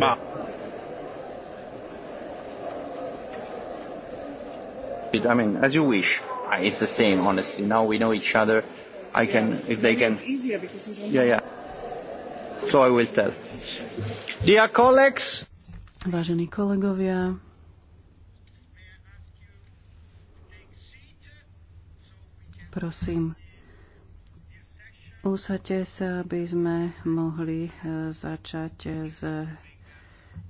Palma. I mean, as you wish. Ah, it's the same, honestly. Now we know each other. I yeah, can, if they can. It's easier because you don't yeah, yeah. So I will tell. Dear colleagues. Vážení kolegovia, prosím, usadte sa, aby sme mohli eh, začať s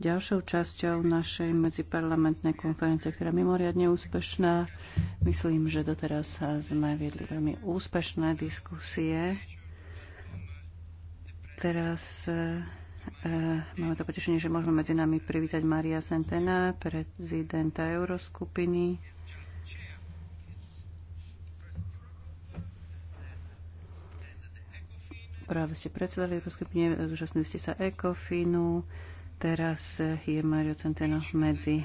ďalšou časťou našej medziparlamentnej konferencie, ktorá je mimoriadne úspešná. Myslím, že doteraz sme viedli veľmi úspešné diskusie. Teraz e, máme to potešenie, že môžeme medzi nami privítať Maria Sentena, prezidenta Euroskupiny. Práve ste predsedali Euroskupine, zúčastnili ste sa ECOFINu. Teraz je Mario Centeno medzi e,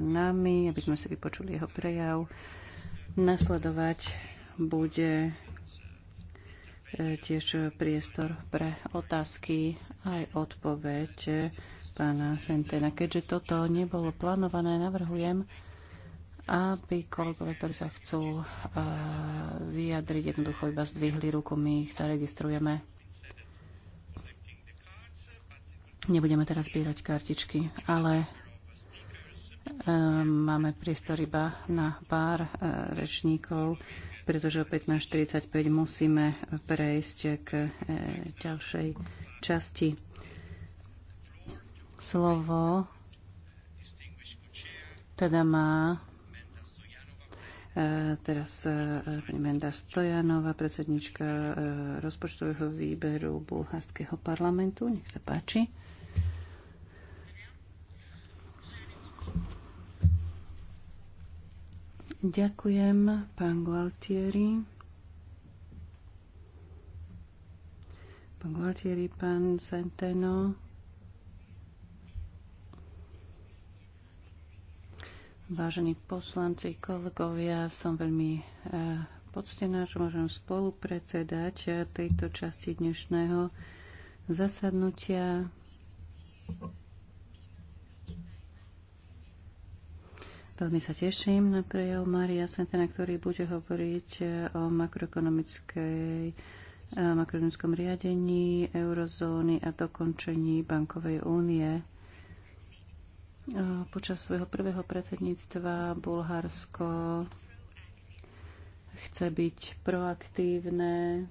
nami, aby sme si vypočuli jeho prejav. Nasledovať bude e, tiež priestor pre otázky aj odpoveď pána Centena. Keďže toto nebolo plánované, navrhujem, aby kolegovia, ktorí sa chcú e, vyjadriť, jednoducho iba zdvihli ruku, my ich zaregistrujeme. Nebudeme teraz zbierať kartičky, ale e, máme priestor iba na pár e, rečníkov, pretože o 15.45 musíme prejsť k e, ďalšej časti. Slovo teda má teraz pani Menda Stojanova, predsednička rozpočtového výberu Bulharského parlamentu. Nech sa páči. Ďakujem, pán Gualtieri. Pán Gualtieri, pán Centeno. Vážení poslanci, kolegovia, som veľmi eh, poctená, že môžem spolupredsedať eh, tejto časti dnešného zasadnutia. Veľmi sa teším na prejav Maria Santana, ktorý bude hovoriť eh, o makroekonomickej eh, makroekonomickom riadení eurozóny a dokončení bankovej únie. Eh, počas svojho prvého predsedníctva Bulharsko chce byť proaktívne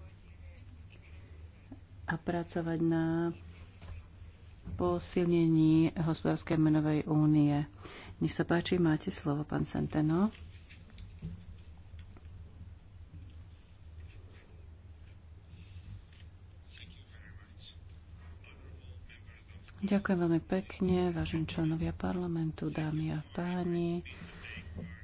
a pracovať na posilnení hospodárskej menovej únie. Nech sa páči, máte slovo, pán Centeno. Ďakujem veľmi pekne, vážení členovia parlamentu, dámy a páni.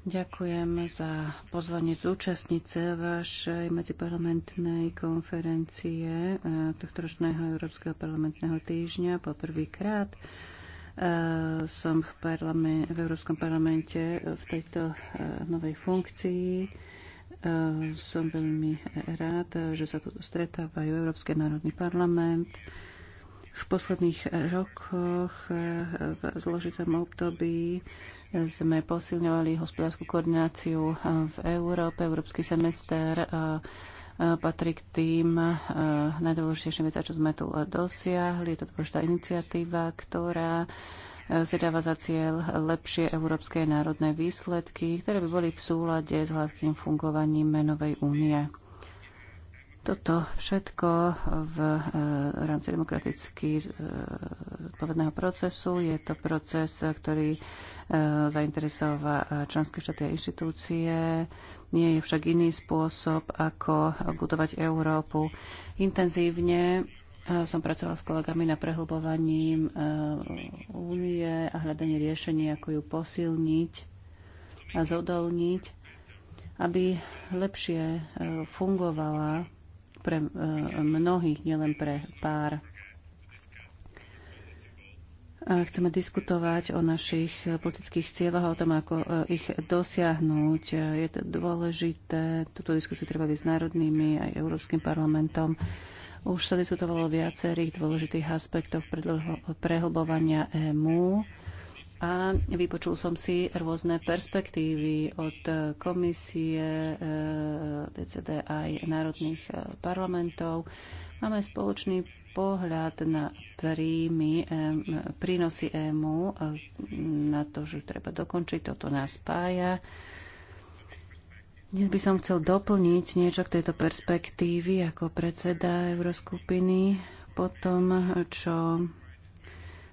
Ďakujem za pozvanie zúčastnice vašej medziparlamentnej konferencie eh, tohto ročného Európskeho parlamentného týždňa poprvýkrát. prvýkrát. Eh, som v, parlament, v Európskom parlamente v tejto eh, novej funkcii. Eh, som veľmi rád, že sa tu stretávajú Európsky národný parlament. V posledných rokoch v zložitom období sme posilňovali hospodárskú koordináciu v Európe, Európsky semester patrí k tým e, najdôležitejším veciam, čo sme tu e, dosiahli. Je to dôležitá iniciatíva, ktorá e, si dáva za cieľ lepšie európske národné výsledky, ktoré by boli v súlade s hladkým fungovaním menovej únie. Toto všetko v e, rámci demokraticky e, povedného procesu je to proces, ktorý e, zainteresová členské štáty a inštitúcie. Nie je však iný spôsob, ako budovať Európu. Intenzívne som pracovala s kolegami na prehlbovaní únie a hľadanie riešení, ako ju posilniť a zodolniť, aby lepšie fungovala pre e, mnohých, nielen pre pár. E, chceme diskutovať o našich politických cieľoch a o tom, ako e, ich dosiahnuť. Je to dôležité, túto diskusiu treba byť s národnými aj Európskym parlamentom. Už sa diskutovalo o viacerých dôležitých aspektoch prehlbovania EMU a vypočul som si rôzne perspektívy od komisie, DCD eh, aj národných eh, parlamentov. Máme spoločný pohľad na príjmy, eh, prínosy EMU, na to, že treba dokončiť, toto nás spája. Dnes by som chcel doplniť niečo k tejto perspektívy ako predseda Euroskupiny po tom, čo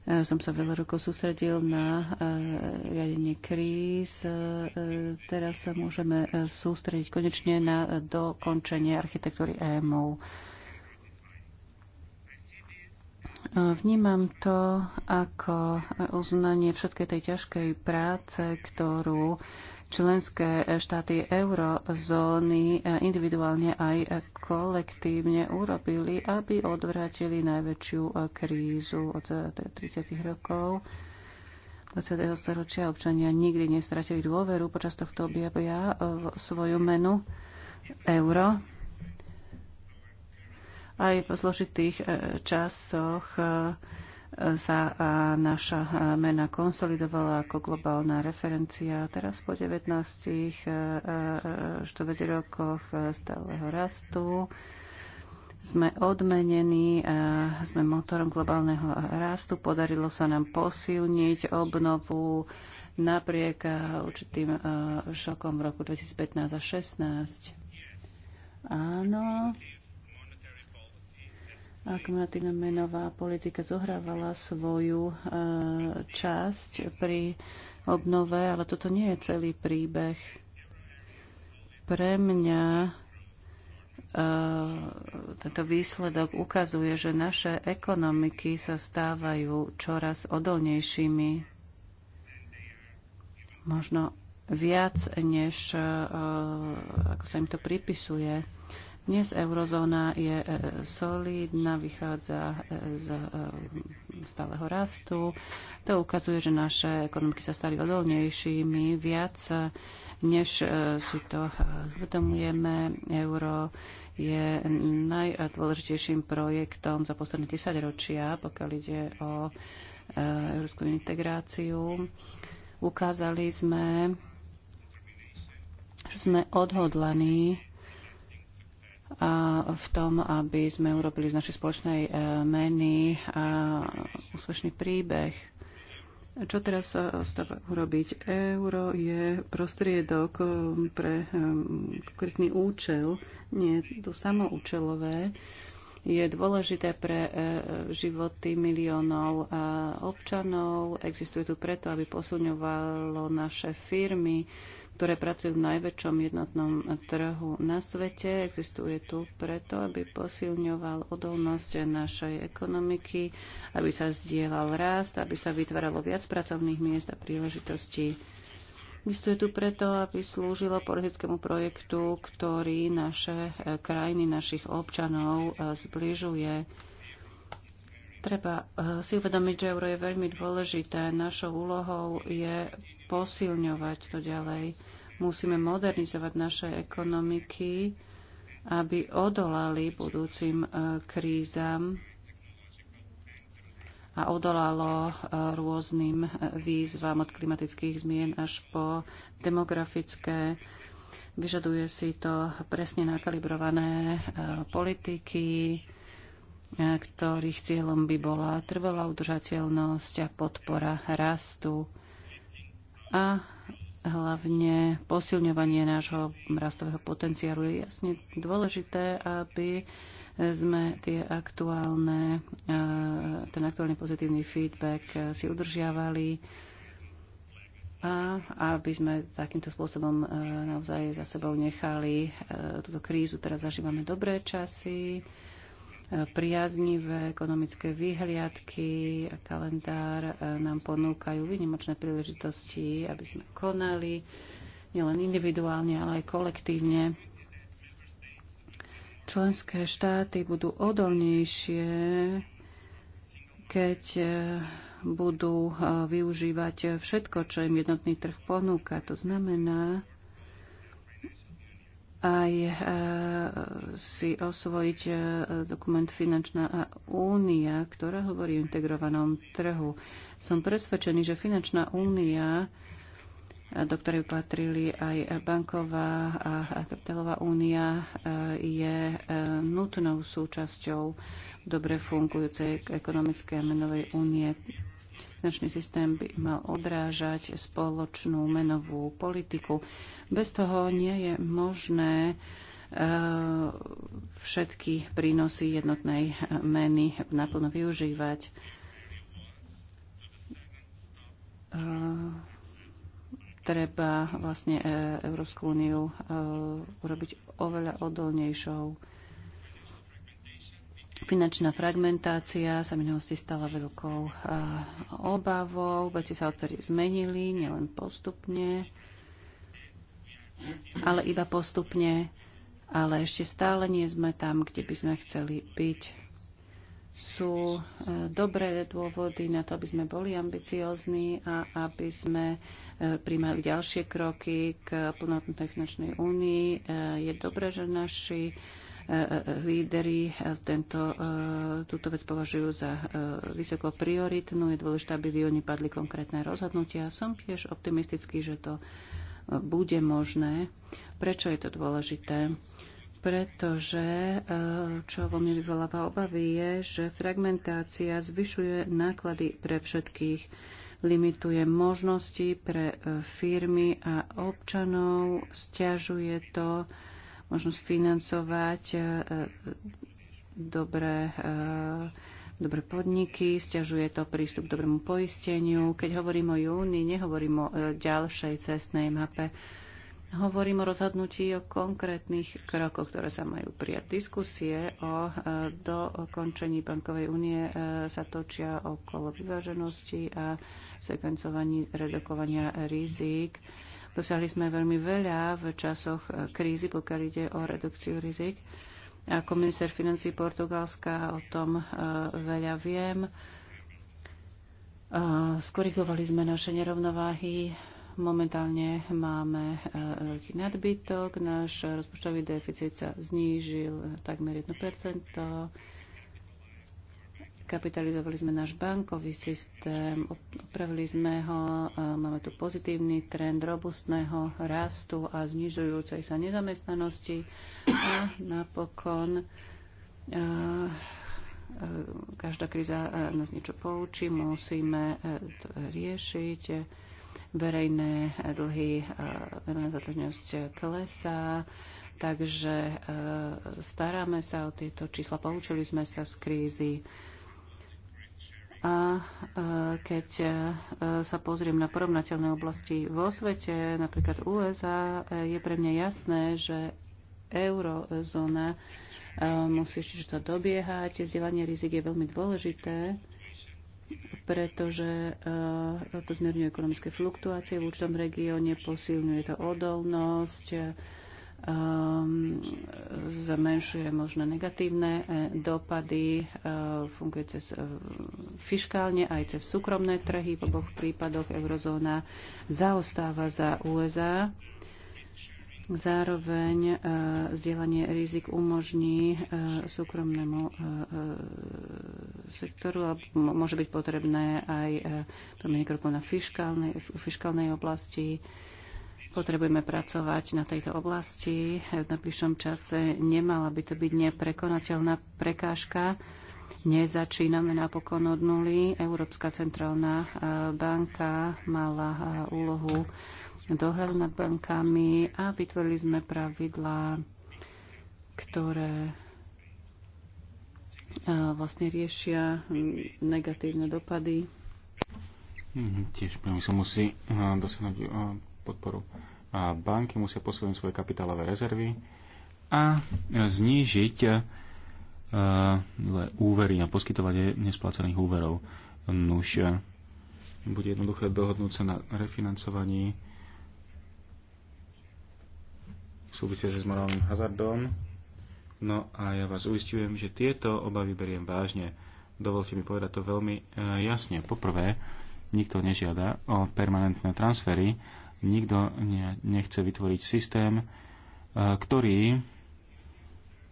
som sa veľa rokov sústredil na e, riadenie kríz. E, teraz sa môžeme e, sústrediť konečne na dokončenie architektúry EMU. Vnímam to ako uznanie všetkej tej ťažkej práce, ktorú členské štáty eurozóny e, individuálne aj kolektívne urobili, aby odvrátili najväčšiu e, krízu od 30. E, rokov 20. storočia. Občania nikdy nestratili dôveru počas tohto objavia v svoju menu euro. Aj po zložitých časoch sa naša mena konsolidovala ako globálna referencia. Teraz po 19 štvrť rokoch stáleho rastu sme odmenení, sme motorom globálneho rastu. Podarilo sa nám posilniť obnovu napriek určitým šokom v roku 2015 a 2016. Áno, Akumulatívna menová politika zohrávala svoju e, časť pri obnove, ale toto nie je celý príbeh. Pre mňa e, tento výsledok ukazuje, že naše ekonomiky sa stávajú čoraz odolnejšími, možno viac, než e, ako sa im to pripisuje. Dnes eurozóna je e, solidná, vychádza e, z e, stáleho rastu. To ukazuje, že naše ekonomiky sa stali odolnejšími viac, než si to uvedomujeme. Euro je najdôležitejším projektom za posledné desaťročia, pokiaľ ide o európsku integráciu. Ukázali sme, že sme odhodlaní a v tom, aby sme urobili z našej spoločnej e, meny úspešný príbeh. Čo teraz ostáva urobiť? Euro je prostriedok e, pre e, konkrétny účel, nie je to samoučelové. Je dôležité pre životy miliónov občanov, existuje tu preto, aby posilňovalo naše firmy, ktoré pracujú v najväčšom jednotnom trhu na svete. Existuje tu preto, aby posilňoval odolnosť našej ekonomiky, aby sa zdieľal rast, aby sa vytváralo viac pracovných miest a príležitostí. Existuje tu preto, aby slúžilo politickému projektu, ktorý naše krajiny, našich občanov e, zbližuje. Treba e, si uvedomiť, že euro je veľmi dôležité. Našou úlohou je posilňovať to ďalej. Musíme modernizovať naše ekonomiky, aby odolali budúcim e, krízam a odolalo e, rôznym e, výzvam od klimatických zmien až po demografické. Vyžaduje si to presne nakalibrované politiky, ktorých cieľom by bola trvalá udržateľnosť a podpora rastu a hlavne posilňovanie nášho rastového potenciálu. Je jasne dôležité, aby sme tie aktuálne, e, ten aktuálny pozitívny feedback e, si udržiavali a aby sme takýmto spôsobom e, naozaj za sebou nechali túto krízu. Teraz zažívame dobré časy, priaznivé ekonomické výhliadky a kalendár e, nám ponúkajú výnimočné príležitosti, aby sme konali nielen individuálne, ale aj kolektívne. Členské štáty budú odolnejšie, keď e, budú e, využívať všetko, čo im jednotný trh ponúka. To znamená, aj e, si osvojiť e, dokument Finančná únia, ktorá hovorí o integrovanom trhu. Som presvedčený, že Finančná únia e, do ktorej patrili aj banková a kapitálová únia, je nutnou súčasťou dobre fungujúcej ekonomickej a menovej únie. Finančný systém by mal odrážať spoločnú menovú politiku. Bez toho nie je možné e, všetky prínosy jednotnej meny naplno využívať. E, treba vlastne e, Európsku úniu urobiť oveľa odolnejšou Finančná fragmentácia sa minulosti stala veľkou eh, obavou, veci sa odtedy zmenili, nielen postupne, ale iba postupne, ale ešte stále nie sme tam, kde by sme chceli byť. Sú eh, dobré dôvody na to, aby sme boli ambiciózni a aby sme eh, príjmali ďalšie kroky k plnohodnotnej finančnej únii. Je dobré, že naši Líderi eh, tento, eh, túto vec považujú za eh, vysoko prioritnú. Je dôležité, aby v júni padli konkrétne rozhodnutia. Som tiež optimistický, že to bude možné. Prečo je to dôležité? Pretože, čo vo mne vyvoláva obavy, je, že fragmentácia zvyšuje náklady pre všetkých limituje možnosti pre firmy a občanov, stiažuje to možnosť financovať e, e, dobré, e, dobré podniky, stiažuje to prístup k dobrému poisteniu. Keď hovorím o júni, nehovorím o ďalšej cestnej mape. Hovorím o rozhodnutí o konkrétnych krokoch, ktoré sa majú prijať. Diskusie o dokončení bankovej únie sa točia okolo vyváženosti a sekvencovaní redukovania rizik Dosiahli sme veľmi veľa v časoch eh, krízy, pokiaľ ide o redukciu rizik. Ako minister financí Portugalska o tom eh, veľa viem. Eh, skorigovali sme naše nerovnováhy. Momentálne máme veľký nadbytok. Náš rozpočtový deficit sa znížil takmer 1% rekapitalizovali sme náš bankový systém, opravili sme ho, máme tu pozitívny trend robustného rastu a znižujúcej sa nezamestnanosti a napokon každá kríza nás niečo poučí, musíme to riešiť. Verejné dlhy, verejná zadlžnosť klesá, takže staráme sa o tieto čísla, poučili sme sa z krízy a e, keď e, sa pozriem na porovnateľné oblasti vo svete, napríklad USA, e, je pre mňa jasné, že eurozóna musí ešte to dobiehať. Zdieľanie rizik je veľmi dôležité, pretože to zmierňuje ekonomické fluktuácie v určitom regióne, posilňuje to odolnosť, um, zmenšuje možné negatívne eh, dopady, uh, funguje cez uh, fiškálne aj cez súkromné trhy. V oboch prípadoch eurozóna zaostáva za USA. Zároveň uh, zdieľanie rizik umožní uh, súkromnému uh, sektoru, ale môže byť potrebné aj uh, pre krokov na fiškálnej, oblasti. Uh, Potrebujeme pracovať na tejto oblasti. V najbližšom čase nemala by to byť neprekonateľná prekážka. Nezačíname napokon od nuly. Európska centrálna e, banka mala e, úlohu dohľadu nad bankami a vytvorili sme pravidlá, ktoré e, vlastne riešia negatívne dopady. Mhm, tiež priemysel musí dosiahnuť podporu. A banky musia posilniť svoje kapitálové rezervy a e, znížiť e, úvery na poskytovanie nesplácených úverov. Nuž, e, bude jednoduché dohodnúť sa na refinancovaní Súvisia s morálnym hazardom. No a ja vás uistujem, že tieto obavy beriem vážne. Dovolte mi povedať to veľmi jasne. Poprvé, nikto nežiada o permanentné transfery Nikto nechce vytvoriť systém, e, ktorý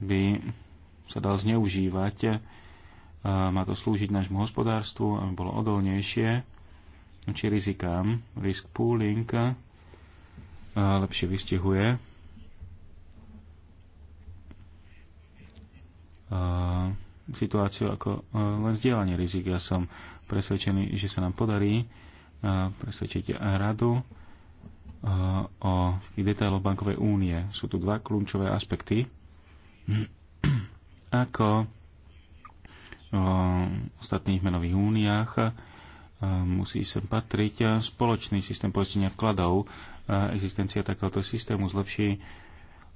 by sa dal zneužívať. E, má to slúžiť nášmu hospodárstvu, aby bolo odolnejšie či rizikám. Risk pooling e, lepšie vystihuje situáciu ako len zdieľanie rizik. Ja som presvedčený, že sa nám podarí presvedčiť radu, o detailoch bankovej únie. Sú tu dva kľúčové aspekty. Ako o ostatných menových úniách musí sem patriť spoločný systém poistenia vkladov. Existencia takéhoto systému zlepší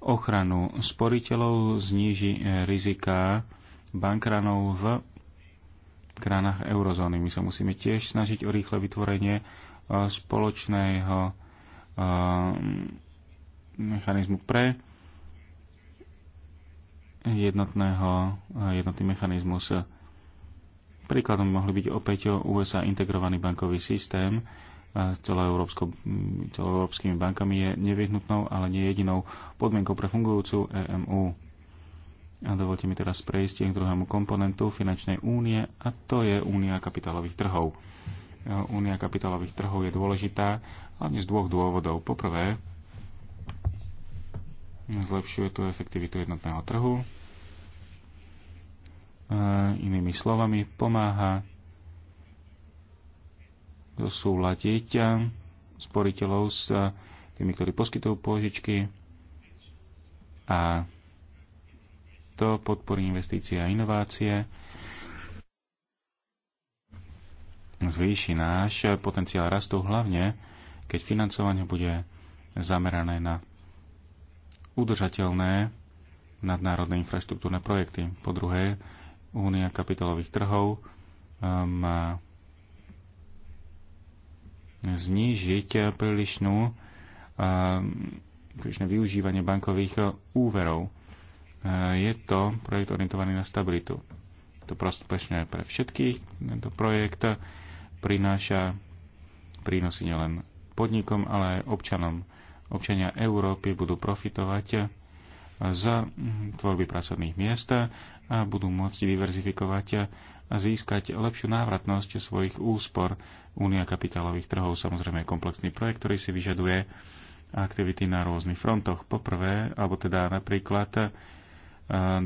ochranu sporiteľov, zníži e, rizika bankranov v kránach eurozóny. My sa musíme tiež snažiť o rýchle vytvorenie e, spoločného Ehm, mechanizmu pre jednotného, jednotný mechanizmus. Príkladom mohli byť opäť USA integrovaný bankový systém e, s celoeurópskymi bankami je nevyhnutnou, ale nie jedinou podmienkou pre fungujúcu EMU. A dovolte mi teraz prejsť k druhému komponentu finančnej únie, a to je únia kapitálových trhov únia kapitálových trhov je dôležitá hlavne z dvoch dôvodov. Poprvé, zlepšuje tu efektivitu jednotného trhu. E, inými slovami, pomáha zosúľadiť sporiteľov s tými, ktorí poskytujú pôžičky a to podporí investície a inovácie zvýši náš potenciál rastu, hlavne keď financovanie bude zamerané na udržateľné nadnárodné infraštruktúrne projekty. Po druhé, Únia kapitálových trhov ehm, má znížiť prílišnú, ehm, prílišné využívanie bankových úverov. Ehm, je to projekt orientovaný na stabilitu. To prospešne pre všetkých, tento projekt prináša prínosy nielen podnikom, ale aj občanom. Občania Európy budú profitovať z tvorby pracovných miest a budú môcť diverzifikovať a získať lepšiu návratnosť svojich úspor. Únia kapitálových trhov samozrejme je komplexný projekt, ktorý si vyžaduje aktivity na rôznych frontoch. Poprvé, alebo teda napríklad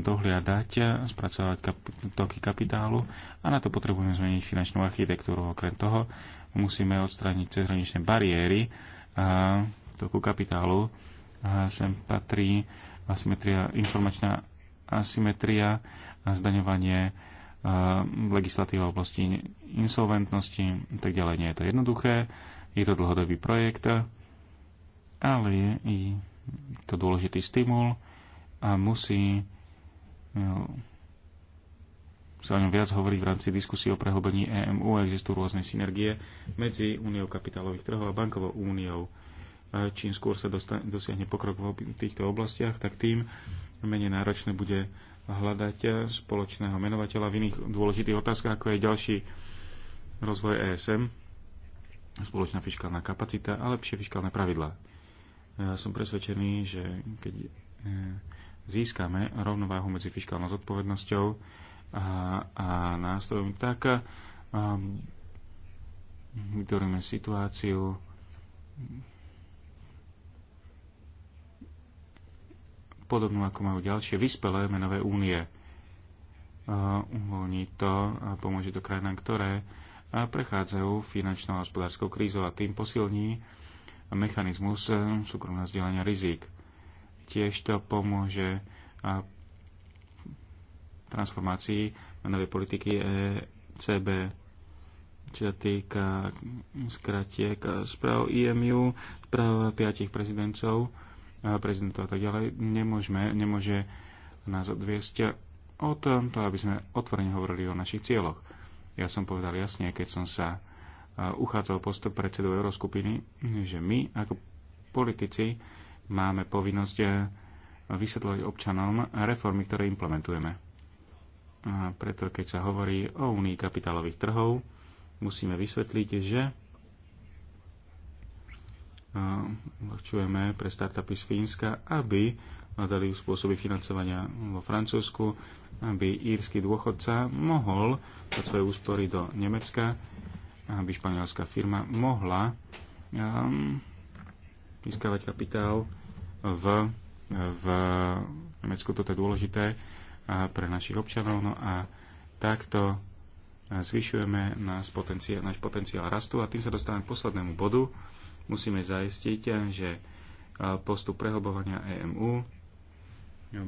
dohliadať, spracovať kap- toky kapitálu a na to potrebujeme zmeniť finančnú architektúru. Okrem toho musíme odstrániť cezhraničné bariéry a toku kapitálu. A sem patrí asymetria, informačná asymetria a zdaňovanie legislatíva v oblasti insolventnosti a tak ďalej. Nie je to jednoduché, je to dlhodobý projekt, ale je to dôležitý stimul a musí no, sa o ňom viac hovorí v rámci diskusí o prehlbení EMU. Existujú rôzne synergie medzi Úniou kapitálových trhov a Bankovou úniou. Čím skôr sa dosiahne pokrok v týchto oblastiach, tak tým menej náročné bude hľadať spoločného menovateľa v iných dôležitých otázkach, ako je ďalší rozvoj ESM, spoločná fiskálna kapacita a lepšie fiskálne pravidlá. Ja som presvedčený, že keď e, získame rovnováhu medzi fiskálnou zodpovednosťou a, a nástrojom, tak um, vytvoríme situáciu podobnú, ako majú ďalšie vyspelé menové únie. uvoľní to a pomôže to krajinám, ktoré prechádzajú finančnou a hospodárskou krízou a tým posilní mechanizmus um, súkromného zdieľania rizik. Tiež to pomôže transformácii menovej politiky ECB. Čo sa týka skratiek e, správ IMU, správ piatich prezidentov, e, prezidentov a tak ďalej, nemôžeme, nemôže nás odviesť o tom, to, aby sme otvorene hovorili o našich cieľoch. Ja som povedal jasne, keď som sa e, uchádzal postup predsedu Euroskupiny, že my ako politici máme povinnosť eh, vysvetľovať občanom reformy, ktoré implementujeme. A preto, keď sa hovorí o únii kapitálových trhov, musíme vysvetliť, že eh, uľahčujeme pre startupy z Fínska, aby dali spôsoby financovania vo Francúzsku, aby írsky dôchodca mohol dať svoje úspory do Nemecka, aby španielská firma mohla um, získavať kapitál v, v Nemecku. Toto je dôležité eh, pre našich občanov. No a takto eh, zvyšujeme náš potenciál, náš potenciál rastu a tým sa dostávame k poslednému bodu. Musíme zaistiť, eh, že postup prehlbovania EMU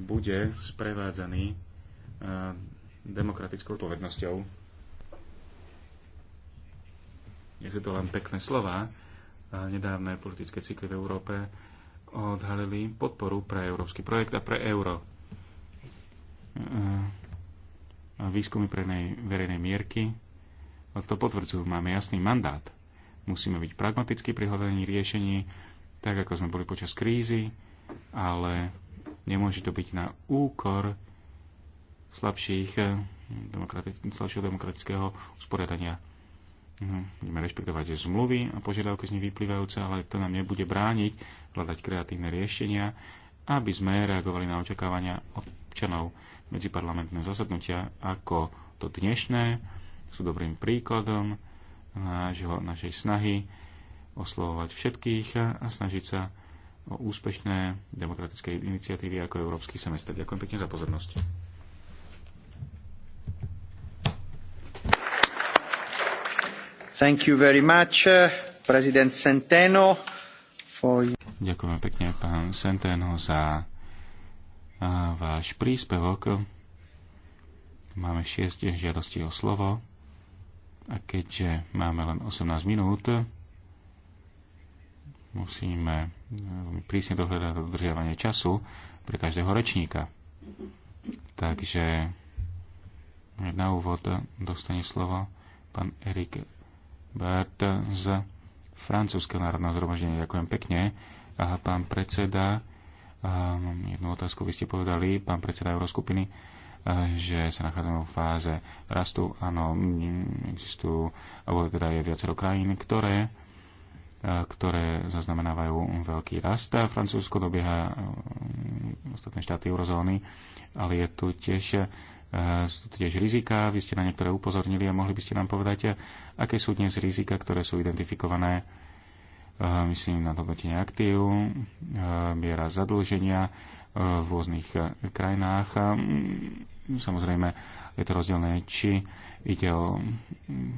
bude sprevádzaný demokratickou odpovednosťou. Je to len pekné slova. Nedávne politické cykly v Európe odhalili podporu pre európsky projekt a pre euro. Výskumy pre verejnej mierky to potvrdzujú. Máme jasný mandát. Musíme byť pragmatickí pri hľadaní riešení, tak ako sme boli počas krízy, ale nemôže to byť na úkor slabších, eh, demokrati- slabšieho demokratického usporiadania No, budeme rešpektovať zmluvy a požiadavky z nich vyplývajúce, ale to nám nebude brániť hľadať kreatívne riešenia, aby sme reagovali na očakávania občanov. Medziparlamentné zasadnutia ako to dnešné sú dobrým príkladom nášho, našej snahy oslovovať všetkých a snažiť sa o úspešné demokratické iniciatívy ako Európsky semester. Ďakujem pekne za pozornosť. Uh, Ďakujem pekne, pán Centeno, za váš príspevok. Máme 6 žiadostí o slovo a keďže máme len 18 minút, musíme e, prísne dohľadať dodržiavanie času pre každého rečníka. Takže na úvod dostane slovo pán Erik Bert z Francúzského národného zhromaždenia. Ďakujem pekne. A pán predseda, um, jednu otázku vy ste povedali, pán predseda Euroskupiny, že sa nachádzame v fáze rastu. Áno, existujú, alebo teda je viacero krajín, ktoré ktoré zaznamenávajú veľký rast. Francúzsko dobieha ostatné štáty eurozóny, ale je tu tiež sú to tiež rizika, vy ste na niektoré upozornili a mohli by ste nám povedať, aké sú dnes rizika, ktoré sú identifikované, myslím na hodnotenie aktív, miera zadlženia e, v rôznych e, krajinách. Mm, samozrejme, je to rozdielne, či ide o mm,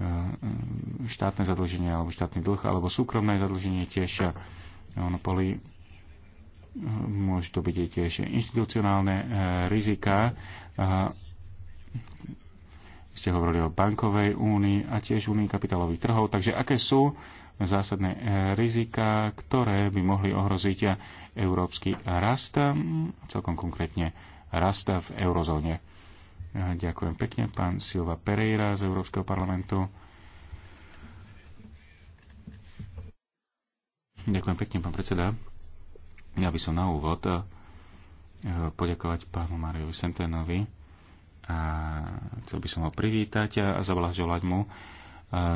e, štátne zadlženie alebo štátny dlh, alebo súkromné zadlženie tiež monopoly môžu to byť tiež inštitucionálne eh, rizika. Ste hovorili o bankovej únii a tiež únii kapitálových trhov. Takže aké sú zásadné eh, rizika, ktoré by mohli ohroziť európsky rast, celkom konkrétne rast v eurozóne? Ďakujem pekne, pán Silva Pereira z Európskeho parlamentu. Ďakujem pekne, pán predseda. Ja by som na úvod e, poďakovať pánu Mariovi Senténovi a chcel by som ho privítať a zablahoželať mu e,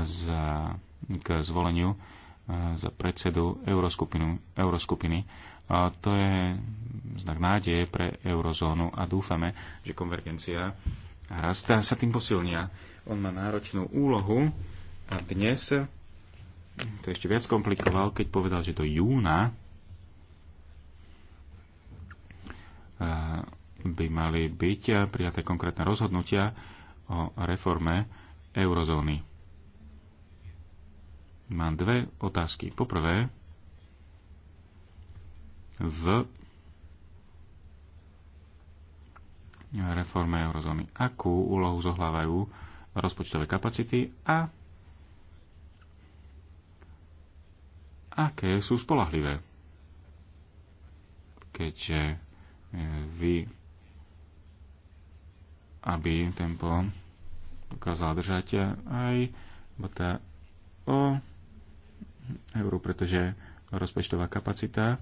za, k zvoleniu e, za predsedu Euroskupinu, Euroskupiny. A to je znak nádeje pre eurozónu a dúfame, že konvergencia rastá sa tým posilnia. On má náročnú úlohu a dnes to ešte viac komplikoval, keď povedal, že do júna by mali byť prijaté konkrétne rozhodnutia o reforme eurozóny. Mám dve otázky. Poprvé, v reforme eurozóny. Akú úlohu zohlávajú rozpočtové kapacity a aké sú spolahlivé? Keďže vy, aby tempo dokázala držať aj bota o euro, pretože rozpočtová kapacita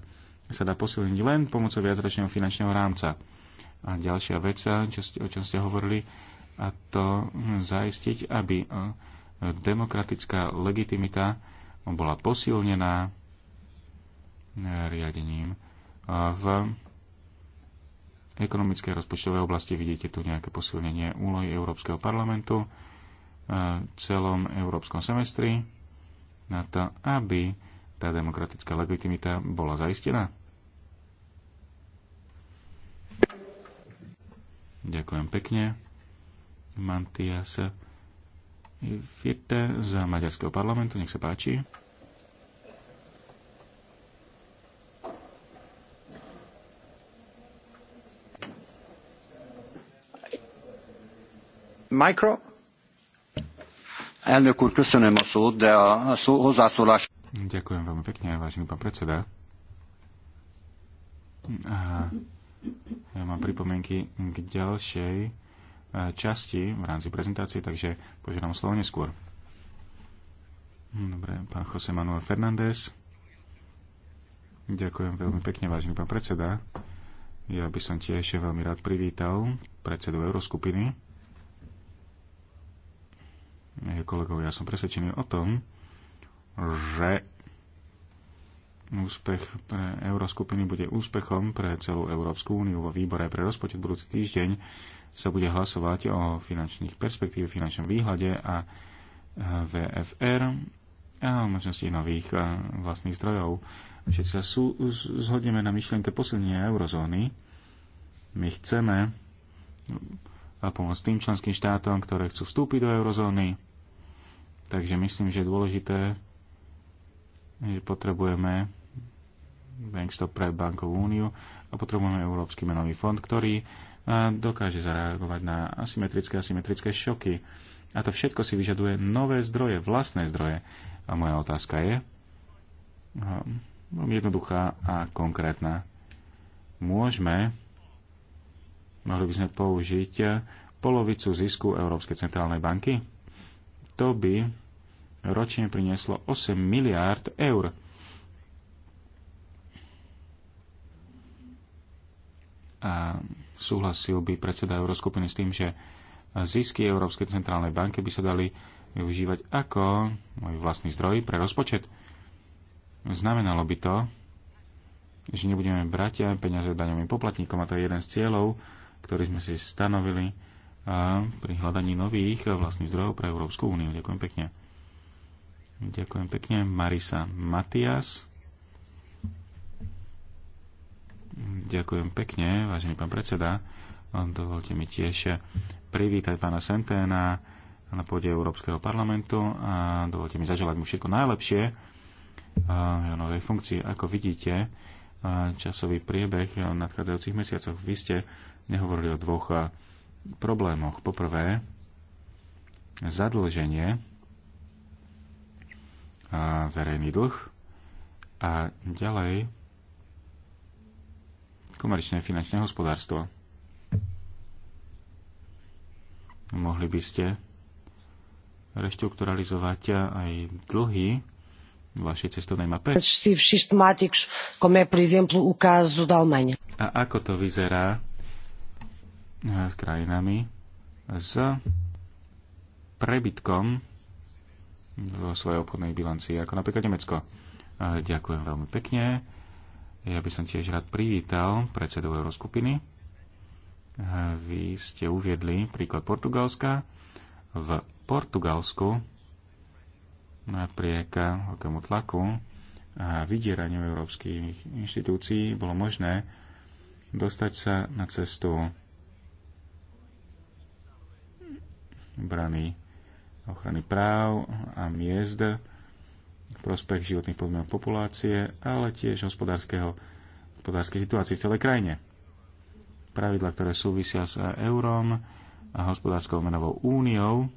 sa dá posilniť len pomocou viacročného finančného rámca. A ďalšia vec, čo, o čom ste hovorili, a to zaistiť, aby e, demokratická legitimita bola posilnená riadením e, v ekonomickej rozpočtovej oblasti vidíte tu nejaké posilnenie úlohy Európskeho parlamentu eh, v celom európskom semestri na to, aby tá demokratická legitimita bola zaistená. Ďakujem pekne. Mantias Firte za Maďarského parlamentu, nech sa páči. Elnök úr, köszönöm a szót, de a szó, hozzászólás... Ďakujem veľmi pekne, vážený pán predseda. Ja mám pripomienky k ďalšej časti v rámci prezentácie, takže požiadam slovo neskôr. Dobre, pán Jose Manuel Fernández. Ďakujem veľmi pekne, vážený pán predseda. Ja by som tiež veľmi rád privítal predsedu Euroskupiny kolegov, ja som presvedčený o tom, že úspech pre euroskupiny bude úspechom pre celú Európsku úniu. Vo výbore pre rozpočet budúci týždeň sa bude hlasovať o finančných perspektíve, finančnom výhľade a VFR a o možnosti nových vlastných zdrojov. Všetci sa sú, zhodneme na myšlienke posilnenia eurozóny. My chceme pomôcť tým členským štátom, ktoré chcú vstúpiť do eurozóny Takže myslím, že je dôležité, že potrebujeme bankstop pre bankovú úniu a potrebujeme Európsky menový fond, ktorý e, dokáže zareagovať na asymetrické a symetrické šoky. A to všetko si vyžaduje nové zdroje, vlastné zdroje. A moja otázka je, e, veľmi jednoduchá a konkrétna. Môžeme, mohli by sme použiť polovicu zisku Európskej centrálnej banky? To by ročne prinieslo 8 miliárd eur. A súhlasil by predseda Euroskupiny s tým, že zisky Európskej centrálnej banky by sa dali využívať ako môj vlastný zdroj pre rozpočet. Znamenalo by to, že nebudeme brať peniaze daňovým poplatníkom a to je jeden z cieľov, ktorý sme si stanovili pri hľadaní nových vlastných zdrojov pre Európsku úniu. Ďakujem pekne. Ďakujem pekne. Marisa Matias. Ďakujem pekne, vážený pán predseda. Dovolte mi tiež privítať pána Senténa na pôde Európskeho parlamentu a dovolte mi zaželať mu všetko najlepšie v novej funkcii. Ako vidíte, časový priebeh v nadchádzajúcich mesiacoch. Vy ste nehovorili o dvoch problémoch. Poprvé, zadlženie verejný dlh a ďalej komerčné finančné hospodárstvo. Mohli by ste reštrukturalizovať aj dlhy vašej cestovnej mape? A ako to vyzerá e, s krajinami s prebytkom vo svojej obchodnej bilancii, ako napríklad Nemecko. Ďakujem veľmi pekne. Ja by som tiež rád privítal predsedu Euroskupiny. Vy ste uviedli príklad Portugalska. V Portugalsku napriek veľkému tlaku a vydieraniu európskych inštitúcií bolo možné dostať sa na cestu brany ochrany práv a miest, prospech životných podmienok populácie, ale tiež hospodárskeho, hospodárskej situácie v celej krajine. Pravidla, ktoré súvisia s eurom a hospodárskou menovou úniou,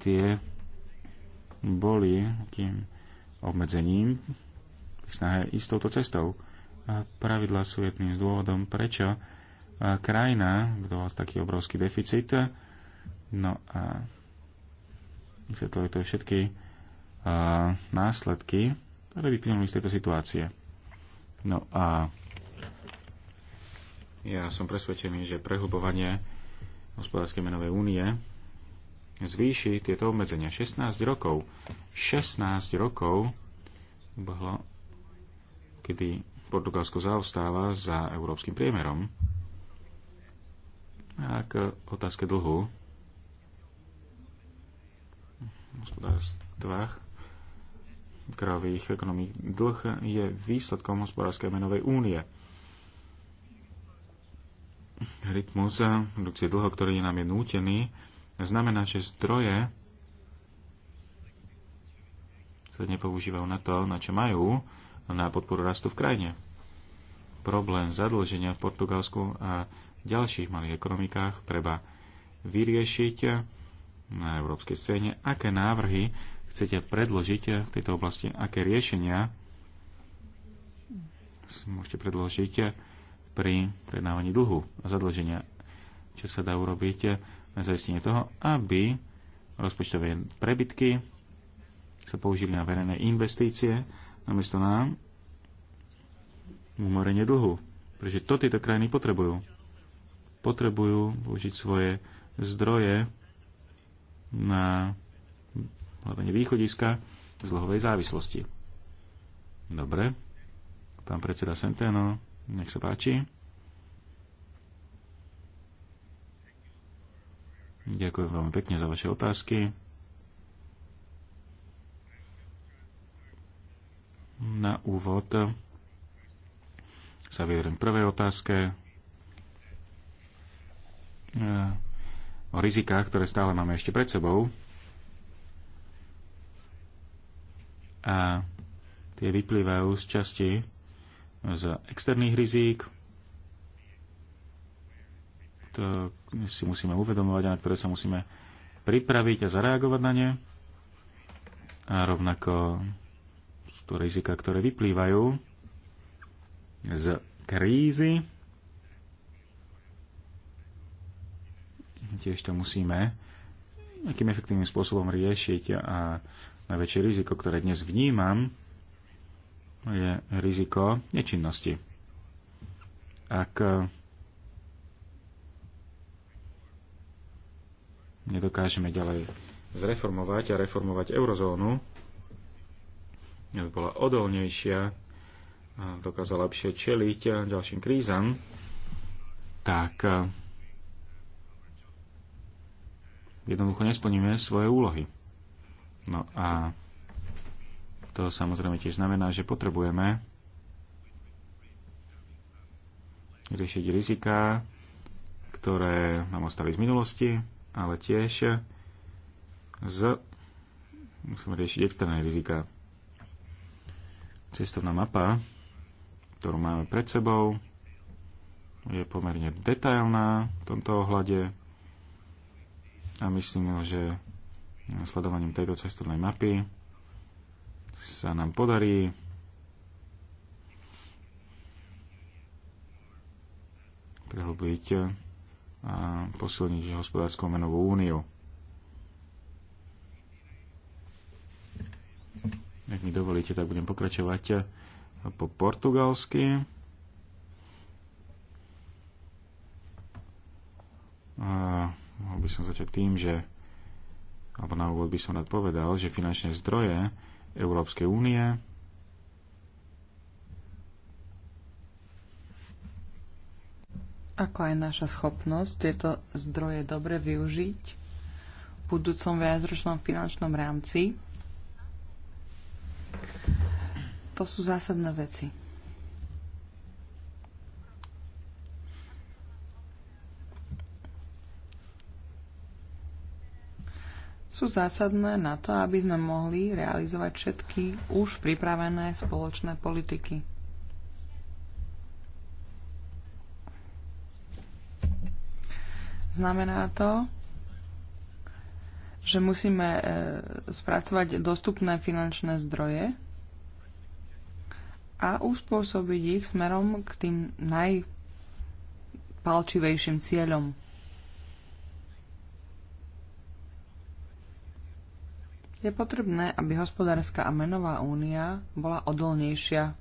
tie boli takým obmedzením v snahe ísť touto cestou. A pravidla sú jedným z dôvodom, prečo krajina, kto vás taký obrovský deficit, No a vysvetlili to všetky a, následky, ktoré vyplynuli z tejto situácie. No a ja som presvedčený, že prehlbovanie hospodárskej menovej únie zvýši tieto obmedzenia. 16 rokov. 16 rokov bolo, kedy Portugalsko zaostáva za európskym priemerom. A k otázke dlhu hospodárstvách, kravých ekonomík. Dlh je výsledkom hospodárskej menovej únie. Rytmus produkcie dlho, ktorý nám je nútený, znamená, že zdroje sa nepoužívajú na to, na čo majú, na podporu rastu v krajine. Problém zadlženia v Portugalsku a ďalších malých ekonomikách treba vyriešiť na európskej scéne, aké návrhy chcete predložiť v tejto oblasti, aké riešenia môžete predložiť pri prednávaní dlhu a zadlženia, čo sa dá urobiť na zaistenie toho, aby rozpočtové prebytky sa použili na verejné investície namiesto na umorenie dlhu. Pretože to tieto krajiny potrebujú. Potrebujú použiť svoje zdroje na hľadanie východiska zlohovej závislosti. Dobre. Pán predseda Senteno, nech sa páči. Ďakujem veľmi pekne za vaše otázky. Na úvod sa vyjadrím prvej otázke. Ja e, o rizikách, ktoré stále máme ešte pred sebou. A tie vyplývajú z časti z externých rizík, to si musíme uvedomovať a na ktoré sa musíme pripraviť a zareagovať na ne. A rovnako sú to rizika, ktoré vyplývajú z krízy, tiež to musíme nejakým efektívnym spôsobom riešiť a najväčšie riziko, ktoré dnes vnímam, je riziko nečinnosti. Ak nedokážeme ďalej zreformovať a reformovať eurozónu, aby bola odolnejšia, dokázala lepšie čeliť ďalším krízam, tak jednoducho nesplníme svoje úlohy. No a to samozrejme tiež znamená, že potrebujeme riešiť riziká, ktoré nám ostali z minulosti, ale tiež z... musíme riešiť externé rizika. Cestovná mapa, ktorú máme pred sebou, je pomerne detailná v tomto ohľade a myslím, že sledovaním tejto cestovnej mapy sa nám podarí prehlbiť a posilniť hospodárskú menovú úniu. Ak mi dovolíte, tak budem pokračovať po portugalsky. A mohol by som začať tým, že alebo na úvod by som nadpovedal, povedal, že finančné zdroje Európskej únie ako aj naša schopnosť tieto zdroje dobre využiť v budúcom viacročnom finančnom rámci. To sú zásadné veci. sú zásadné na to, aby sme mohli realizovať všetky už pripravené spoločné politiky. Znamená to, že musíme e, spracovať dostupné finančné zdroje a uspôsobiť ich smerom k tým najpalčivejším cieľom. Je potrebné, aby hospodárska a menová únia bola odolnejšia.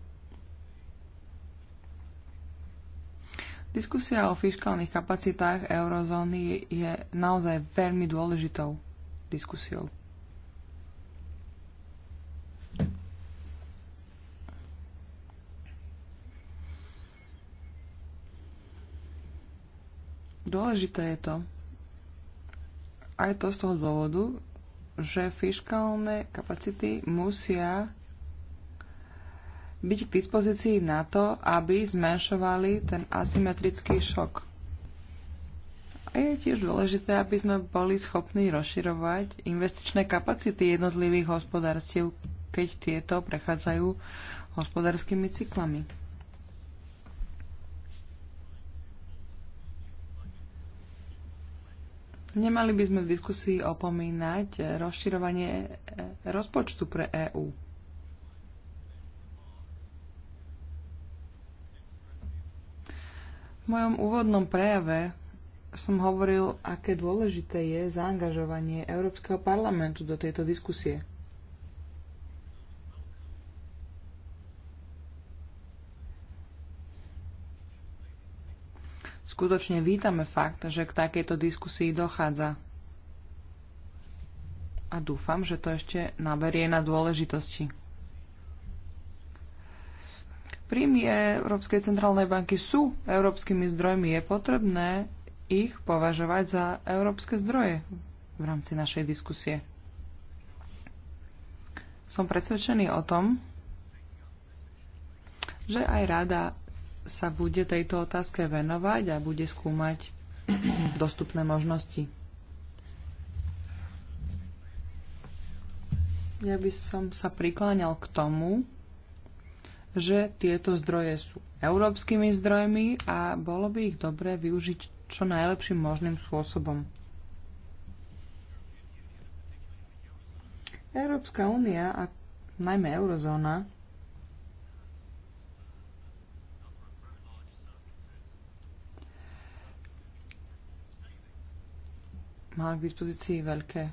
Diskusia o fiskálnych kapacitách eurozóny je naozaj veľmi dôležitou diskusiou. Dôležité je to aj to z toho dôvodu, že fiškálne kapacity musia byť k dispozícii na to, aby zmenšovali ten asymetrický šok. A je tiež dôležité, aby sme boli schopní rozširovať investičné kapacity jednotlivých hospodárstiev, keď tieto prechádzajú hospodárskymi cyklami. Nemali by sme v diskusii opomínať eh, rozširovanie eh, rozpočtu pre EÚ. V mojom úvodnom prejave som hovoril, aké dôležité je zaangažovanie Európskeho parlamentu do tejto diskusie. skutočne vítame fakt, že k takejto diskusii dochádza. A dúfam, že to ešte naberie na dôležitosti. Príjmy Európskej centrálnej banky sú európskymi zdrojmi. Je potrebné ich považovať za európske zdroje v rámci našej diskusie. Som presvedčený o tom, že aj rada sa bude tejto otázke venovať a bude skúmať dostupné možnosti. Ja by som sa prikláňal k tomu, že tieto zdroje sú európskymi zdrojmi a bolo by ich dobré využiť čo najlepším možným spôsobom. Európska únia a najmä eurozóna mala k dispozícii veľké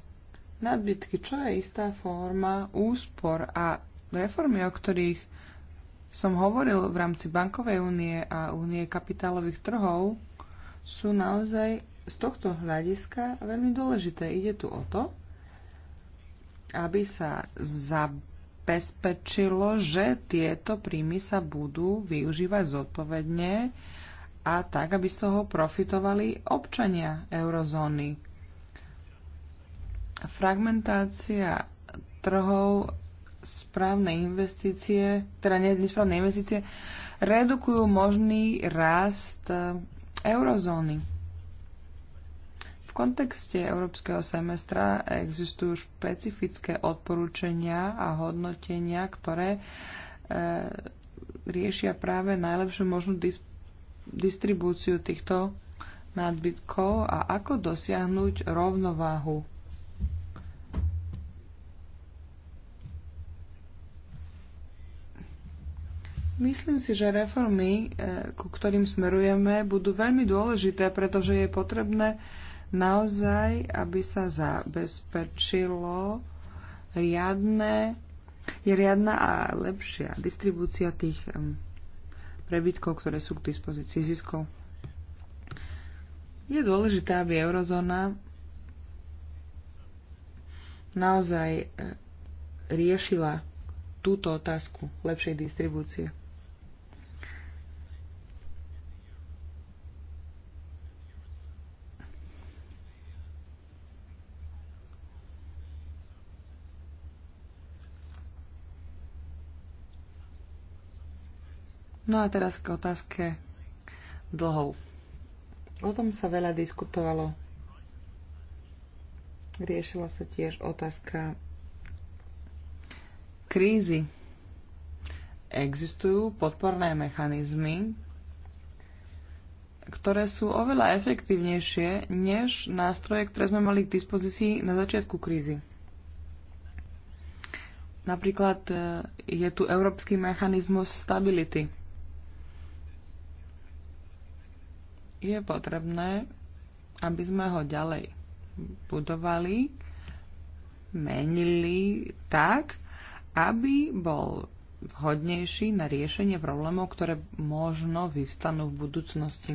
nadbytky, čo je istá forma úspor a reformy, o ktorých som hovoril v rámci bankovej únie a únie kapitálových trhov, sú naozaj z tohto hľadiska veľmi dôležité. Ide tu o to, aby sa zabezpečilo, že tieto príjmy sa budú využívať zodpovedne a tak, aby z toho profitovali občania eurozóny fragmentácia trhov správne investície, teda nesprávne investície, redukujú možný rast e, eurozóny. V kontexte európskeho semestra existujú špecifické odporúčania a hodnotenia, ktoré e, riešia práve najlepšiu možnú dis- distribúciu týchto nadbytkov a ako dosiahnuť rovnováhu Myslím si, že reformy, e, ku ktorým smerujeme, budú veľmi dôležité, pretože je potrebné naozaj, aby sa zabezpečilo riadne, je riadna a lepšia distribúcia tých prebytkov, ktoré sú k dispozícii ziskov. Je dôležité, aby eurozóna naozaj e, riešila túto otázku lepšej distribúcie. No a teraz k otázke dlhov. O tom sa veľa diskutovalo. Riešila sa tiež otázka krízy. Existujú podporné mechanizmy, ktoré sú oveľa efektívnejšie než nástroje, ktoré sme mali k dispozícii na začiatku krízy. Napríklad e, je tu Európsky mechanizmus stability je potrebné, aby sme ho ďalej budovali, menili tak, aby bol vhodnejší na riešenie problémov, ktoré možno vyvstanú v budúcnosti.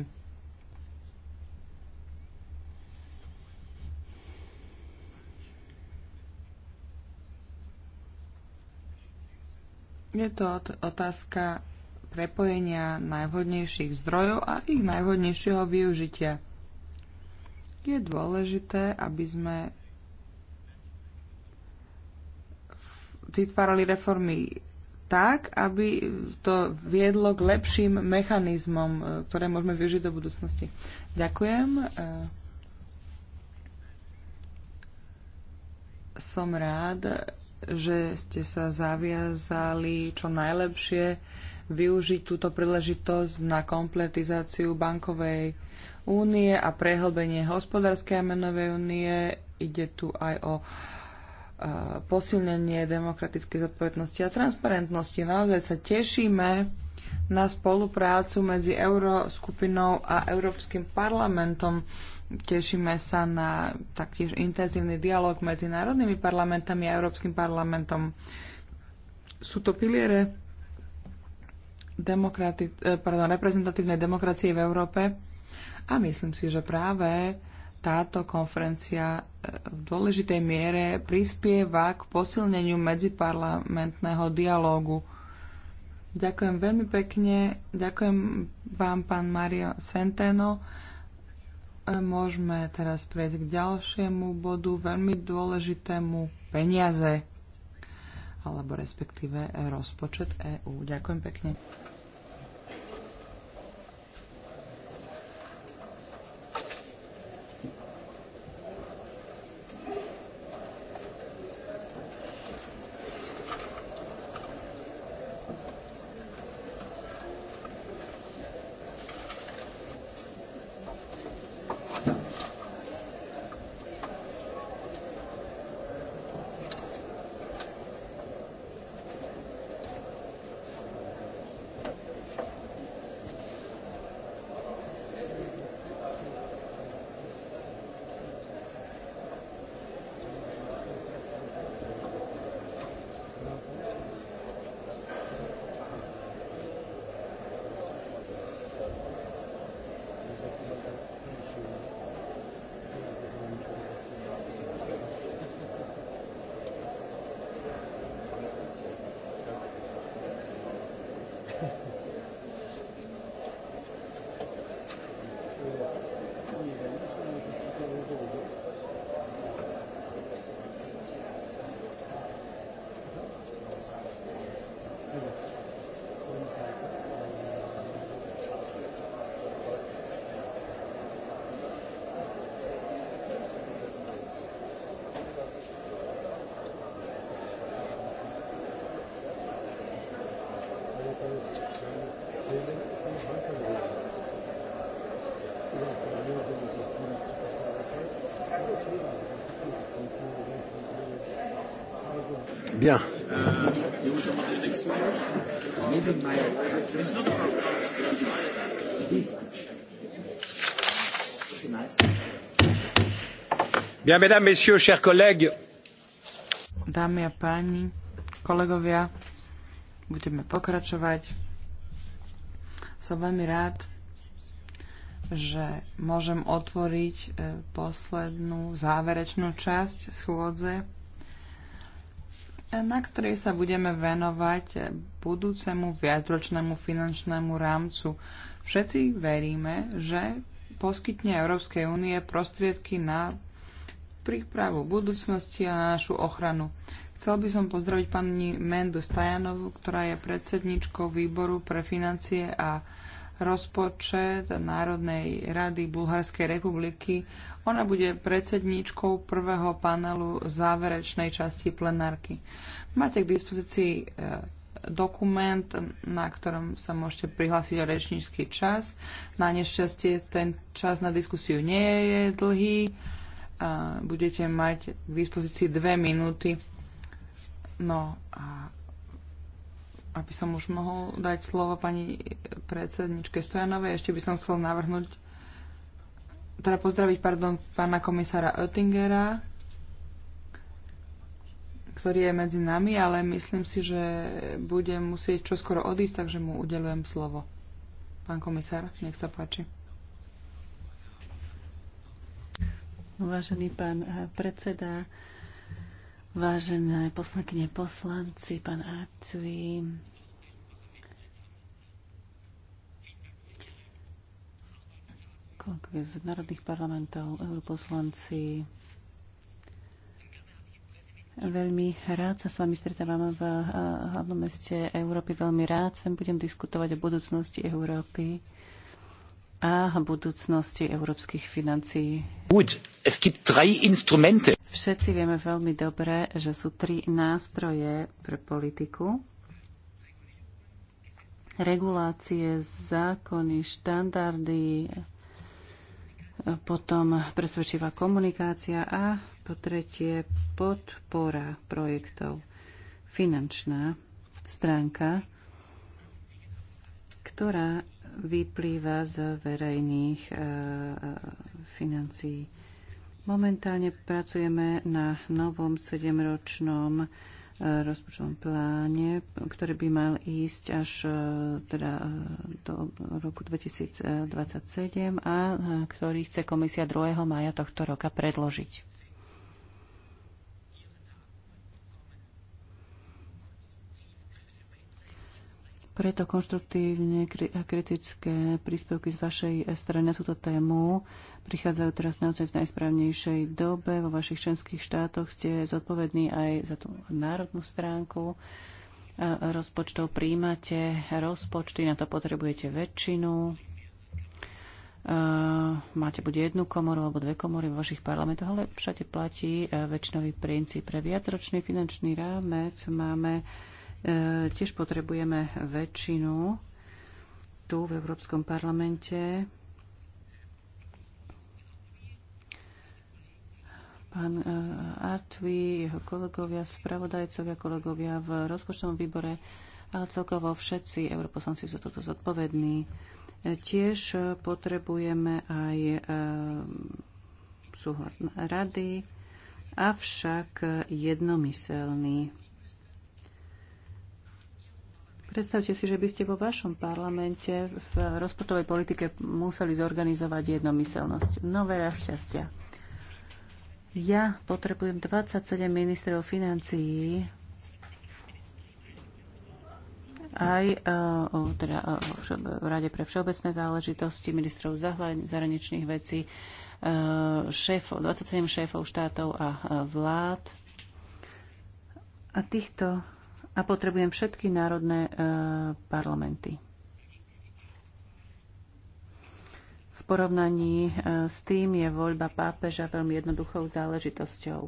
Je to otázka prepojenia najvhodnejších zdrojov a ich najvhodnejšieho využitia. Je dôležité, aby sme vytvárali reformy tak, aby to viedlo k lepším mechanizmom, e, ktoré môžeme využiť do budúcnosti. Ďakujem. E, som rád, že ste sa zaviazali čo najlepšie využiť túto príležitosť na kompletizáciu bankovej únie a prehlbenie hospodárskej a menovej únie. Ide tu aj o e, posilnenie demokratickej zodpovednosti a transparentnosti. Naozaj sa tešíme na spoluprácu medzi Euroskupinou a Európskym parlamentom. Tešíme sa na taktiež intenzívny dialog medzi národnými parlamentami a Európskym parlamentom. Sú to piliere demokrati- eh, pardon, reprezentatívnej demokracie v Európe. A myslím si, že práve táto konferencia eh, v dôležitej miere prispieva k posilneniu medziparlamentného dialógu. Ďakujem veľmi pekne, ďakujem vám, pán Mario Centeno. Eh, môžeme teraz prejsť k ďalšiemu bodu, veľmi dôležitému peniaze alebo respektíve rozpočet EÚ. Ďakujem pekne. Bien, mesdames, messieurs, chers collègues. Dámy a páni, kolegovia, budeme pokračovať. Som veľmi rád, že môžem otvoriť e, poslednú záverečnú časť schôdze na ktorej sa budeme venovať budúcemu viacročnému finančnému rámcu. Všetci veríme, že poskytne Európskej únie prostriedky na prípravu budúcnosti a na našu ochranu. Chcel by som pozdraviť pani Mendu Stajanovu, ktorá je predsedničkou výboru pre financie a rozpočet Národnej rady Bulharskej republiky. Ona bude predsedníčkou prvého panelu záverečnej časti plenárky. Máte k dispozícii e, dokument, na ktorom sa môžete prihlásiť o rečnícky čas. Na nešťastie ten čas na diskusiu nie je dlhý. E, budete mať k dispozícii dve minúty. No a aby som už mohol dať slovo pani predsedničke Stojanovej, ešte by som chcel navrhnúť, teda pozdraviť, pardon, pána komisára Oettingera, ktorý je medzi nami, ale myslím si, že bude musieť čoskoro odísť, takže mu udelujem slovo. Pán komisár, nech sa páči. Vážený pán eh, predseda, Vážené poslankyne, poslanci, pán Artui, Kongres národných parlamentov, europoslanci, Veľmi rád sa s vami stretávam v eh, hlavnom meste Európy. Veľmi rád sem budem diskutovať o budúcnosti Európy a budúcnosti európskych financií. Gut, es gibt drei Instrumente. Všetci vieme veľmi dobre, že sú tri nástroje pre politiku. Regulácie, zákony, štandardy, potom presvedčivá komunikácia a po tretie podpora projektov. Finančná stránka, ktorá vyplýva z verejných e, financií. Momentálne pracujeme na novom sedemročnom e, rozpočtovom pláne, ktorý by mal ísť až e, teda e, do roku 2027 a ktorý chce komisia 2. maja tohto roka predložiť. Preto konštruktívne a kritické príspevky z vašej eh, strany na túto tému prichádzajú teraz naozaj v najsprávnejšej dobe. Vo vašich členských štátoch ste zodpovední aj za tú národnú stránku eh, rozpočtov. Príjmate rozpočty, na to potrebujete väčšinu. Eh, máte buď jednu komoru alebo dve komory vo vašich parlamentoch, ale všade platí väčšinový princíp. Pre viacročný finančný rámec máme E, tiež potrebujeme väčšinu tu v Európskom parlamente. Pán e, Artvi, jeho kolegovia, spravodajcovia, kolegovia v rozpočtovom výbore, ale celkovo všetci europoslanci sú toto zodpovední. E, tiež potrebujeme aj súhlas rady, avšak jednomyselný Predstavte si, že by ste vo vašom parlamente v rozpočtovej politike museli zorganizovať jednomyselnosť. No veľa šťastia. Ja potrebujem 27 ministrov financií, aj uh, teda, uh, v Rade pre všeobecné záležitosti, ministrov zahraničných vecí, uh, šéfov, 27 šéfov štátov a eh, vlád. A týchto a potrebujem všetky národné e, parlamenty. V porovnaní e, s tým je voľba pápeža veľmi jednoduchou záležitosťou.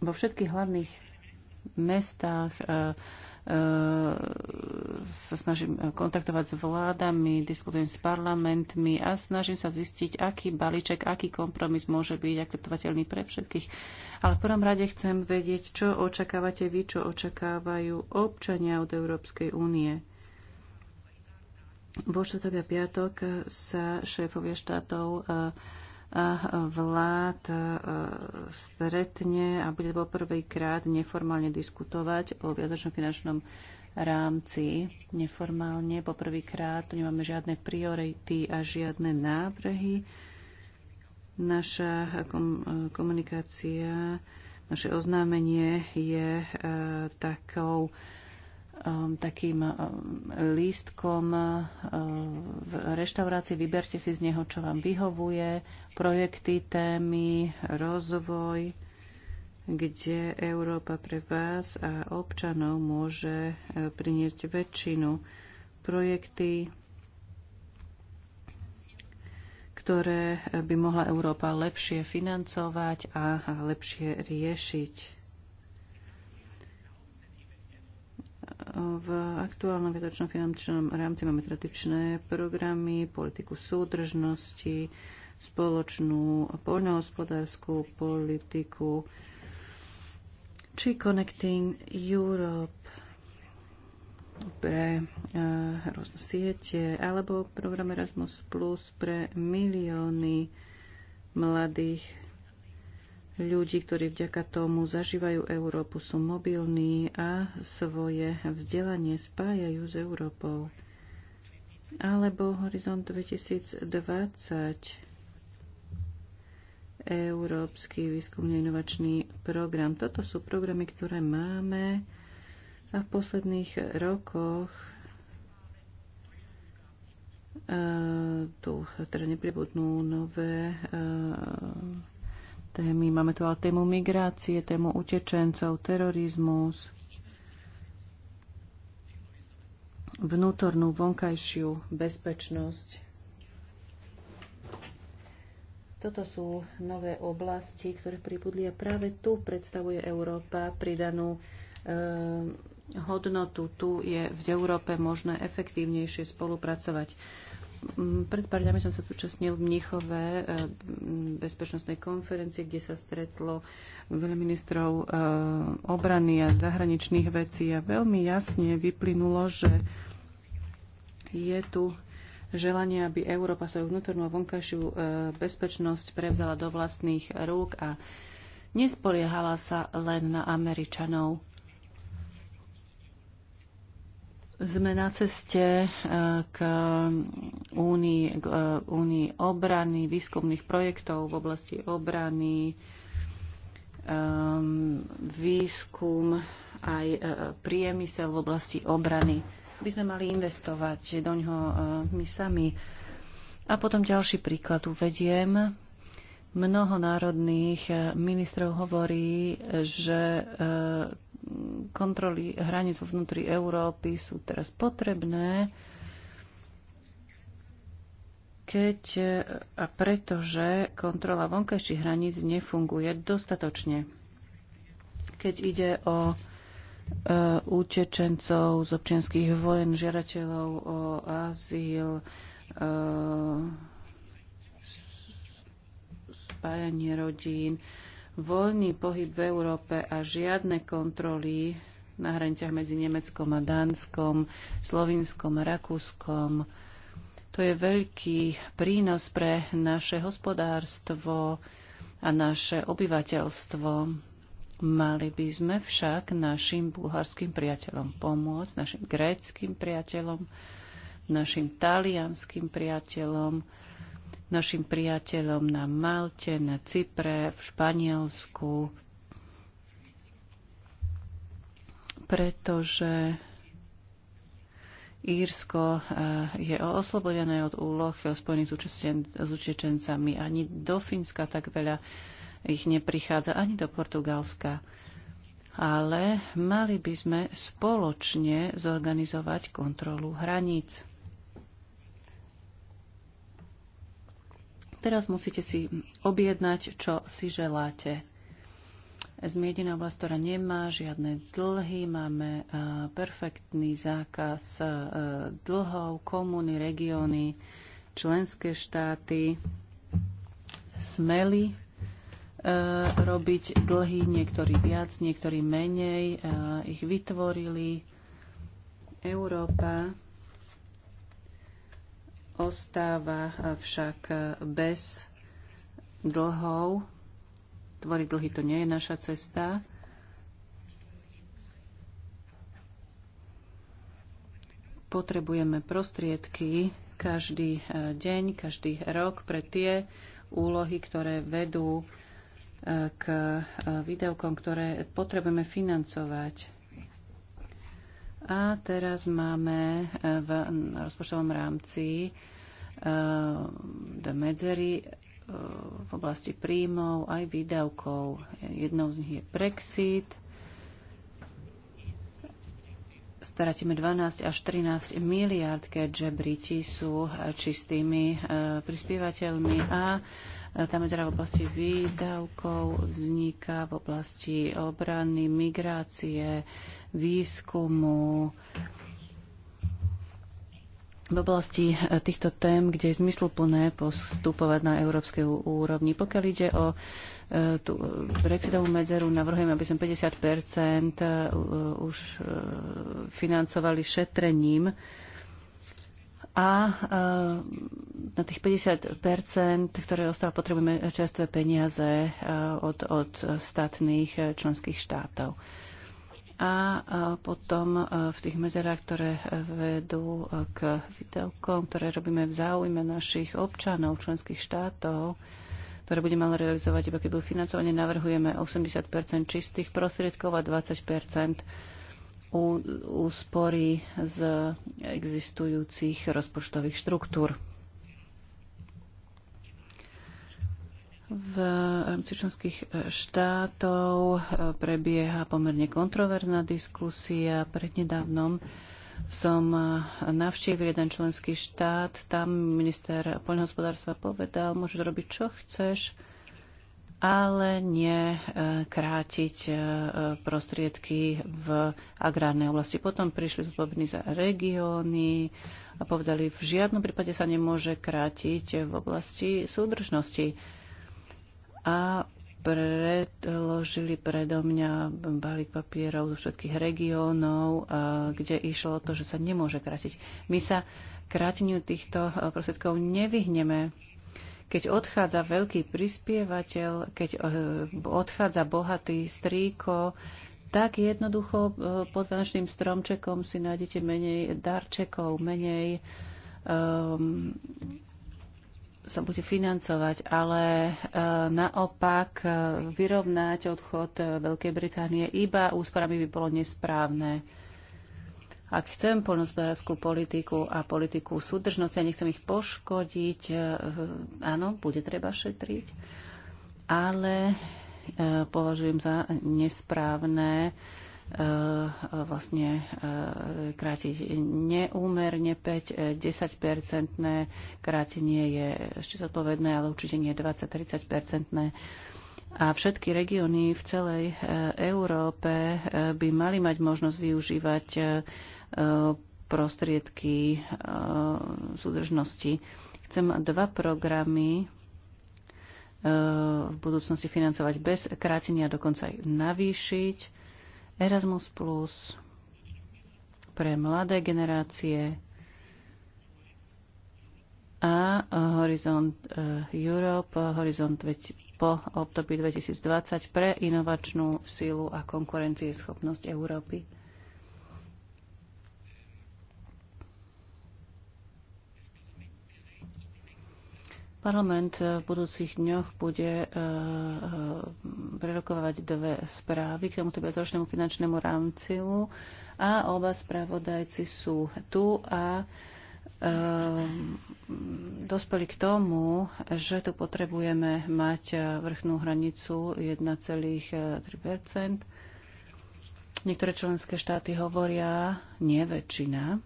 Vo všetkých hlavných mestách e, Ehm, sa snažím eh, kontaktovať s vládami, diskutujem s parlamentmi a snažím sa zistiť, aký balíček, aký kompromis môže byť akceptovateľný pre všetkých. Ale v prvom rade chcem vedieť, čo očakávate vy, čo očakávajú občania od Európskej únie. Vo štvrtok a piatok sa šéfovia štátov uh, vlád e, stretne a bude po prvýkrát neformálne diskutovať o viadočnom finančnom rámci. Neformálne po prvýkrát tu nemáme žiadne priority a žiadne návrhy. Naša komunikácia, naše oznámenie je e, takou Um, takým um, lístkom uh, v reštaurácii. Vyberte si z neho, čo vám vyhovuje. Projekty, témy, rozvoj, kde Európa pre vás a občanov môže uh, priniesť väčšinu. Projekty, ktoré by mohla Európa lepšie financovať a lepšie riešiť. v aktuálnom vietočnom finančnom rámci máme tradičné programy, politiku súdržnosti, spoločnú poľnohospodárskú politiku či Connecting Europe pre eh, rôzne siete alebo program Erasmus Plus pre milióny mladých ľudí, ktorí vďaka tomu zažívajú Európu, sú mobilní a svoje vzdelanie spájajú s Európou. Alebo Horizont 2020, Európsky výskumný inovačný program. Toto sú programy, ktoré máme a v posledných rokoch eh, tu teda nepribudnú nové eh, témy. Máme tu ale tému migrácie, tému utečencov, terorizmus, vnútornú, vonkajšiu bezpečnosť. Toto sú nové oblasti, ktoré pribudli a práve tu predstavuje Európa pridanú e, hodnotu. Tu je v Európe možné efektívnejšie spolupracovať. Mm, pred pár dňami som sa súčasnil v Mnichove e, bezpečnostnej konferencie, kde sa stretlo veľa ministrov e, obrany a zahraničných vecí a veľmi jasne vyplynulo, že je tu želanie, aby Európa svoju vnútornú a vonkajšiu e, bezpečnosť prevzala do vlastných rúk a nespoliehala sa len na Američanov. Sme na ceste e, k únii, k e, únii obrany, výskumných projektov v oblasti obrany, ehm, výskum aj e, priemysel v oblasti obrany. By sme mali investovať do ňoho my sami. A potom ďalší príklad uvediem Mnoho národných eh, ministrov hovorí, že eh, kontroly hraníc vo vnútri Európy sú teraz potrebné, keď eh, a pretože kontrola vonkajších hraníc nefunguje dostatočne. Keď ide o utečencov z občianských vojen, žiadateľov o azyl, spájanie rodín, voľný pohyb v Európe a žiadne kontroly na hraniciach medzi Nemeckom a Dánskom, Slovinskom a Rakúskom. To je veľký prínos pre naše hospodárstvo a naše obyvateľstvo. Mali by sme však našim bulharským priateľom pomôcť, našim gréckým priateľom, našim talianským priateľom, našim priateľom na Malte, na Cypre, v Španielsku, pretože Írsko eh, je oslobodené od úloh spojených s učečencami. Ani do Fínska tak veľa ich neprichádza, ani do Portugalska. Ale mali by sme spoločne zorganizovať kontrolu hraníc. Teraz musíte si objednať, čo si želáte. Sme jediná oblast, ktorá nemá žiadne dlhy, máme perfektný zákaz dlhov, komúny, regióny, členské štáty smeli e, robiť dlhy, niektorí viac, niektorí menej, ich vytvorili. Európa ostáva však bez dlhov. Tvoriť dlhy to nie je naša cesta. Potrebujeme prostriedky každý eh, deň, každý rok pre tie úlohy, ktoré vedú eh, k eh, videokom, ktoré potrebujeme financovať. A teraz máme eh, v rozpočtovom rámci eh, medzery eh, v oblasti príjmov aj výdavkov. Jednou z nich je Brexit. Stratíme 12 až 13 miliard, keďže Briti sú čistými prispievateľmi a tá medzera v oblasti výdavkov vzniká v oblasti obrany, migrácie, výskumu, v oblasti eh, týchto tém, kde je zmysluplné postupovať na európskej úrovni. Pokiaľ ide o eh, tú brexitovú medzeru, navrhujem, aby sme 50 eh, už financovali šetrením a na tých 50 ktoré ostáva, potrebujeme čerstvé peniaze od, od statných členských štátov a potom e, v tých medzerách, ktoré vedú e, k videokom, ktoré robíme v záujme našich občanov členských štátov, ktoré budeme ale realizovať iba keď budú financovanie, navrhujeme 80 čistých prostriedkov a 20 úspory z existujúcich rozpočtových štruktúr. V rámci členských e, štátov e, prebieha pomerne kontroverzná diskusia. Prednedávnom som e, navštívil jeden členský štát. Tam minister poľnohospodárstva povedal, môže robiť, čo chceš, ale nie krátiť prostriedky v agrárnej oblasti. Potom prišli zodpovední za regióny a povedali, v žiadnom prípade sa nemôže krátiť v oblasti súdržnosti a predložili predo mňa balík papierov zo všetkých regiónov, kde išlo to, že sa nemôže kratiť. My sa krateniu týchto e, prostriedkov nevyhneme. Keď odchádza veľký prispievateľ, keď e, odchádza bohatý strýko, tak jednoducho e, pod Vianočným stromčekom si nájdete menej darčekov, menej um, sa bude financovať, ale eh, naopak eh, vyrovnať odchod eh, Veľkej Británie iba úsporami by bolo nesprávne. Ak chcem poľnohospodárskú politiku a politiku súdržnosti a nechcem ich poškodiť, áno, bude treba šetriť, ale považujem za nesprávne Eh, vlastne eh, krátiť neúmerne 5-10-percentné eh, krátenie je ešte zodpovedné, ale určite nie 20-30-percentné. A všetky regióny v celej Európe by mali mať možnosť využívať prostriedky súdržnosti. Chcem dva programy v budúcnosti financovať bez krátenia, dokonca aj navýšiť Erasmus Plus pre mladé generácie a e, Horizont e, Europe, Horizont po období 2020 pre inovačnú sílu a konkurencieschopnosť Európy. Parlament eh, v budúcich dňoch bude eh, eh, prerokovať dve správy k tomuto bezročnému finančnému rámciu a oba spravodajci sú tu a dospeli k tomu, že tu potrebujeme mať vrchnú hranicu 1,3 Niektoré členské štáty hovoria, nie väčšina,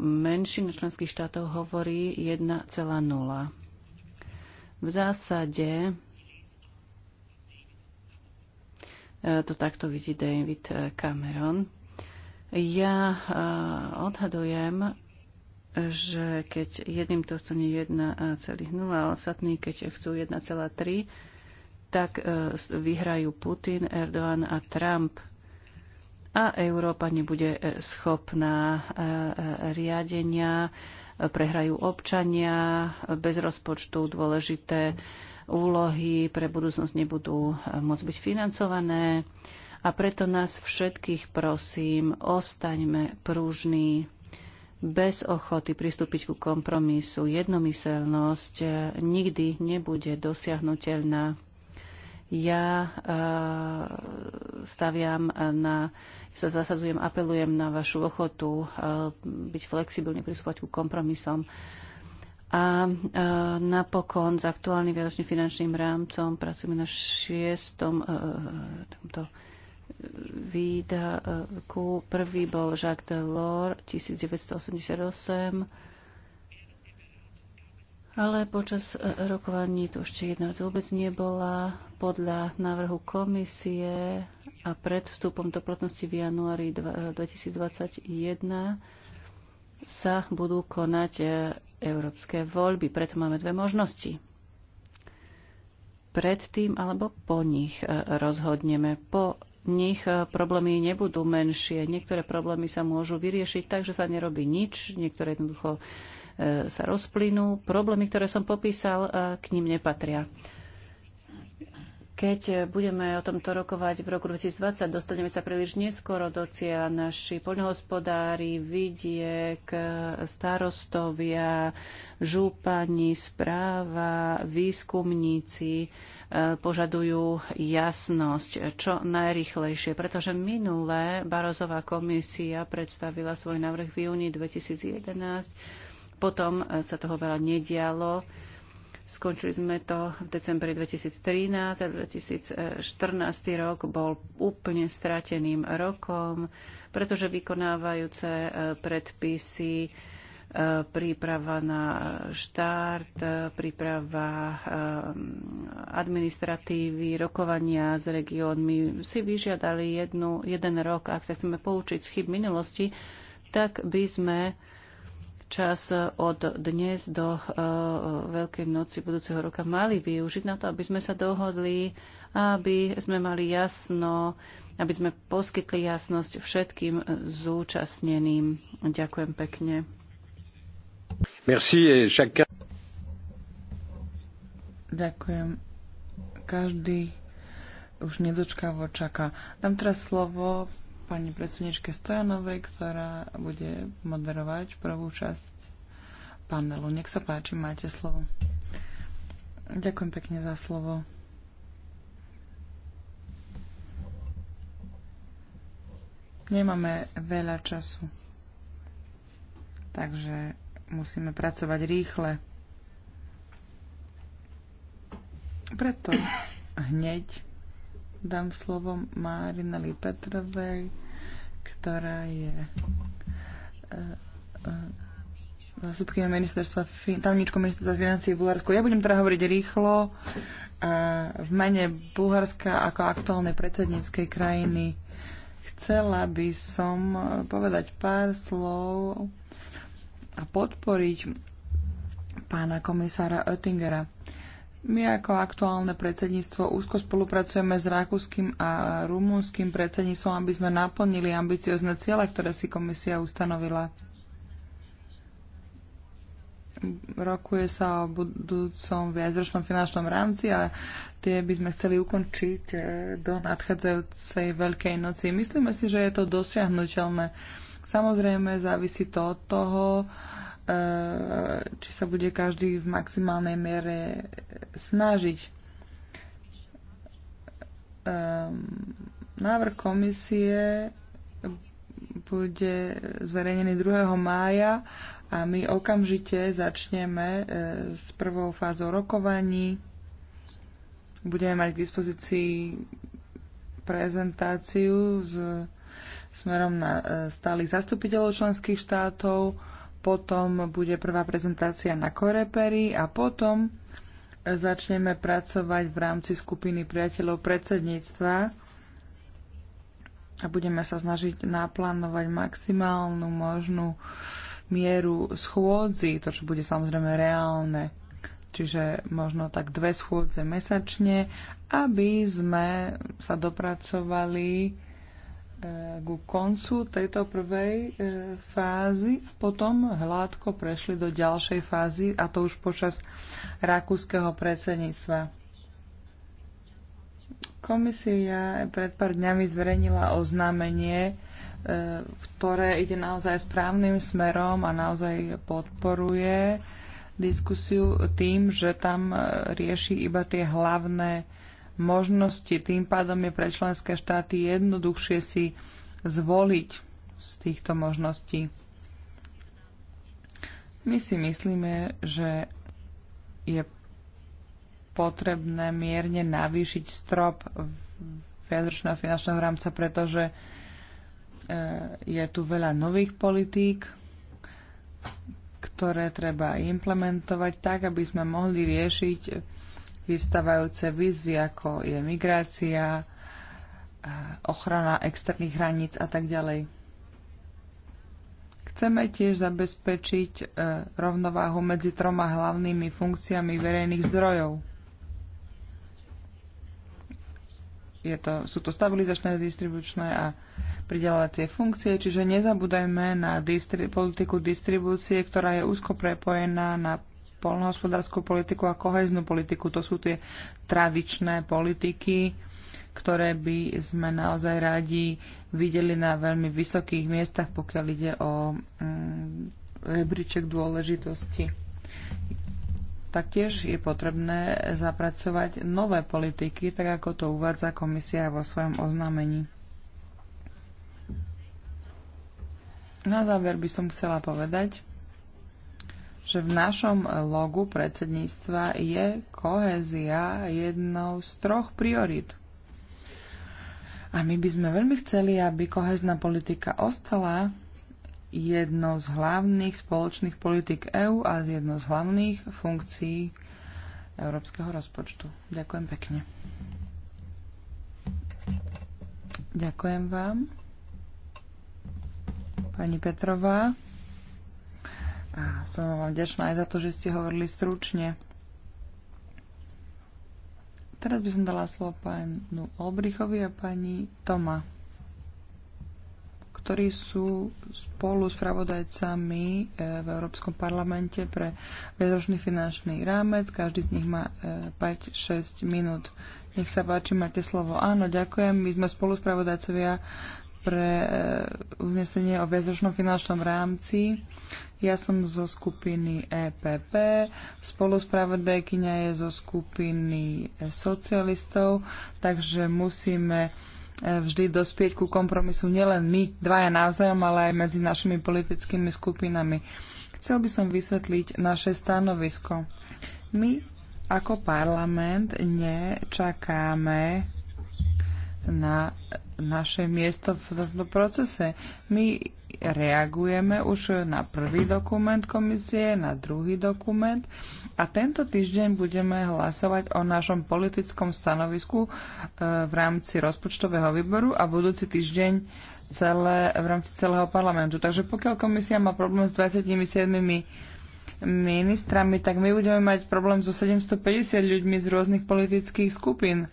menšina členských štátov hovorí 1,0. V zásade e, to takto vidí David Cameron. Ja e, odhadujem, že keď jedným stane 1,0 a ostatní, keď chcú 1,3, tak e, vyhrajú Putin, Erdogan a Trump a Európa nebude e, schopná e, e, riadenia, prehrajú občania, bez rozpočtu dôležité úlohy pre budúcnosť nebudú môcť byť financované a preto nás všetkých prosím, ostaňme prúžní, bez ochoty pristúpiť ku kompromisu. Jednomyselnosť nikdy nebude dosiahnutelná. Ja eh, staviam na, sa zasadzujem, apelujem na vašu ochotu eh, byť flexibilný, pristúpať ku kompromisom. A eh, napokon s aktuálnym výročným finančným rámcom pracujeme na šiestom tomto výdavku. Prvý bol Jacques Delors 1988 ale počas rokovaní to ešte jedna vec vôbec nebola podľa návrhu komisie a pred vstupom do platnosti v januári 2021 sa budú konať e, európske voľby. Preto máme dve možnosti. Predtým alebo po nich e, rozhodneme. Po nich e, problémy nebudú menšie. Niektoré problémy sa môžu vyriešiť tak, že sa nerobí nič. Niektoré jednoducho sa rozplynú. Problémy, ktoré som popísal, k ním nepatria. Keď budeme o tomto rokovať v roku 2020, dostaneme sa príliš neskoro do cieľa. Naši poľnohospodári, vidiek, starostovia, župani, správa, výskumníci e, požadujú jasnosť čo najrychlejšie, pretože minulé Barozová komisia predstavila svoj návrh v júni 2011, potom sa toho veľa nedialo Skončili sme to v decembri 2013 a 2014 rok bol úplne strateným rokom, pretože vykonávajúce e, predpisy e, príprava na štart, e, príprava administratívy, rokovania s regiónmi si vyžiadali jednu, jeden rok. Ak sa chceme poučiť z chyb minulosti, tak by sme čas od dnes do e, Veľkej noci budúceho roka mali využiť na to, aby sme sa dohodli, aby sme mali jasno, aby sme poskytli jasnosť všetkým zúčastneným. Ďakujem pekne. Merci, chaque... Ďakujem. Každý už nedočkavo čaká. Dám teraz slovo pani predsedničke Stojanovej, ktorá bude moderovať prvú časť panelu. Nech sa páči, máte slovo. Ďakujem pekne za slovo. Nemáme veľa času, takže musíme pracovať rýchle. Preto hneď dám slovo Marinali Petrovej, ktorá je e, e, zástupkynia ministerstva, tamničko ministerstva financí v Bulharsku. Ja budem teda hovoriť rýchlo. E, v mene Bulharska ako aktuálnej predsedníckej krajiny chcela by som povedať pár slov a podporiť pána komisára Oettingera. My ako aktuálne predsedníctvo úzko spolupracujeme s rakúskym a rumúnskym predsedníctvom, aby sme naplnili ambiciozne ciele, ktoré si komisia ustanovila. Rokuje sa o budúcom viacročnom finančnom rámci a tie by sme chceli ukončiť e, do nadchádzajúcej Veľkej noci. Myslíme si, že je to dosiahnuteľné. Samozrejme, závisí to od toho, E, či sa bude každý v maximálnej miere snažiť. E, návrh komisie bude zverejnený 2. mája a my okamžite začneme e, s prvou fázou rokovaní. Budeme mať k dispozícii prezentáciu s smerom na stálych zastupiteľov členských štátov potom bude prvá prezentácia na Koreperi a potom začneme pracovať v rámci skupiny priateľov predsedníctva a budeme sa snažiť naplánovať maximálnu možnú mieru schôdzi, to čo bude samozrejme reálne. Čiže možno tak dve schôdze mesačne, aby sme sa dopracovali Eh, ku koncu tejto prvej eh, fázy a potom hladko prešli do ďalšej fázy a to už počas rakúskeho predsedníctva. Komisia pred pár dňami zverejnila oznámenie, eh, ktoré ide naozaj správnym smerom a naozaj podporuje diskusiu tým, že tam rieši iba tie hlavné možnosti. Tým pádom je pre členské štáty jednoduchšie si zvoliť z týchto možností. My si myslíme, že je potrebné mierne navýšiť strop viacročného finančného rámca, pretože e, je tu veľa nových politík, ktoré treba implementovať tak, aby sme mohli riešiť vyvstávajúce výzvy, ako je migrácia, ochrana externých hraníc a tak ďalej. Chceme tiež zabezpečiť e, rovnováhu medzi troma hlavnými funkciami verejných zdrojov. Je to, sú to stabilizačné, distribučné a pridelovacie funkcie, čiže nezabúdajme na distri- politiku distribúcie, ktorá je úzko prepojená na polnohospodárskú politiku a koheznú politiku. To sú tie tradičné politiky, ktoré by sme naozaj radi videli na veľmi vysokých miestach, pokiaľ ide o mm, rebríček dôležitosti. Taktiež je potrebné zapracovať nové politiky, tak ako to uvádza komisia vo svojom oznámení. Na záver by som chcela povedať, že v našom logu predsedníctva je kohézia jednou z troch priorit. A my by sme veľmi chceli, aby kohezná politika ostala jednou z hlavných spoločných politik EÚ a jednou z hlavných funkcií európskeho rozpočtu. Ďakujem pekne. Ďakujem vám. Pani Petrová. A som vám vďačná aj za to, že ste hovorili stručne. Teraz by som dala slovo pánu Olbrichovi a pani Toma, ktorí sú spolu s pravodajcami e, v Európskom parlamente pre viedročný finančný rámec. Každý z nich má 5-6 e, minút. Nech sa páči, máte slovo. Áno, ďakujem. My sme spolu pravodajcovia pre e, uznesenie o viacročnom finančnom rámci. Ja som zo skupiny EPP, spoluspravodajkyňa je zo skupiny e, socialistov, takže musíme e, vždy dospieť ku kompromisu nielen my dvaja navzájom, ale aj medzi našimi politickými skupinami. Chcel by som vysvetliť naše stanovisko. My ako parlament nečakáme na naše miesto v tomto procese. My reagujeme už na prvý dokument komisie, na druhý dokument a tento týždeň budeme hlasovať o našom politickom stanovisku e, v rámci rozpočtového výboru a budúci týždeň celé, v rámci celého parlamentu. Takže pokiaľ komisia má problém s 27 ministrami, tak my budeme mať problém so 750 ľuďmi z rôznych politických skupín.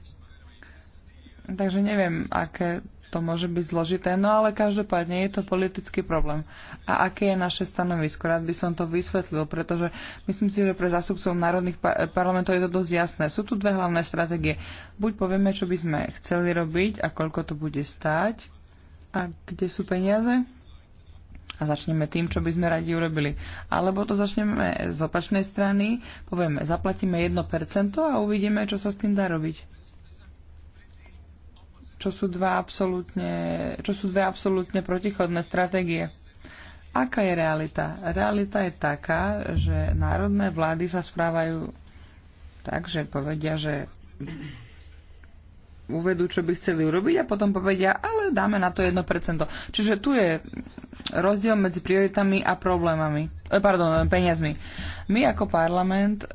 Takže neviem, aké to môže byť zložité, no ale každopádne je to politický problém. A aké je naše stanovisko? Rád by som to vysvetlil, pretože myslím si, že pre zástupcov národných parlamentov je to dosť jasné. Sú tu dve hlavné stratégie. Buď povieme, čo by sme chceli robiť a koľko to bude stáť a kde sú peniaze a začneme tým, čo by sme radi urobili. Alebo to začneme z opačnej strany, povieme, zaplatíme 1% a uvidíme, čo sa s tým dá robiť čo sú, dva absolútne, čo sú dve absolútne protichodné stratégie. Aká je realita? Realita je taká, že národné vlády sa správajú tak, že povedia, že uvedú, čo by chceli urobiť a potom povedia, ale dáme na to 1%. Čiže tu je rozdiel medzi prioritami a problémami. E, pardon, peniazmi. My ako parlament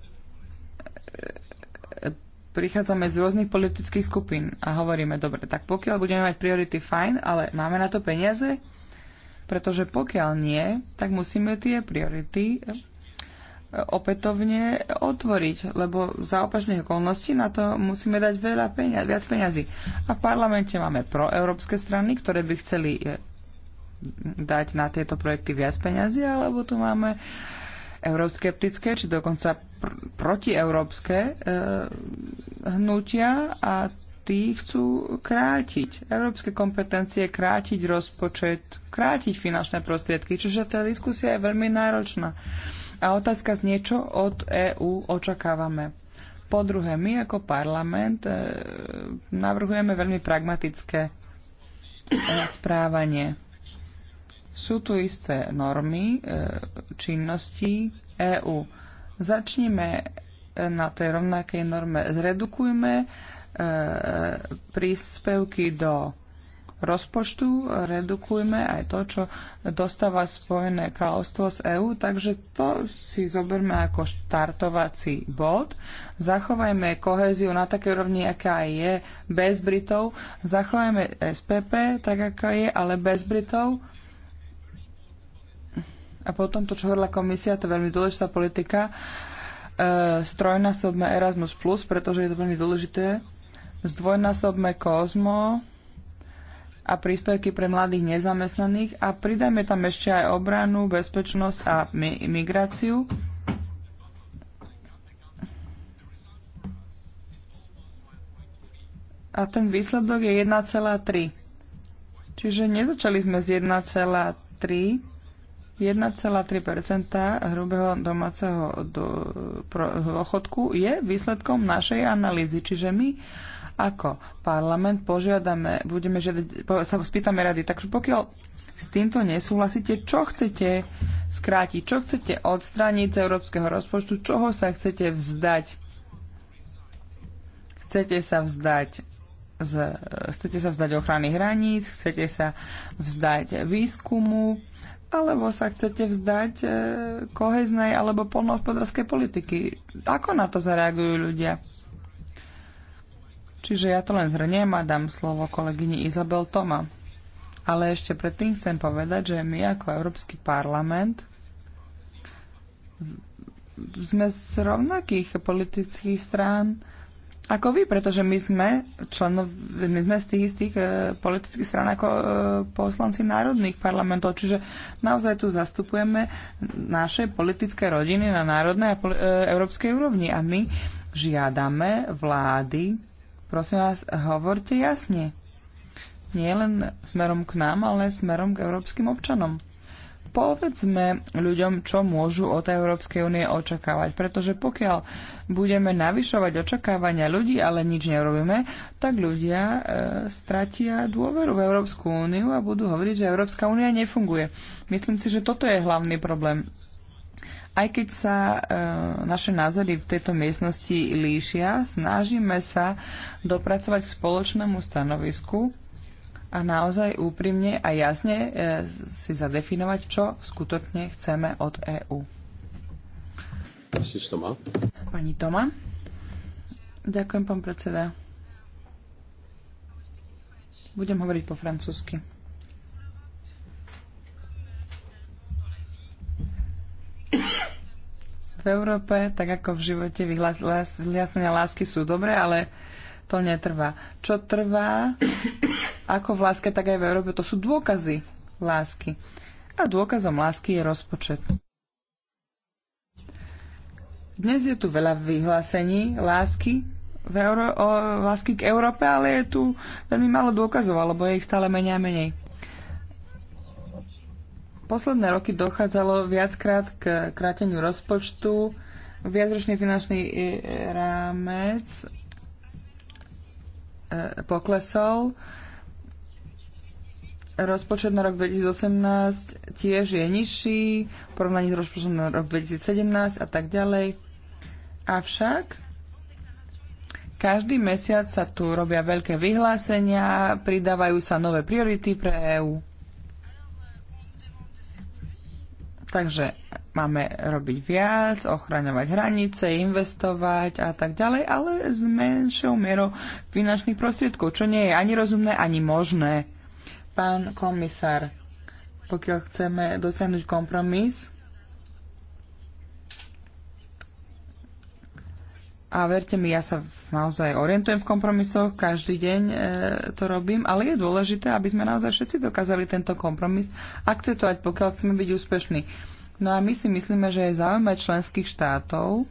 prichádzame z rôznych politických skupín a hovoríme, dobre, tak pokiaľ budeme mať priority, fajn, ale máme na to peniaze? Pretože pokiaľ nie, tak musíme tie priority e, opätovne otvoriť, lebo za opačných okolností na to musíme dať veľa peniaz, viac peňazí. A v parlamente máme proeurópske strany, ktoré by chceli e, dať na tieto projekty viac peňazí, alebo tu máme uh, euroskeptické či dokonca pr- protieurópske e, hnutia a tí chcú krátiť európske kompetencie, krátiť rozpočet, krátiť finančné prostriedky. Čiže tá diskusia je veľmi náročná. A otázka z niečo od EÚ očakávame. Po druhé, my ako parlament e, navrhujeme veľmi pragmatické e, správanie sú tu isté normy e, činnosti činností e EÚ. Začnime e, na tej rovnakej norme. Zredukujme príspevky do rozpočtu, redukujme aj to, čo dostáva Spojené kráľovstvo z EÚ, takže to si zoberme ako štartovací bod. Zachovajme kohéziu na takej úrovni, aká je bez Britov. Zachovajme SPP tak, aká je, ale bez Britov. A potom to, čo hovorila komisia, to je veľmi dôležitá politika. E, strojnásobme Erasmus+, pretože je to veľmi dôležité. Zdvojnásobme Kozmo a príspevky pre mladých nezamestnaných a pridajme tam ešte aj obranu, bezpečnosť a mi- migráciu. A ten výsledok je 1,3. Čiže nezačali sme z 1,3, 1,3 hrubého domáceho dôchodku je výsledkom našej analýzy. Čiže my ako parlament požiadame, budeme žiadať, sa spýtame rady, takže pokiaľ s týmto nesúhlasíte, čo chcete skrátiť, čo chcete odstrániť z európskeho rozpočtu, čoho sa chcete vzdať. Chcete sa vzdať z, chcete sa vzdať ochrany hraníc, chcete sa vzdať výskumu, alebo sa chcete vzdať e, koheznej alebo polnohospodárskej politiky. Ako na to zareagujú ľudia? Čiže ja to len zhrniem a dám slovo kolegyni Izabel Toma. Ale ešte predtým chcem povedať, že my ako Európsky parlament sme z rovnakých politických strán ako vy, pretože my sme členov, my sme z tých istých e, politických stran ako e, poslanci národných parlamentov, čiže naozaj tu zastupujeme naše politické rodiny na národnej a e, európskej úrovni a my žiadame vlády, prosím vás, hovorte jasne. Nie len smerom k nám, ale smerom k európskym občanom povedzme ľuďom, čo môžu od Európskej únie očakávať. Pretože pokiaľ budeme navyšovať očakávania ľudí, ale nič neurobíme, tak ľudia e, stratia dôveru v Európsku úniu a budú hovoriť, že Európska únia nefunguje. Myslím si, že toto je hlavný problém. Aj keď sa e, naše názory v tejto miestnosti líšia, snažíme sa dopracovať k spoločnému stanovisku, a naozaj úprimne a jasne e, si zadefinovať, čo skutočne chceme od EÚ. Pani Toma. Ďakujem, pán predseda. Budem hovoriť po francúzsky. V Európe, tak ako v živote, vyhlásenia lásky sú dobré, ale to netrvá. Čo trvá, ako v láske, tak aj v Európe, to sú dôkazy lásky. A dôkazom lásky je rozpočet. Dnes je tu veľa vyhlásení lásky, v Euró- o lásky k Európe, ale je tu veľmi málo dôkazov, alebo je ich stále menej a menej. Posledné roky dochádzalo viackrát k kráteniu rozpočtu, viacročný finančný e, e, rámec E, poklesol. Rozpočet na rok 2018 tiež je nižší, v porovnaní s rozpočtom na rok 2017 a tak ďalej. Avšak každý mesiac sa tu robia veľké vyhlásenia, pridávajú sa nové priority pre EÚ. Takže máme robiť viac, ochraňovať hranice, investovať a tak ďalej, ale s menšou mierou finančných prostriedkov, čo nie je ani rozumné, ani možné. Pán komisár, pokiaľ chceme dosiahnuť kompromis, a verte mi, ja sa naozaj orientujem v kompromisoch, každý deň e, to robím, ale je dôležité, aby sme naozaj všetci dokázali tento kompromis akceptovať, pokiaľ chceme byť úspešní. No a my si myslíme, že je zaujímavé členských štátov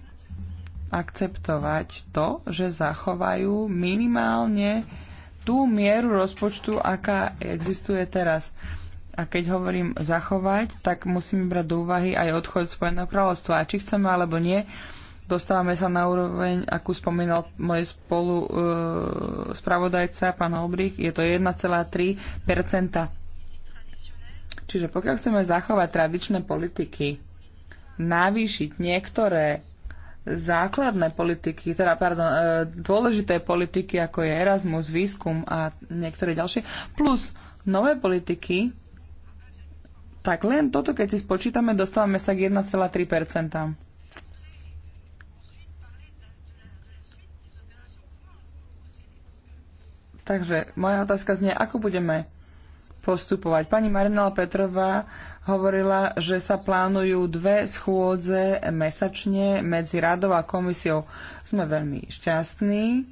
akceptovať to, že zachovajú minimálne tú mieru rozpočtu, aká existuje teraz. A keď hovorím zachovať, tak musíme brať do úvahy aj odchod Spojeného kráľovstva. A či chceme alebo nie, Dostávame sa na úroveň, akú spomínal môj spolu e, spravodajca, pán Olbrich, je to 1,3 Čiže pokiaľ chceme zachovať tradičné politiky, navýšiť niektoré základné politiky, teda, pardon, e, dôležité politiky, ako je Erasmus, výskum a niektoré ďalšie, plus nové politiky, tak len toto, keď si spočítame, dostávame sa k 1,3 Takže moja otázka znie, ako budeme postupovať. Pani Marinela Petrová hovorila, že sa plánujú dve schôdze mesačne medzi radou a komisiou. Sme veľmi šťastní,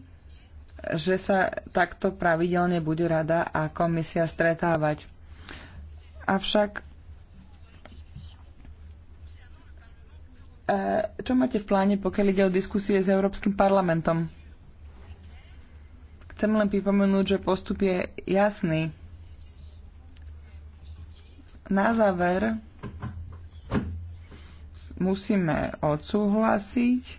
že sa takto pravidelne bude rada a komisia stretávať. Avšak e, čo máte v pláne, pokiaľ ide o diskusie s Európskym parlamentom? Chcem len pripomenúť, že postup je jasný. Na záver musíme odsúhlasiť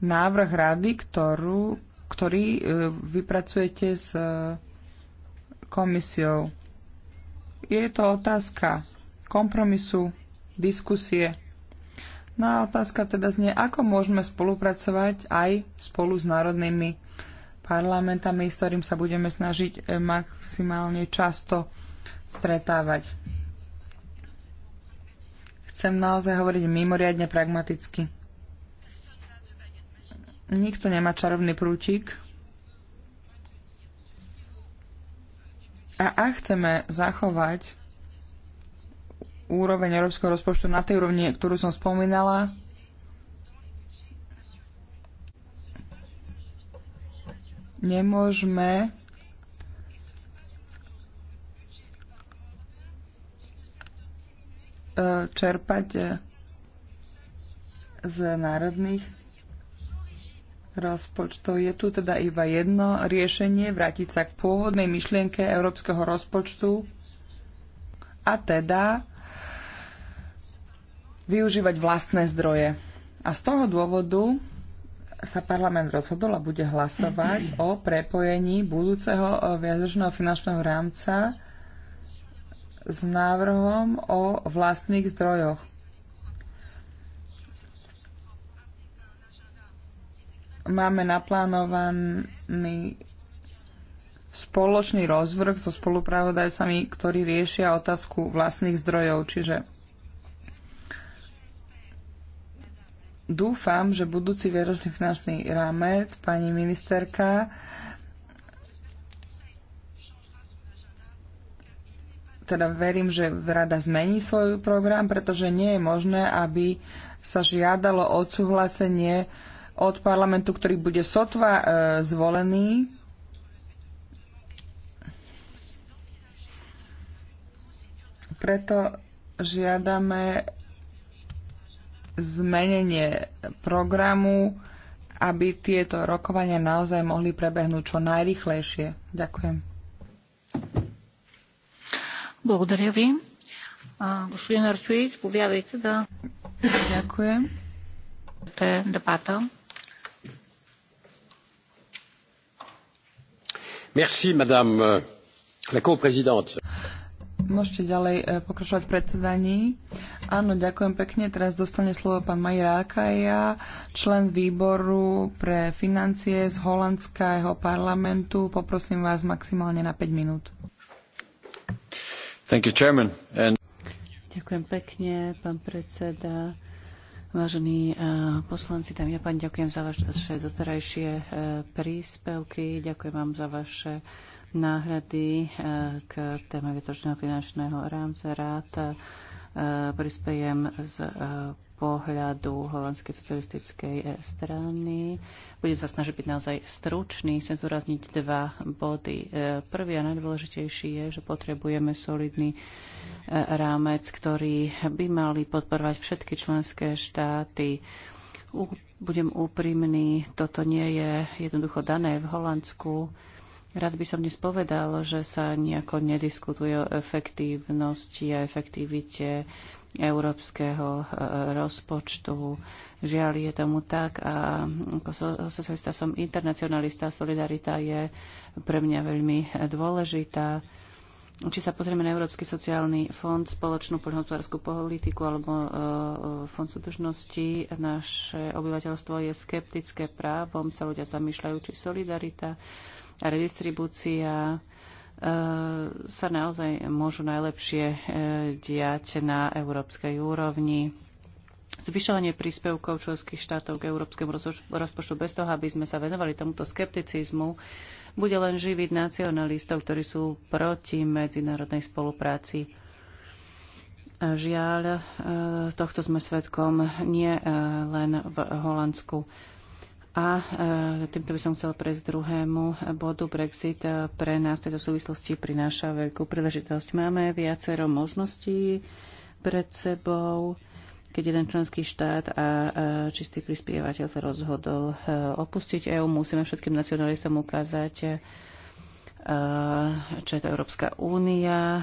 návrh rady, ktorú, ktorý e, vypracujete s e, komisiou. Je to otázka kompromisu, diskusie. No a otázka teda znie, ako môžeme spolupracovať aj spolu s národnými parlamentami, s ktorým sa budeme snažiť eh, maximálne často stretávať. Chcem naozaj hovoriť mimoriadne pragmaticky. Nikto nemá čarovný prútik. A ak chceme zachovať úroveň európskeho rozpočtu na tej úrovni, ktorú som spomínala, nemôžeme e, čerpať e, z národných rozpočtov. Je tu teda iba jedno riešenie, vrátiť sa k pôvodnej myšlienke európskeho rozpočtu a teda využívať vlastné zdroje. A z toho dôvodu sa parlament rozhodol a bude hlasovať o prepojení budúceho e, viacročného finančného rámca s návrhom o vlastných zdrojoch. Máme naplánovaný spoločný rozvrh so spolupravodajcami, ktorí riešia otázku vlastných zdrojov, čiže dúfam, že budúci vieročný finančný rámec, pani ministerka, teda verím, že rada zmení svoj program, pretože nie je možné, aby sa žiadalo odsúhlasenie od parlamentu, ktorý bude sotva e, zvolený. Preto žiadame zmenenie programu, aby tieto rokovania naozaj mohli prebehnúť čo najrychlejšie. Ďakujem. Благодаря ви. Господин Арчуи, да... Дякуем. Дебата. Merci, madame euh, la coprésidente. Môžete ďalej e, pokračovať v predsedaní. Áno, ďakujem pekne. Teraz dostane slovo pán Maj Rákaja, člen výboru pre financie z holandského parlamentu. Poprosím vás maximálne na 5 minút. Thank you, chairman. And... Ďakujem pekne, pán predseda. Vážení e, poslanci, tam ja pán, ďakujem za vaše doterajšie e, príspevky, ďakujem vám za vaše náhrady e, k téme vietočného finančného rámca rád e, prispejem z e, pohľadu holandskej socialistickej strany. Budem sa snažiť byť naozaj stručný. Chcem zúrazniť dva body. Prvý a najdôležitejší je, že potrebujeme solidný rámec, ktorý by mali podporovať všetky členské štáty. Budem úprimný, toto nie je jednoducho dané v Holandsku Rád by som dnes povedal, že sa nejako nediskutuje o efektívnosti a efektivite európskeho e, rozpočtu. Žiaľ, je tomu tak a ako socialista som internacionalista, solidarita je pre mňa veľmi dôležitá či sa pozrieme na Európsky sociálny fond, spoločnú poľnohospodárskú politiku alebo e, e, fond súdržnosti, naše obyvateľstvo je skeptické právom, sa ľudia zamýšľajú, či solidarita a redistribúcia e, sa naozaj môžu najlepšie e, diať na európskej úrovni. Zvyšovanie príspevkov členských štátov k európskemu rozpočtu bez toho, aby sme sa venovali tomuto skepticizmu, bude len živiť nacionalistov, ktorí sú proti medzinárodnej spolupráci. Žiaľ, e, tohto sme svetkom nie e, len v Holandsku. A e, týmto by som chcel prejsť druhému bodu. Brexit pre nás v tejto súvislosti prináša veľkú príležitosť. Máme viacero možností pred sebou keď jeden členský štát a čistý prispievateľ sa rozhodol e, opustiť EÚ, musíme všetkým nacionalistom ukázať, e, čo je to Európska únia. E,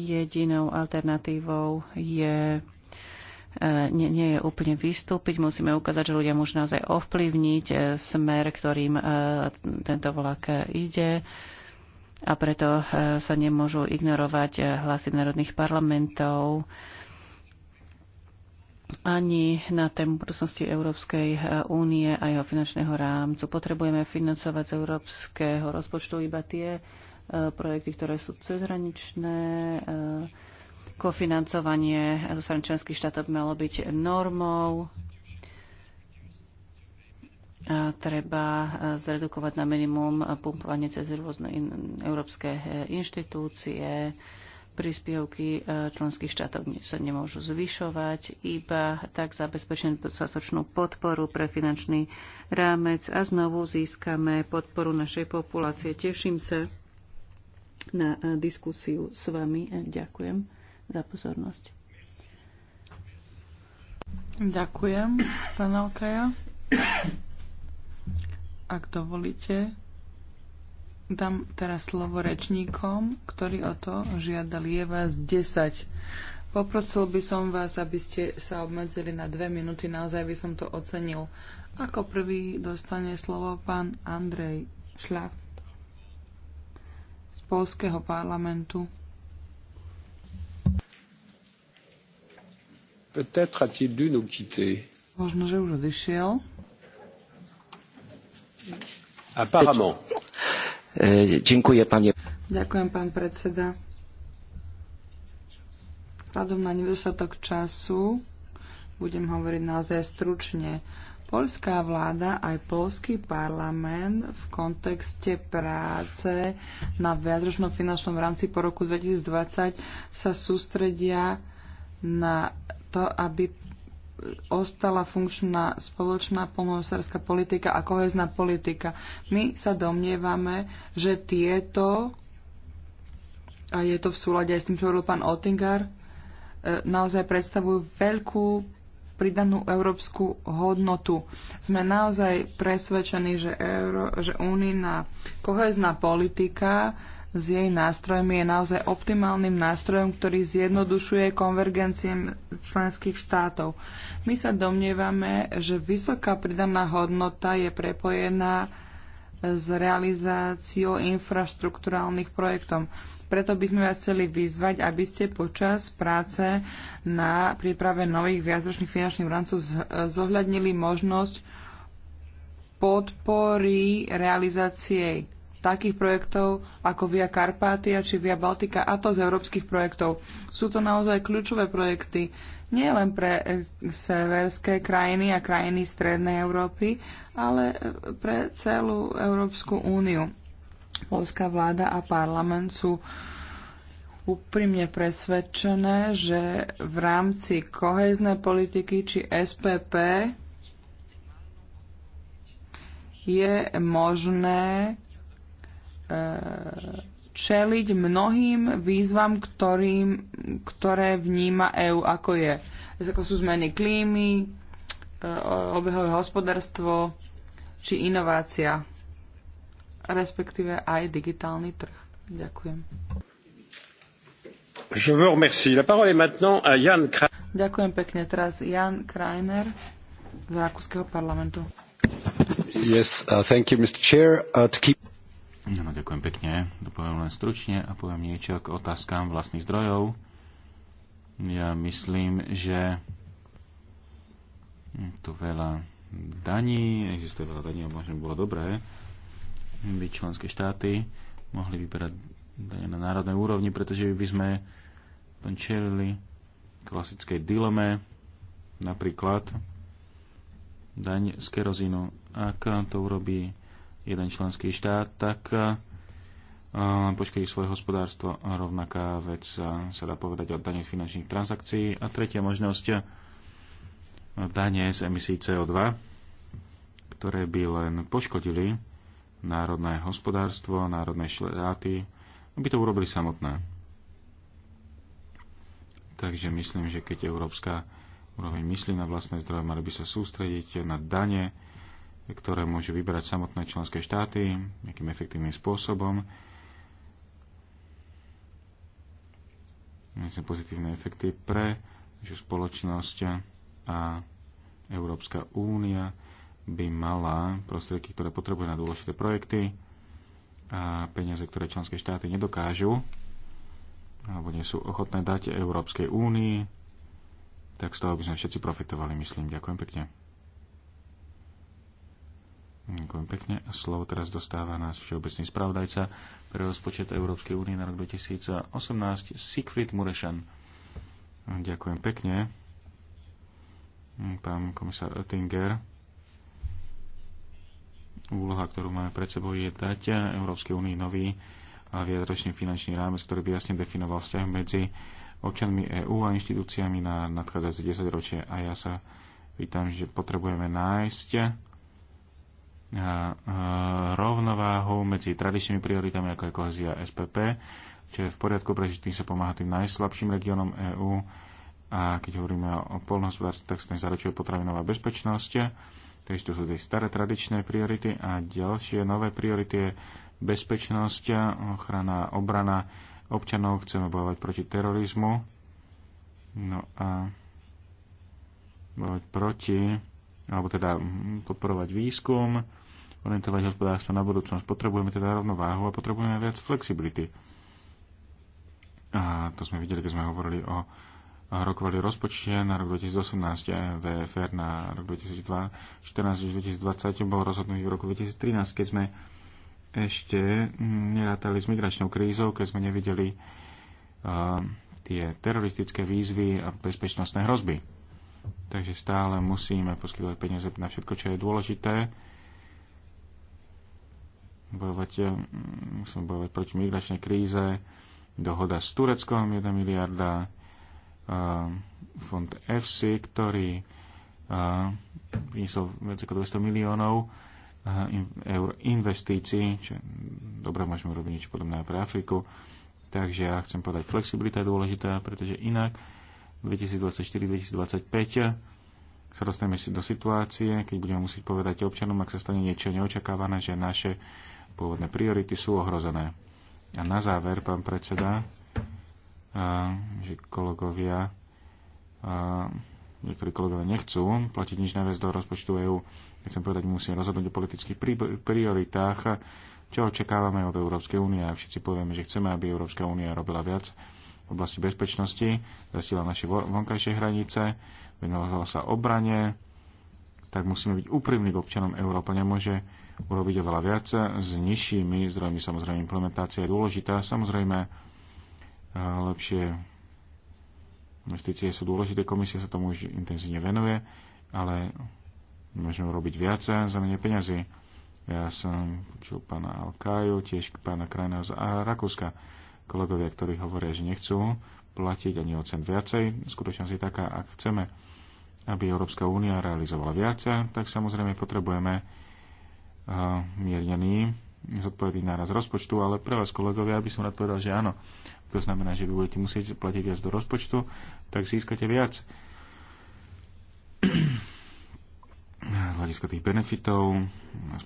jedinou alternatívou je nie, nie je úplne vystúpiť. Musíme ukázať, že ľudia môžu naozaj ovplyvniť smer, ktorým tento vlak ide a preto e, sa nemôžu ignorovať e, hlasy národných parlamentov ani na tému budúcnosti Európskej e, únie a jeho finančného rámcu. Potrebujeme financovať z európskeho rozpočtu iba tie projekty, ktoré sú cezhraničné. Kofinancovanie zo strany členských štátov malo byť normou treba e, zredukovať na minimum pumpovanie cez rôzne in, európske e, inštitúcie, príspevky e, členských štátov sa nemôžu zvyšovať, iba tak zabezpečenú dostatočnú podporu pre finančný rámec a znovu získame podporu našej populácie. Teším sa na diskusiu s vami. Ďakujem za pozornosť. Ďakujem, pán Alkaja ak dovolíte, dám teraz slovo rečníkom, ktorí o to žiadali. Je vás 10. Poprosil by som vás, aby ste sa obmedzili na dve minúty. Naozaj by som to ocenil. Ako prvý dostane slovo pán Andrej Šľak z Polského parlamentu. Peut-être a-t-il dû nous quitter. Možno, že už odišiel. Apparemment. Eh, dziękuję panie. Ďakujem pán predseda. Vzhľadom na nedostatok času budem hovoriť naozaj stručne. Polská vláda aj polský parlament v kontexte práce na viadročnom finančnom rámci po roku 2020 sa sústredia na to, aby ostala funkčná spoločná polnohospodárska politika a kohezná politika. My sa domnievame, že tieto, a je to v súlade aj s tým, čo hovoril pán Otingar, e, naozaj predstavujú veľkú pridanú európsku hodnotu. Sme naozaj presvedčení, že, Euro, že kohezná politika s jej nástrojmi je naozaj optimálnym nástrojom, ktorý zjednodušuje konvergencie členských štátov. My sa domnievame, že vysoká pridaná hodnota je prepojená s realizáciou infraštruktúrálnych projektov. Preto by sme vás chceli vyzvať, aby ste počas práce na príprave nových viacročných finančných rámcov zohľadnili možnosť podpory realizácie takých projektov ako Via Karpatia či Via Baltica, a to z európskych projektov. Sú to naozaj kľúčové projekty nie len pre severské krajiny a krajiny Strednej Európy, ale pre celú Európsku úniu. Polská vláda a parlament sú úprimne presvedčené, že v rámci koheznej politiky či SPP je možné čeliť mnohým výzvam, ktorým, ktoré vníma EÚ, ako, je, ako sú zmeny klímy, e, obehové hospodárstvo či inovácia, respektíve aj digitálny trh. Ďakujem. Je vous remercie. La parole est maintenant à Jan Kreiner. Ďakujem pekne. Teraz Jan Kreiner z Rakúskeho parlamentu. Yes, uh, thank you, Mr. Chair. Uh, to keep... No, ďakujem pekne. Dopoviem len stručne a poviem niečo k otázkám vlastných zdrojov. Ja myslím, že tu veľa daní, existuje veľa daní a možno by bolo dobré, by členské štáty mohli vyberať dane na národnej úrovni, pretože by sme tam čelili klasickej dileme, napríklad daň z kerozínu. Ak to urobí jeden členský štát, tak e, e, počkej svoje hospodárstvo. Rovnaká vec e, sa dá povedať o dane finančných transakcií. A tretia možnosť dane z emisí CO2, ktoré by len poškodili národné hospodárstvo, národné štáty, aby to urobili samotné. Takže myslím, že keď Európska úroveň myslí na vlastné zdroje, mali by sa sústrediť na dane, ktoré môžu vybrať samotné členské štáty nejakým efektívnym spôsobom. Myslím pozitívne efekty pre že spoločnosť a Európska únia by mala prostriedky, ktoré potrebuje na dôležité projekty a peniaze, ktoré členské štáty nedokážu alebo nie sú ochotné dať Európskej únii, tak z toho by sme všetci profitovali, myslím. Ďakujem pekne. Ďakujem pekne. Slovo teraz dostáva nás všeobecný spravodajca pre rozpočet Európskej únie na rok 2018, Siegfried Murešan. Ďakujem pekne. Pán komisár Oettinger, úloha, ktorú máme pred sebou, je dať Európskej únii nový a viacročný finančný rámec, ktorý by jasne definoval vzťah medzi občanmi EÚ a inštitúciami na nadchádzajúce 10 ročie. A ja sa pýtam, že potrebujeme nájsť rovnováhu medzi tradičnými prioritami, ako je kohezia SPP, čo je v poriadku, pretože tým sa pomáha tým najslabším regiónom EÚ. A keď hovoríme o polnohospodárstve, tak sa zaručuje potravinová bezpečnosť. Takže to sú tie staré tradičné priority a ďalšie nové priority je bezpečnosť, ochrana, obrana občanov, chceme bojovať proti terorizmu. No a bojovať proti alebo teda mm, podporovať výskum, orientovať hospodárstvo na budúcnosť. Potrebujeme teda rovnováhu a potrebujeme viac flexibility. A to sme videli, keď sme hovorili o rokovali rozpočte na rok 2018 a VFR na rok 2014 až 2020 bol rozhodnutý v roku 2013, keď sme ešte nerátali s migračnou krízou, keď sme nevideli uh, tie teroristické výzvy a bezpečnostné hrozby takže stále musíme poskytovať peniaze na všetko, čo je dôležité. Bojovať, mm, musíme bojovať proti migračnej kríze, dohoda s Tureckom 1 miliarda, fond FC, ktorý priniesol viac ako 200 miliónov eur investícií, čo dobre môžeme robiť niečo podobné aj pre Afriku. Takže ja chcem povedať, flexibilita je dôležitá, pretože inak 2024-2025 sa dostaneme si do situácie, keď budeme musieť povedať občanom, ak sa stane niečo neočakávané, že naše pôvodné priority sú ohrozené. A na záver, pán predseda, že kolegovia, niektorí kolegovia nechcú platiť nič najviac do rozpočtu EÚ, chcem povedať, musím rozhodnúť o politických prioritách, čo očakávame od Európskej únie a všetci povieme, že chceme, aby Európska únia robila viac v oblasti bezpečnosti, zastila naše vonkajšie hranice, venovala sa obrane, tak musíme byť úprimní k občanom Európa. Nemôže urobiť oveľa viac s nižšími zdrojmi. Samozrejme, implementácia je dôležitá. Samozrejme, eh, lepšie investície sú dôležité. Komisia sa tomu už intenzívne venuje, ale môžeme urobiť viac za menej peňazí. Ja som počul pána Alkaju, tiež pána krajina z Rakúska kolegovia, ktorí hovoria, že nechcú platiť ani o cent viacej. Skutočnosť je taká, ak chceme, aby Európska únia realizovala viacej, tak samozrejme potrebujeme eh, miernený zodpovedný náraz rozpočtu, ale pre vás, kolegovia, aby som rád povedal, že áno. To znamená, že vy budete musieť platiť viac do rozpočtu, tak získate viac. Z hľadiska tých benefitov,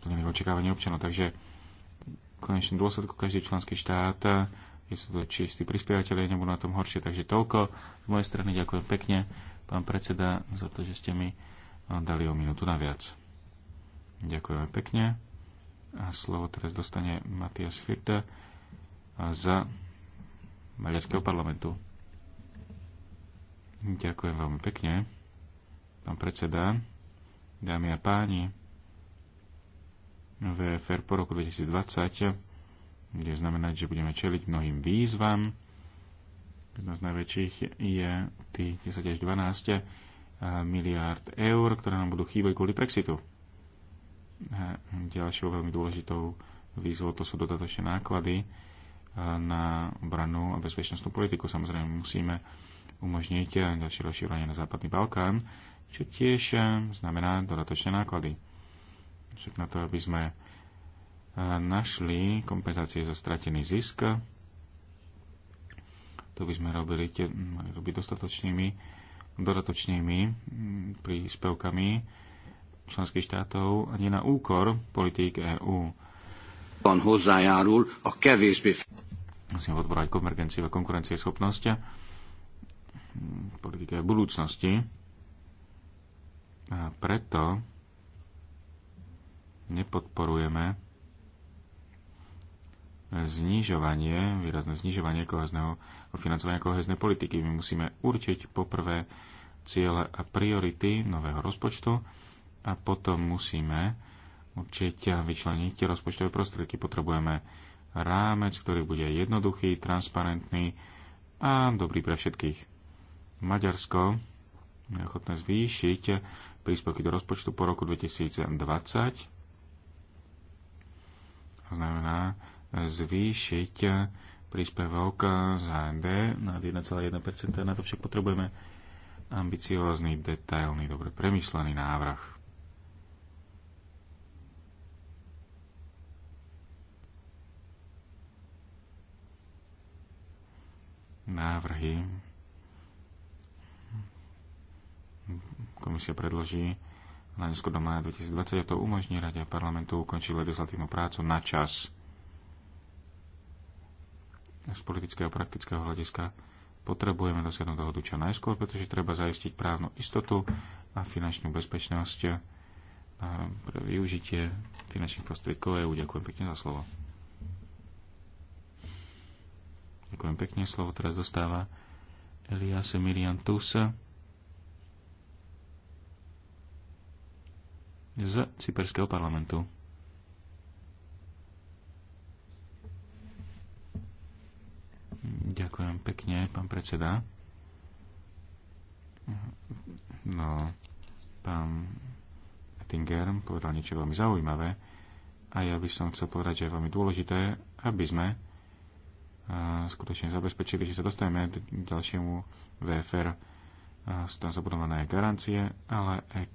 splnených očakávaní občanov. Takže v konečnom dôsledku každý členský štát keď sú to čistí prispievateľe, nebudú na tom horšie. Takže toľko z mojej strany. Ďakujem pekne, pán predseda, za to, že ste mi eh, dali o minútu naviac. Ďakujeme pekne. A slovo teraz dostane Matias Firda eh, za Maďarského parlamentu. Ďakujem veľmi pekne. Pán predseda, dámy a páni, VFR po roku 2020 bude znamenať, že budeme čeliť mnohým výzvam. Jedna z najväčších je tých 10 až 12 eh, miliárd eur, ktoré nám budú chýbať kvôli Brexitu. A eh, ďalšou veľmi dôležitou výzvou to sú dodatočné náklady eh, na obranu a bezpečnostnú politiku. Samozrejme musíme umožniť ďalšie rozšírenie na Západný Balkán, čo tiež znamená dodatočné náklady. Však na to, aby sme našli kompenzácie za stratený zisk. To by sme robili, te, mali robiť dostatočnými, dodatočnými mm, príspevkami členských štátov, nie na úkor politík EÚ. Musíme odborať konvergenciu a konkurencie konkurencieschopnosť mm, politike budúcnosti. A preto nepodporujeme znižovanie, výrazné znižovanie kohezného, financovania koheznej politiky. My musíme určiť poprvé ciele a priority nového rozpočtu a potom musíme určiť a vyčleniť tie rozpočtové prostriedky. Potrebujeme rámec, ktorý bude jednoduchý, transparentný a dobrý pre všetkých. Maďarsko je ochotné zvýšiť príspevky do rozpočtu po roku 2020. To znamená, zvýšiť príspevok z AND na 1,1%. Na to však potrebujeme ambiciózny, detailný, dobre premyslený návrh. Návrhy komisia predloží na neskôr do maja 2020 a to umožní Rade parlamentu ukončiť legislatívnu prácu na čas z politického a praktického hľadiska potrebujeme dosiahnuť dohodu čo najskôr, pretože treba zaistiť právnu istotu a finančnú bezpečnosť a eh, pre využitie finančných prostriedkov EU. Ďakujem pekne za slovo. Ďakujem pekne. Slovo teraz dostáva Elias Emilian Tusa z Cyperského parlamentu. Ďakujem pekne, pán predseda. No, pán Ettinger povedal niečo veľmi zaujímavé a ja by som chcel povedať, že je veľmi dôležité, aby sme skutočne zabezpečili, že sa dostaneme k ďalšiemu VFR. Sú tam zabudované aj garancie, ale ak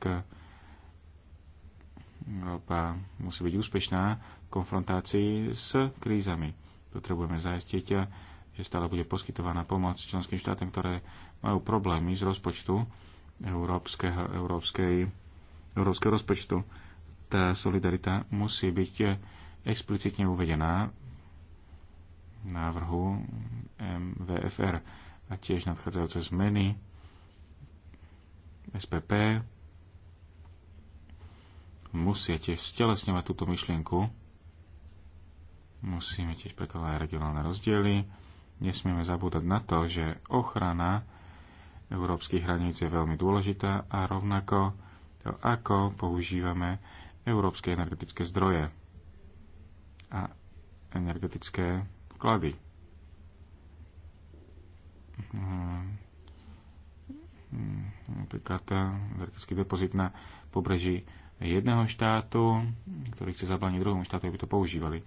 Európa musí byť úspešná v konfrontácii s krízami. Potrebujeme zaistiť že stále bude poskytovaná pomoc členským štátom, ktoré majú problémy z rozpočtu európskeho, európskej, európskeho rozpočtu. Tá solidarita musí byť explicitne uvedená v návrhu MVFR a tiež nadchádzajúce zmeny SPP musia tiež stelesňovať túto myšlienku. Musíme tiež prekladať regionálne rozdiely nesmieme zabúdať na to, že ochrana európskych hraníc je veľmi dôležitá a rovnako to, ako používame európske energetické zdroje a energetické vklady. Hm. Napríklad eh, energetický depozit na pobreží jedného štátu, ktorý chce zabrániť druhému štátu, aby to používali.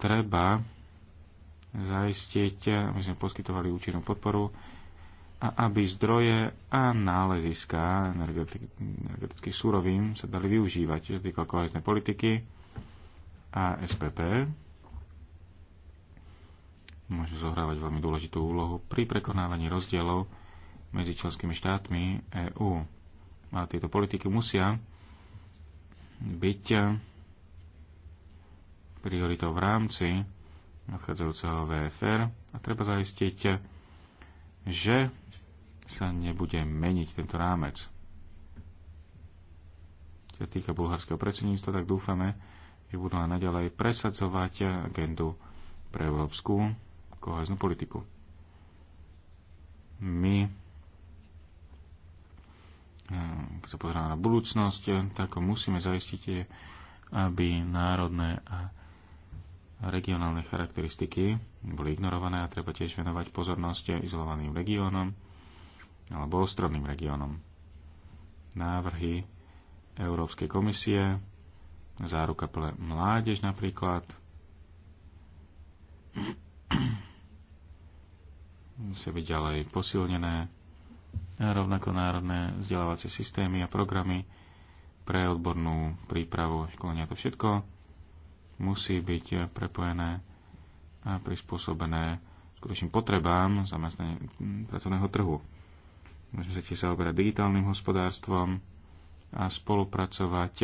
Treba zaistiť, aby sme poskytovali účinnú podporu a aby zdroje a náleziska energetických súrovín sa dali využívať, čo týka kohezné politiky a SPP môže zohrávať veľmi dôležitú úlohu pri prekonávaní rozdielov medzi členskými štátmi EÚ. A tieto politiky musia byť prioritou v rámci nachádzajúceho VFR a treba zaistiť, že sa nebude meniť tento rámec. Čo sa týka bulharského predsedníctva, tak dúfame, že budú aj naďalej presadzovať agendu pre európsku koheznú politiku. My, eh, keď sa pozrieme na budúcnosť, tak musíme zaistiť, aby národné a regionálne charakteristiky boli ignorované a treba tiež venovať pozornosť izolovaným regiónom alebo ostrovným regiónom. Návrhy Európskej komisie, záruka pre mládež napríklad, musia byť ďalej posilnené a rovnako národné vzdelávacie systémy a programy pre odbornú prípravu školenia to všetko musí byť prepojené a prispôsobené skutočným potrebám zamestnania mm, pracovného trhu. Môžeme sa tiež zaoberať digitálnym hospodárstvom a spolupracovať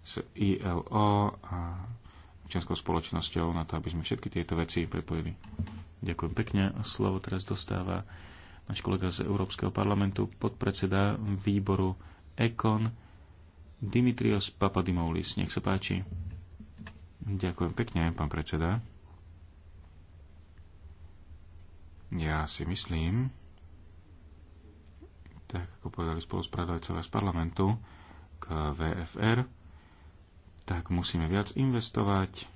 s ILO a občianskou spoločnosťou na to, aby sme všetky tieto veci prepojili. Ďakujem pekne. Slovo teraz dostáva náš kolega z Európskeho parlamentu, podpredseda výboru ECON, Dimitrios Papadimoulis. Nech sa páči. Ďakujem pekne, pán predseda. Ja si myslím, tak ako povedali spoluspravodajcovia z parlamentu k VFR, tak musíme viac investovať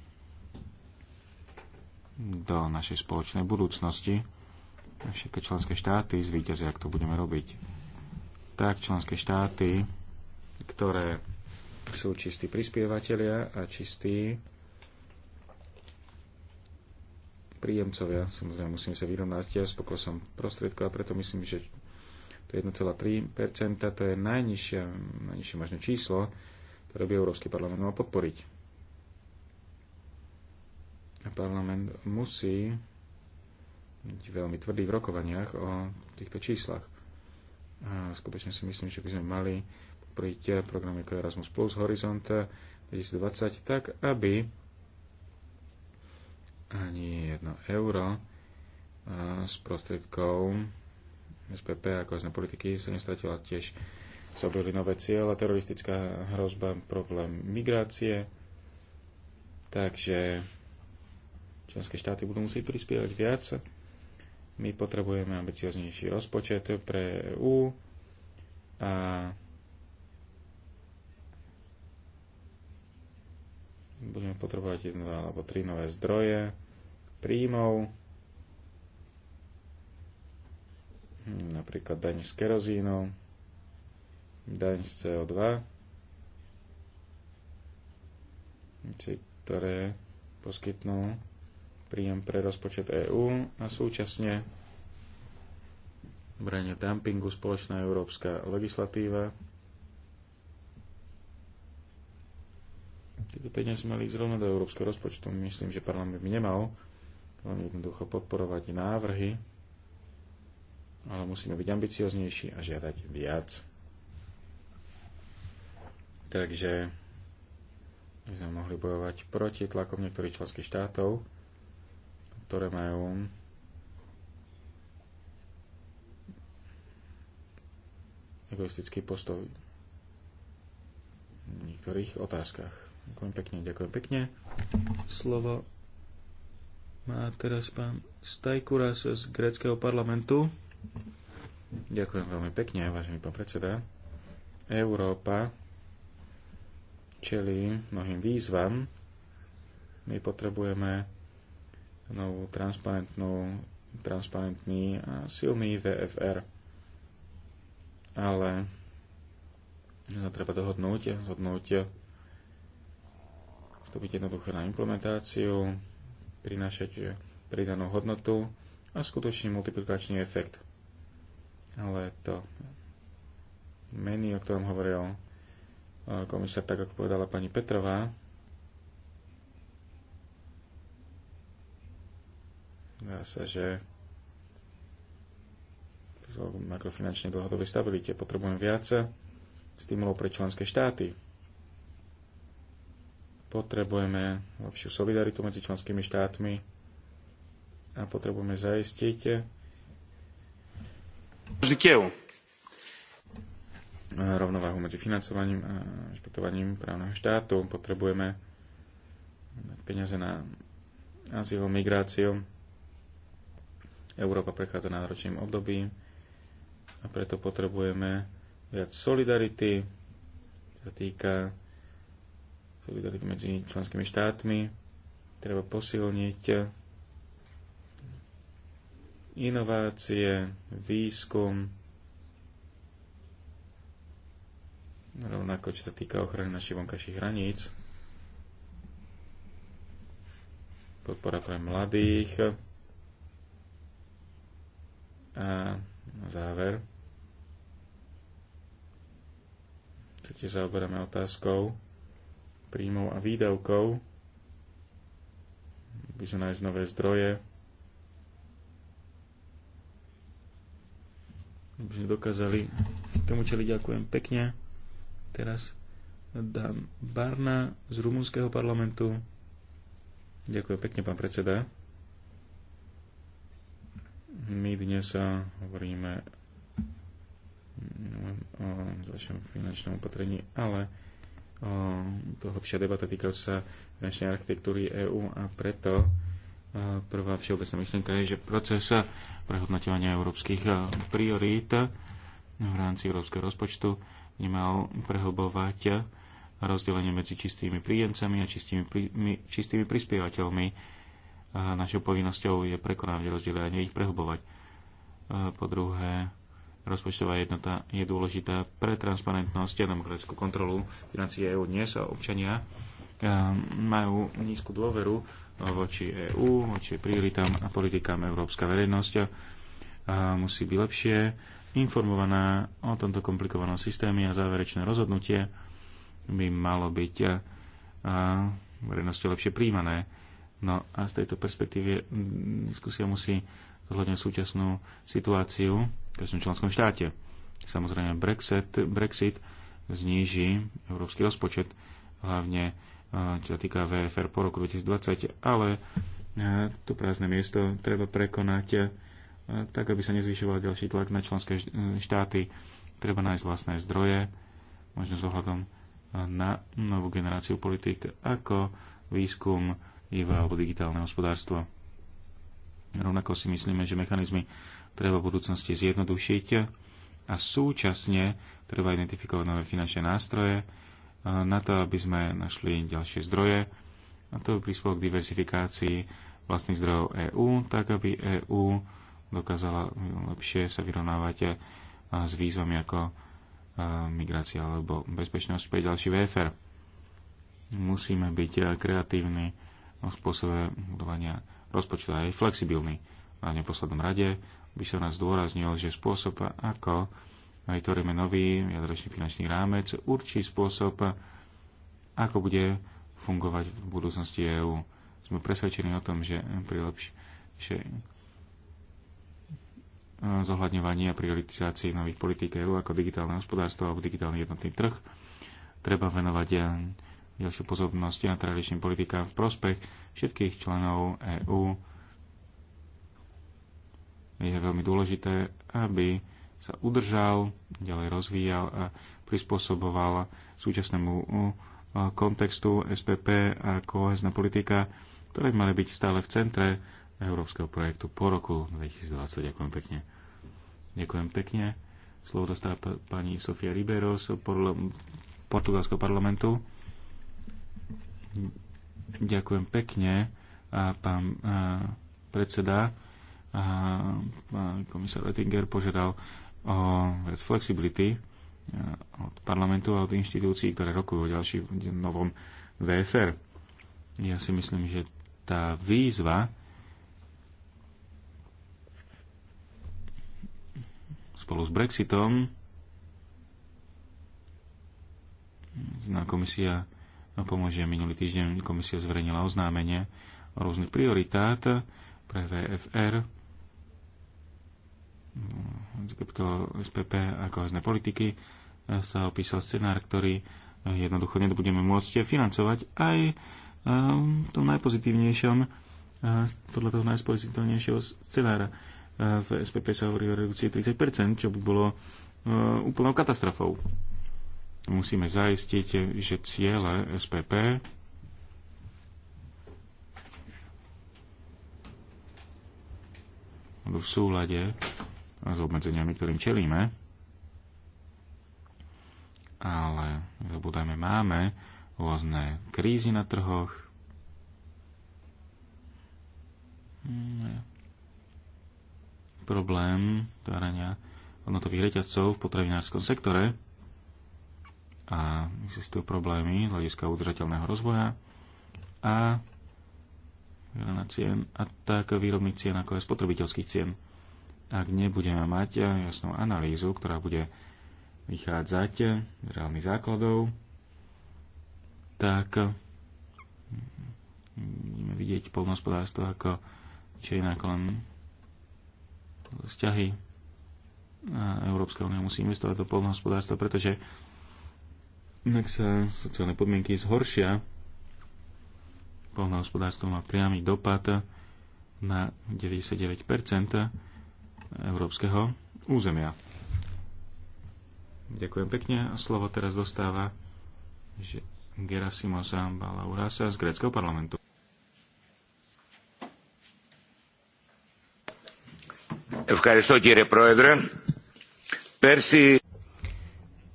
do našej spoločnej budúcnosti. Všetky členské štáty zvýťazia, ak to budeme robiť. Tak členské štáty, ktoré sú čistí prispievateľia a čistí príjemcovia. Samozrejme, musíme sa vyrovnať ja s poklesom prostriedkov a preto myslím, že to 1,3%, to je najnižšie, najnižšie možné číslo, ktoré by Európsky parlament mal podporiť. A parlament musí byť veľmi tvrdý v rokovaniach o týchto číslach. A skutočne si myslím, že by sme mali podporiť programy ako Erasmus+, plus Horizont 2020, tak aby ani jedno euro z prostriedkov SPP a kozné politiky sa nestratila tiež sa objavili nové cieľa, teroristická hrozba, problém migrácie. Takže členské štáty budú musieť prispievať viac. My potrebujeme ambicioznejší rozpočet pre EU a budeme potrebovať jedno alebo tri nové zdroje príjmov, hm, napríklad daň z kerozínou, daň z CO2, ktoré poskytnú príjem pre rozpočet EÚ a súčasne branie dumpingu spoločná európska legislatíva Tieto peniaze mali ísť rovno do európskeho rozpočtu. Myslím, že parlament by nemal len jednoducho podporovať návrhy, ale musíme byť ambicioznejší a žiadať viac. Takže by sme mohli bojovať proti tlakom niektorých členských štátov, ktoré majú egoistický postoj v niektorých otázkach. Ďakujem pekne, ďakujem pekne. Slovo má teraz pán Stajkuras z gréckého parlamentu. Ďakujem veľmi pekne, vážený pán predseda. Európa čeli mnohým výzvam. My potrebujeme novú transparentnú, transparentný a silný VFR. Ale treba dohodnúť, zhodnúť byť jednoducho na implementáciu, prinášať eh, pridanú hodnotu a skutočný multiplikačný efekt. Ale to menu, o ktorom hovoril eh, komisár, tak ako povedala pani Petrová, dá sa, že v makrofinančnej dlhodobej stabilite Potrebujem viac stimulov pre členské štáty. Potrebujeme lepšiu solidaritu medzi členskými štátmi a potrebujeme zaistiť rovnováhu medzi financovaním a rešpektovaním právneho štátu. Potrebujeme peniaze na azylom, migráciu. Európa prechádza náročným obdobím a preto potrebujeme viac solidarity, čo sa týka solidaritu medzi členskými štátmi, treba posilniť inovácie, výskum, rovnako čo sa týka ochrany našich vonkajších hraníc, podpora pre mladých a na záver sa tiež zaoberáme otázkou príjmov a výdavkov, môžu nájsť nové zdroje, aby sme dokázali tomu čeli ďakujem pekne. Teraz dám Barna z rumunského parlamentu. Ďakujem pekne, pán predseda. My dnes sa hovoríme no, o ďalšom finančnom opatrení, ale to hlbšia debata týka sa finančnej architektúry EÚ a preto prvá všeobecná myšlienka je, že proces prehodnotovania európskych priorít v rámci európskeho rozpočtu nemal prehlbovať rozdelenie medzi čistými príjemcami a čistými, príjmi, čistými prispievateľmi. A našou povinnosťou je prekonávať rozdelenie a ich prehlbovať. Po druhé, Rozpočtová jednota je dôležitá pre transparentnosť a demokratickú kontrolu financie EÚ. Dnes a občania eh, majú nízku dôveru voči EÚ, voči prioritám a politikám európska verejnosť eh, musí byť lepšie informovaná o tomto komplikovanom systéme a záverečné rozhodnutie by malo byť eh, verejnosťou lepšie príjmané. No a z tejto perspektívy mm, diskusia musí zohľadňovať súčasnú situáciu v každom členskom štáte. Samozrejme, Brexit, Brexit zníži európsky rozpočet, hlavne e, čo sa týka VFR po roku 2020, ale e, to prázdne miesto treba prekonať e, tak, aby sa nezvyšoval ďalší tlak na členské štáty. Treba nájsť vlastné zdroje, možno s ohľadom na novú generáciu politik, ako výskum, IVA alebo digitálne hospodárstvo. Rovnako si myslíme, že mechanizmy treba v budúcnosti zjednodušiť a súčasne treba identifikovať nové finančné nástroje na to, aby sme našli ďalšie zdroje a to prispelo k diversifikácii vlastných zdrojov EÚ, tak aby EÚ dokázala lepšie sa vyrovnávať s výzvami ako migrácia alebo bezpečnosť pre ďalší VFR. Musíme byť kreatívni v spôsobe budovania rozpočtu aj flexibilní. A v neposlednom rade by som nás zdôraznil, že spôsob, ako vytvoríme nový jadročný finančný rámec, určí spôsob, ako bude fungovať v budúcnosti EÚ. Sme presvedčení o tom, že lepšie eh, zohľadňovanie a prioritizácii nových politík EÚ ako digitálne hospodárstvo alebo digitálny jednotný trh treba venovať eh, ďalšiu pozornosť a tradičným politikám v prospech všetkých členov EÚ je veľmi dôležité, aby sa udržal, ďalej rozvíjal a prispôsoboval súčasnému uh, kontextu SPP a kohezná politika, ktoré by mali byť stále v centre európskeho projektu po roku 2020. Ďakujem pekne. Ďakujem pekne. Slovo dostáva pani Sofia Ribeiro z portugalského parlamentu. Ďakujem pekne, a pán a, uh, predseda pán komisár Oettinger požiadal o viac flexibility e, od parlamentu a od inštitúcií, ktoré rokujú o ďalší novom VFR. Ja si myslím, že tá výzva spolu s Brexitom na komisia no, pomôže. Minulý týždeň komisia zverejnila oznámenie o rôznych prioritát pre VFR z kapitolu SPP a kohezné politiky eh, sa opísal scenár, ktorý eh, jednoducho nebudeme môcť financovať aj eh, v tom najpozitívnejšom, podľa toho najpozitívnejšieho scenára. V SPP sa hovorí o redukcii 30%, čo by bolo úplnou katastrofou. Musíme zaistiť, že ciele SPP v súlade s obmedzeniami, ktorým čelíme, ale zabudajme máme rôzne krízy na trhoch. Hm, ne. Problém tvárania hodnotových reťazcov v potravinárskom sektore a existujú problémy z hľadiska udržateľného rozvoja a cien a tak výrobných cien ako aj spotrebiteľských cien ak nebudeme mať eh, jasnú analýzu, ktorá bude vychádzať eh, z reálnych základov, tak eh, budeme vidieť polnohospodárstvo ako čo inak len vzťahy a Európska únia musí investovať do polnohospodárstva, pretože ak sa sociálne podmienky zhoršia, polnohospodárstvo má priamy dopad na 99 európskeho územia. Ďakujem pekne a slovo teraz dostáva že Gerasimos Balaurasa z gréckého parlamentu.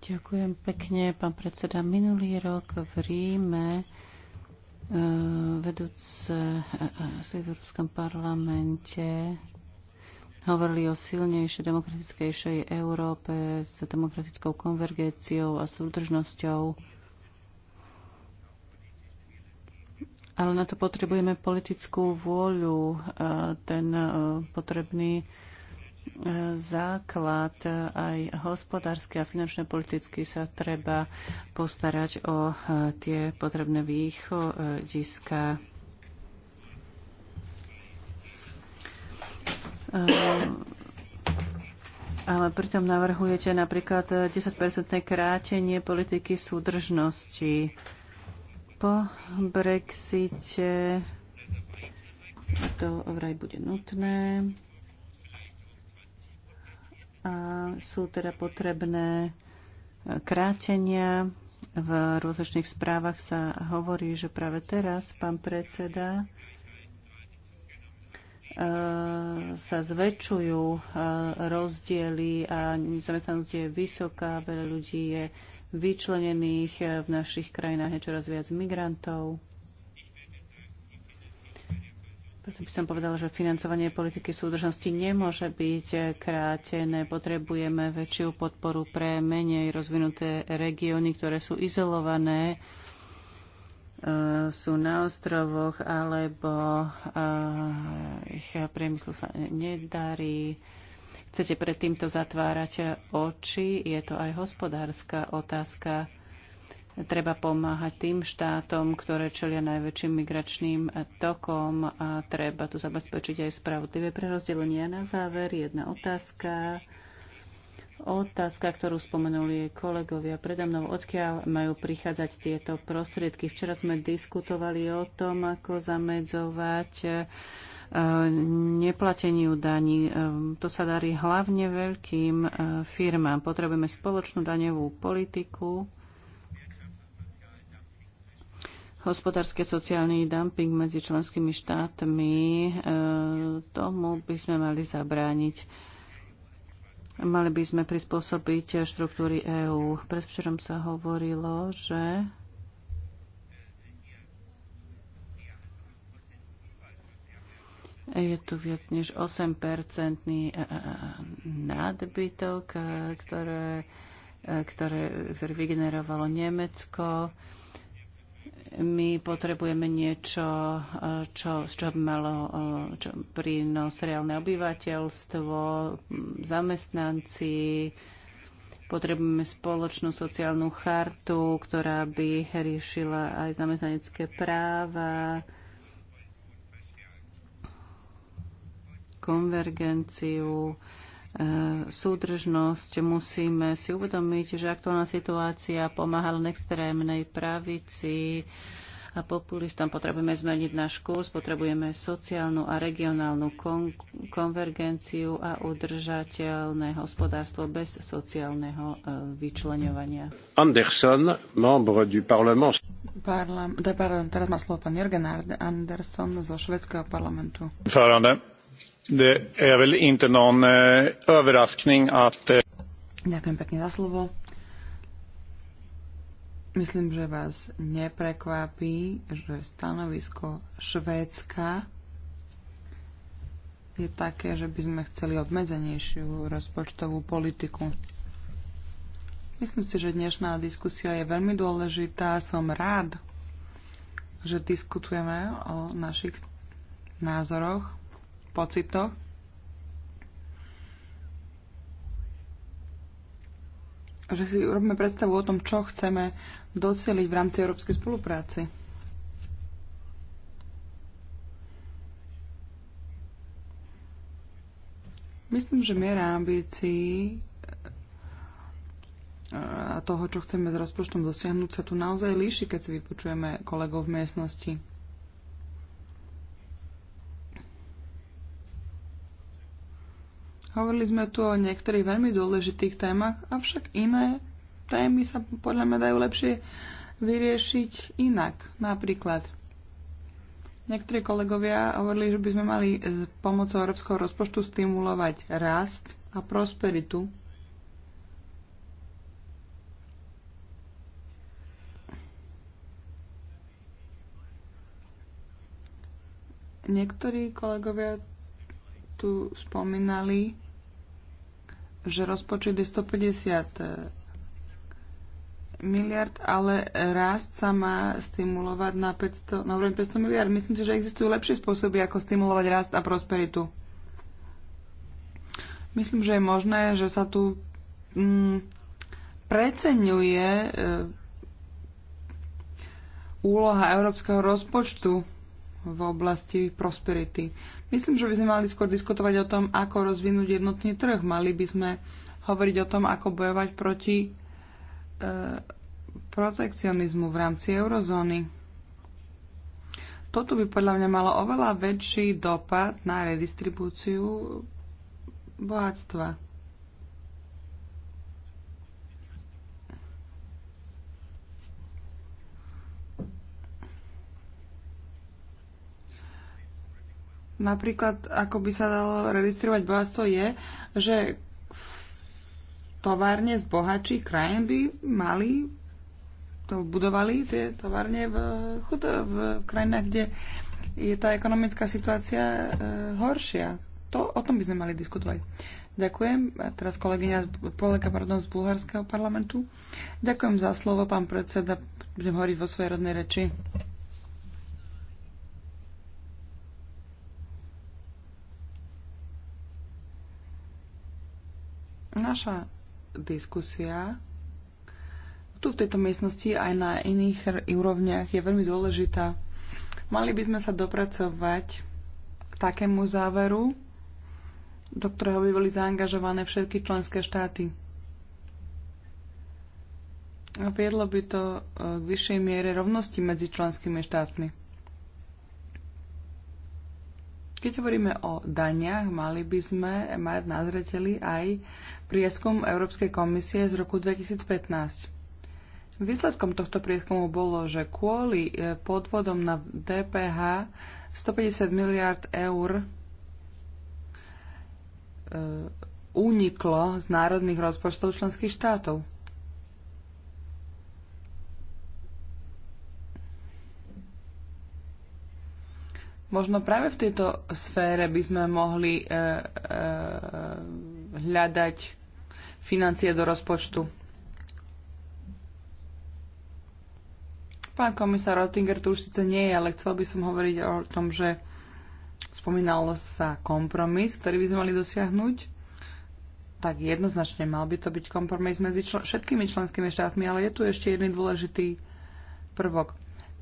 Ďakujem pekne, pán predseda. Minulý rok v Ríme e, vedúce e, e, v Európskom parlamente hovorili o silnejšej, demokratickejšej Európe s demokratickou konvergenciou a súdržnosťou. Ale na to potrebujeme politickú vôľu, ten e, potrebný e, základ e, aj hospodársky a finančne politicky sa treba postarať o tie potrebné východiska Ehm, ale pritom navrhujete napríklad 10-percentné eh, krátenie politiky súdržnosti. Po Brexite to vraj bude nutné a sú teda potrebné eh, krátenia. V rôznych správach sa hovorí, že práve teraz pán predseda sa zväčšujú e, rozdiely a nezamestnanosť je vysoká, veľa ľudí je vyčlenených, e, v našich krajinách je čoraz viac migrantov. Preto by som povedala, že financovanie politiky súdržnosti nemôže byť e, krátené. Potrebujeme väčšiu podporu pre menej rozvinuté regióny, ktoré sú izolované E, sú na ostrovoch alebo e, ich priemyslu sa nedarí. Chcete pred týmto zatvárať oči? Je to aj hospodárska otázka. Treba pomáhať tým štátom, ktoré čelia najväčším migračným tokom a treba tu zabezpečiť aj spravodlivé prerozdelenie. A na záver jedna otázka Otázka, ktorú spomenuli kolegovia predo mnou, odkiaľ majú prichádzať tieto prostriedky. Včera sme diskutovali o tom, ako zamedzovať e, neplateniu daní. E, to sa darí hlavne veľkým e, firmám. Potrebujeme spoločnú daňovú politiku, hospodársky a sociálny dumping medzi členskými štátmi. Tomu by sme mali zabrániť Mali by sme prispôsobiť štruktúry EÚ. Predvčerom sa hovorilo, že je tu viac než 8-percentný e, e, e, nadbytok, ktoré, ktoré vygenerovalo Nemecko my potrebujeme niečo, čo, čo by malo čo, prínos reálne obyvateľstvo, zamestnanci, Potrebujeme spoločnú sociálnu chartu, ktorá by riešila aj zamestnanecké práva, konvergenciu, Eh, súdržnosť. Musíme si uvedomiť, že aktuálna situácia pomáha len extrémnej pravici a populistom. Potrebujeme zmeniť náš kurz, potrebujeme sociálnu a regionálnu kon- konvergenciu a udržateľné hospodárstvo bez sociálneho e, vyčleňovania. Anderson, membre du Parlement. Parlam, de, pardon, teraz má slovo pán Jürgen Anderson zo švedského parlamentu. Förande. Det är väl inte någon eh, överraskning att... Eh, Ďakujem pekne za slovo. Myslím, že vás neprekvapí, že stanovisko Švédska je také, že by sme chceli obmedzenejšiu rozpočtovú politiku. Myslím si, že dnešná diskusia je veľmi dôležitá. Som rád, že diskutujeme o našich názoroch pocitoch. že si robíme predstavu o tom, čo chceme docieliť v rámci európskej spolupráci. Myslím, že miera ambícií eh, a toho, čo chceme s rozpočtom dosiahnuť, sa tu naozaj líši, keď si vypočujeme kolegov v miestnosti. Hovorili sme tu o niektorých veľmi dôležitých témach, avšak iné témy sa podľa mňa dajú lepšie vyriešiť inak. Napríklad Niektorí kolegovia hovorili, že by sme mali s pomocou európskeho rozpočtu stimulovať rast a prosperitu. Niektorí kolegovia tu spomínali, že rozpočet je 150 eh, miliard, ale rast sa má stimulovať na, 500, na 500 miliard. Myslím si, že existujú lepšie spôsoby, ako stimulovať rast a prosperitu. Myslím, že je možné, že sa tu mm, preceňuje e, úloha európskeho rozpočtu v oblasti prosperity. Myslím, že by sme mali skôr diskutovať o tom, ako rozvinúť jednotný trh. Mali by sme hovoriť o tom, ako bojovať proti e, protekcionizmu v rámci eurozóny. Toto by podľa mňa malo oveľa väčší dopad na redistribúciu bohatstva. Napríklad, ako by sa dalo registrovať bohatstvo je, že továrne z bohatších krajín by mali to budovali tie továrne v, v krajinách, kde je tá ekonomická situácia e, horšia. To, o tom by sme mali diskutovať. Ďakujem. A teraz kolegyňa, Poleka pardon, z bulharského parlamentu. Ďakujem za slovo, pán predseda. Budem hovoriť vo svojej rodnej reči. Naša diskusia tu v tejto miestnosti aj na iných úrovniach je veľmi dôležitá. Mali by sme sa dopracovať k takému záveru, do ktorého by boli zaangažované všetky členské štáty. A viedlo by to eh, k vyššej miere rovnosti medzi členskými štátmi. Keď hovoríme o daniach, mali by sme mať na zreteli aj prieskum Európskej komisie z roku 2015. Výsledkom tohto prieskumu bolo, že kvôli e, podvodom na DPH 150 miliard eur e, uniklo z národných rozpočtov členských štátov. Možno práve v tejto sfére by sme mohli e, e, hľadať financie do rozpočtu. Pán komisár Rottinger tu už síce nie je, ale chcel by som hovoriť o tom, že spomínalo sa kompromis, ktorý by sme mali dosiahnuť. Tak jednoznačne mal by to byť kompromis medzi čl- všetkými členskými štátmi, ale je tu ešte jeden dôležitý prvok.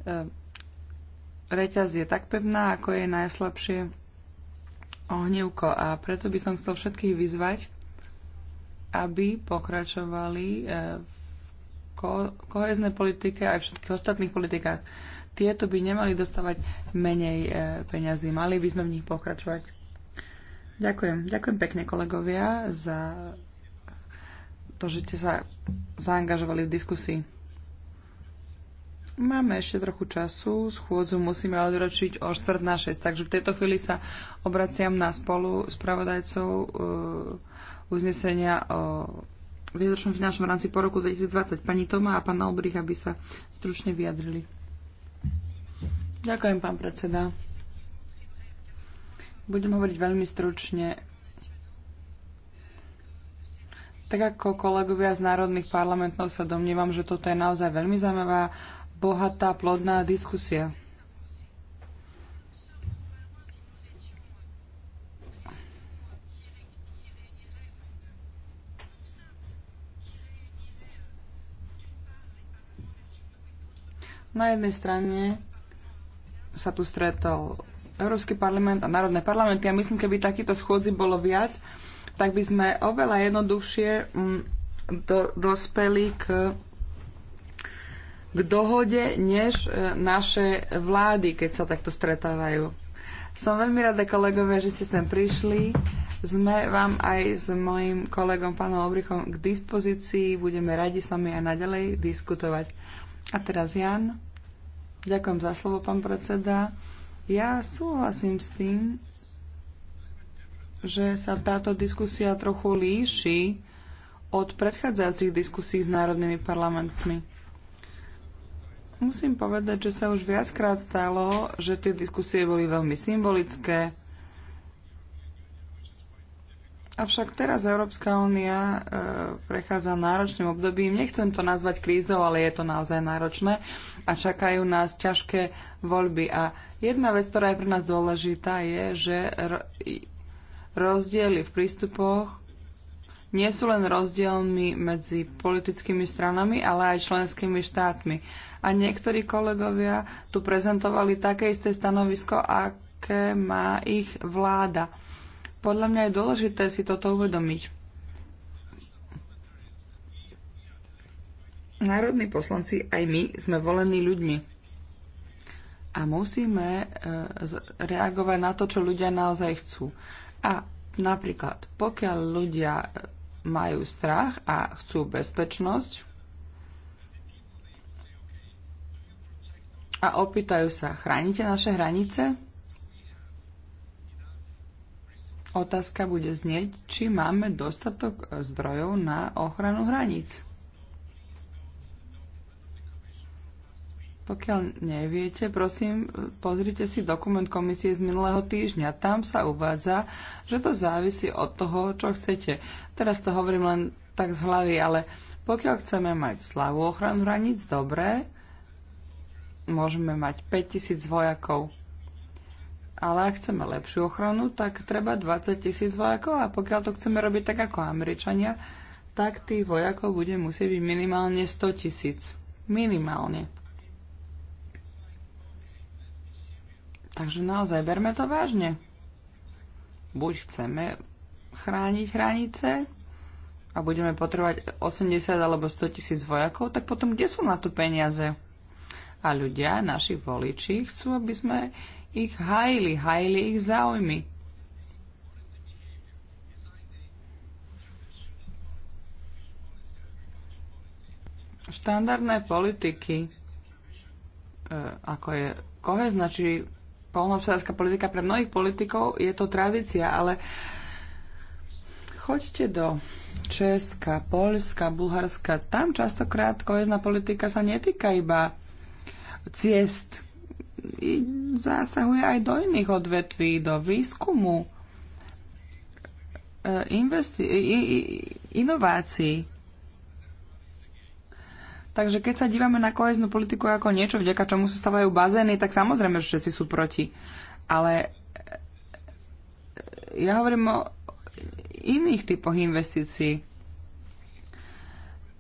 E, reťaz je tak pevná, ako je najslabšie ohnívko. A preto by som chcel všetkých vyzvať, aby pokračovali eh, v ko- kohezné politike aj všetkých ostatných politikách. Tieto by nemali dostávať menej eh, peňazí. Mali by sme v nich pokračovať. Ďakujem. Ďakujem pekne kolegovia za to, že ste sa zaangažovali v diskusii. Máme ešte trochu času, schôdzu musíme odročiť o štvrt na šest. takže v tejto chvíli sa obraciam na spolu spravodajcov uh, uznesenia o výzročnom finančnom rámci po roku 2020. Pani Toma a pán Albrich, aby sa stručne vyjadrili. Ďakujem, pán predseda. Budem hovoriť veľmi stručne. Tak ako kolegovia z národných parlamentov sa domnívam, že toto je naozaj veľmi zaujímavá bohatá, plodná diskusia. Na jednej strane sa tu stretol Európsky parlament a národné parlamenty a myslím, keby takýto schôdzi bolo viac, tak by sme oveľa jednoduchšie mm, do, dospeli k k dohode než e, naše vlády, keď sa takto stretávajú. Som veľmi rada, kolegovia, že ste sem prišli. Sme vám aj s mojim kolegom pánom Obrichom k dispozícii. Budeme radi s vami aj naďalej diskutovať. A teraz Jan. Ďakujem za slovo, pán predseda. Ja súhlasím s tým, že sa táto diskusia trochu líši od predchádzajúcich diskusí s národnými parlamentmi. Musím povedať, že sa už viackrát stalo, že tie diskusie boli veľmi symbolické. Avšak teraz Európska únia e, prechádza náročným obdobím. Nechcem to nazvať krízou, ale je to naozaj náročné a čakajú nás ťažké voľby. A jedna vec, ktorá je pre nás dôležitá, je, že rozdiely v prístupoch nie sú len rozdielmi medzi politickými stranami, ale aj členskými štátmi. A niektorí kolegovia tu prezentovali také isté stanovisko, aké má ich vláda. Podľa mňa je dôležité si toto uvedomiť. Národní poslanci, aj my, sme volení ľuďmi a musíme e, reagovať na to, čo ľudia naozaj chcú. A napríklad, pokiaľ ľudia e, majú strach a chcú bezpečnosť a opýtajú sa, chránite naše hranice? Otázka bude znieť, či máme dostatok zdrojov na ochranu hraníc. Pokiaľ neviete, prosím, pozrite si dokument komisie z minulého týždňa. Tam sa uvádza, že to závisí od toho, čo chcete. Teraz to hovorím len tak z hlavy, ale pokiaľ chceme mať slavú ochranu hraníc, dobré, môžeme mať 5000 vojakov. Ale ak chceme lepšiu ochranu, tak treba 20 tisíc vojakov a pokiaľ to chceme robiť tak ako Američania, tak tých vojakov bude musieť byť minimálne 100 tisíc. Minimálne. Takže naozaj berme to vážne. Buď chceme chrániť hranice a budeme potrebovať 80 alebo 100 tisíc vojakov, tak potom kde sú na to peniaze? A ľudia, naši voliči, chcú, aby sme ich hajili, hajili ich záujmy. Štandardné politiky, e, ako je kohezna či polnohospodárska politika pre mnohých politikov je to tradícia, ale choďte do Česka, Polska, Bulharska, tam častokrát kohezná politika sa netýka iba ciest, zásahuje aj do iných odvetví, do výskumu, e, investi- inovácií. Takže keď sa dívame na koheznú politiku ako niečo, vďaka čomu sa stavajú bazény, tak samozrejme, že všetci sú proti. Ale e, ja hovorím o iných typoch investícií.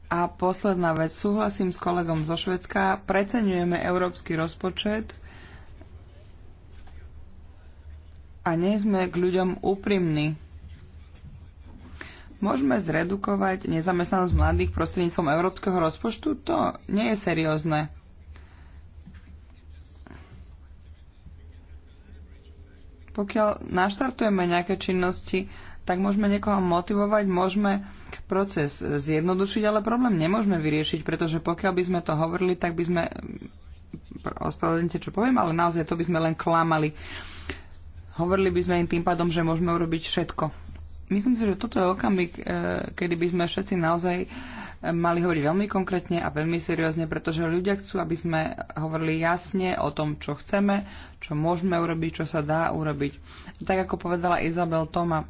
A posledná vec, súhlasím s kolegom zo Švedska, preceňujeme európsky rozpočet a nie sme k ľuďom úprimní. Môžeme zredukovať nezamestnanosť mladých prostredníctvom európskeho rozpočtu? To nie je seriózne. Pokiaľ naštartujeme nejaké činnosti, tak môžeme niekoho motivovať, môžeme proces zjednodušiť, ale problém nemôžeme vyriešiť, pretože pokiaľ by sme to hovorili, tak by sme Ospravedlňte, čo poviem, ale naozaj to by sme len klamali. Hovorili by sme im tým pádom, že môžeme urobiť všetko. Myslím si, že toto je okamih, e, kedy by sme všetci naozaj e, mali hovoriť veľmi konkrétne a veľmi seriózne, pretože ľudia chcú, aby sme hovorili jasne o tom, čo chceme, čo môžeme urobiť, čo sa dá urobiť. Tak ako povedala Izabel Toma,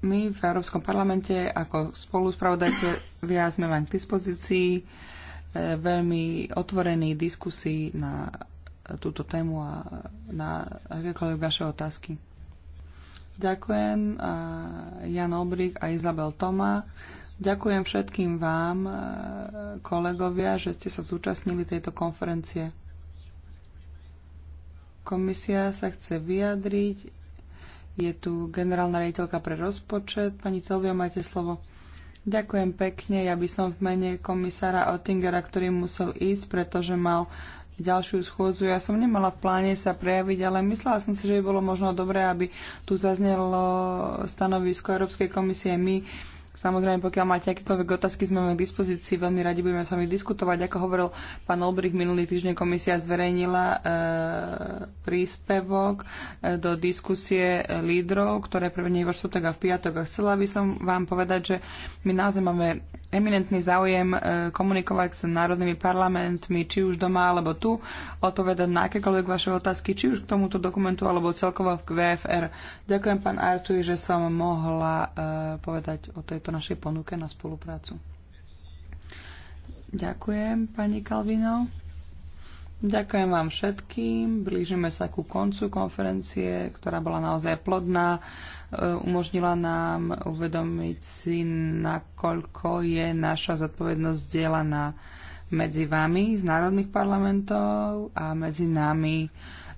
my v Európskom parlamente ako spoluspravodajcovia sme vám k dispozícii e, veľmi otvorený diskusí na túto tému a na akékoľvek vaše otázky. Ďakujem Jan Obrich a Izabel Toma. Ďakujem všetkým vám, e, kolegovia, že ste sa zúčastnili tejto konferencie. Komisia sa chce vyjadriť. Je tu generálna rejiteľka pre rozpočet. Pani Telvio, máte slovo. Ďakujem pekne. Ja by som v mene komisára Oettingera, ktorý musel ísť, pretože mal ďalšiu schôdzu. Ja som nemala v pláne sa prejaviť, ale myslela som si, že by bolo možno dobré, aby tu zaznelo stanovisko Európskej komisie. My Samozrejme, pokiaľ máte akékoľvek otázky, sme k dispozícii, veľmi radi budeme s vami diskutovať. Ako hovoril pán Olbrich, minulý týždeň komisia zverejnila e, príspevok e, do diskusie e, lídrov, ktoré prebehne vo štvrtok a v piatok. A chcela by som vám povedať, že my naozaj máme eminentný záujem e, komunikovať s národnými parlamentmi, či už doma alebo tu, odpovedať na akékoľvek vaše otázky, či už k tomuto dokumentu alebo celkovo k VFR. Ďakujem pán Artuji, že som mohla e, povedať o tej tejto našej ponuke na spoluprácu. Ďakujem, pani Kalvino. Ďakujem vám všetkým. Blížime sa ku koncu konferencie, ktorá bola naozaj plodná. E, umožnila nám uvedomiť si, nakoľko je naša zodpovednosť zdieľaná medzi vami z národných parlamentov a medzi nami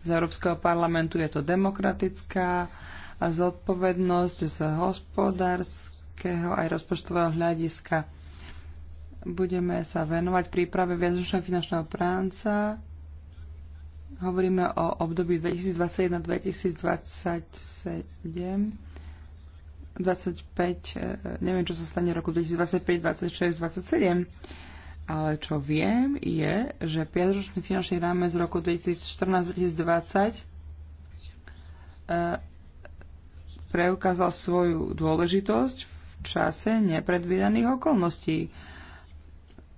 z Európskeho parlamentu. Je to demokratická zodpovednosť z hospodárskej ekonomického aj rozpočtového hľadiska. Budeme sa venovať príprave viacročného finančného pránca. Hovoríme o období 2021-2027. 25, e, neviem, čo sa stane roku 2025, 26, 27. Ale čo viem je, že 5-ročný finančný rámec z roku 2014-2020 e, preukázal svoju dôležitosť čase nepredvídaných okolností.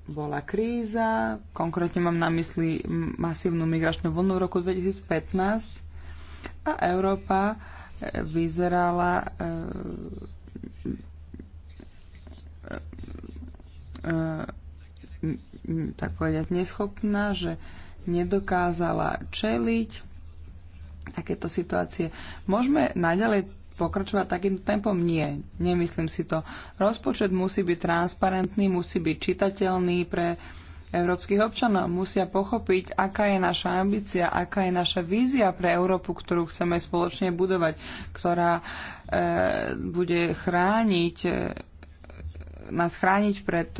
Bola kríza, konkrétne mám na mysli masívnu migračnú vlnu v roku 2015 a Európa e, vyzerala e, e, tak povedať neschopná, že nedokázala čeliť takéto situácie. Môžeme naďalej pokračovať takým tempom? Nie, nemyslím si to. Rozpočet musí byť transparentný, musí byť čitateľný pre európskych občanov. Musia pochopiť, aká je naša ambícia, aká je naša vízia pre Európu, ktorú chceme spoločne budovať, ktorá e, bude chrániť, e, nás chrániť pred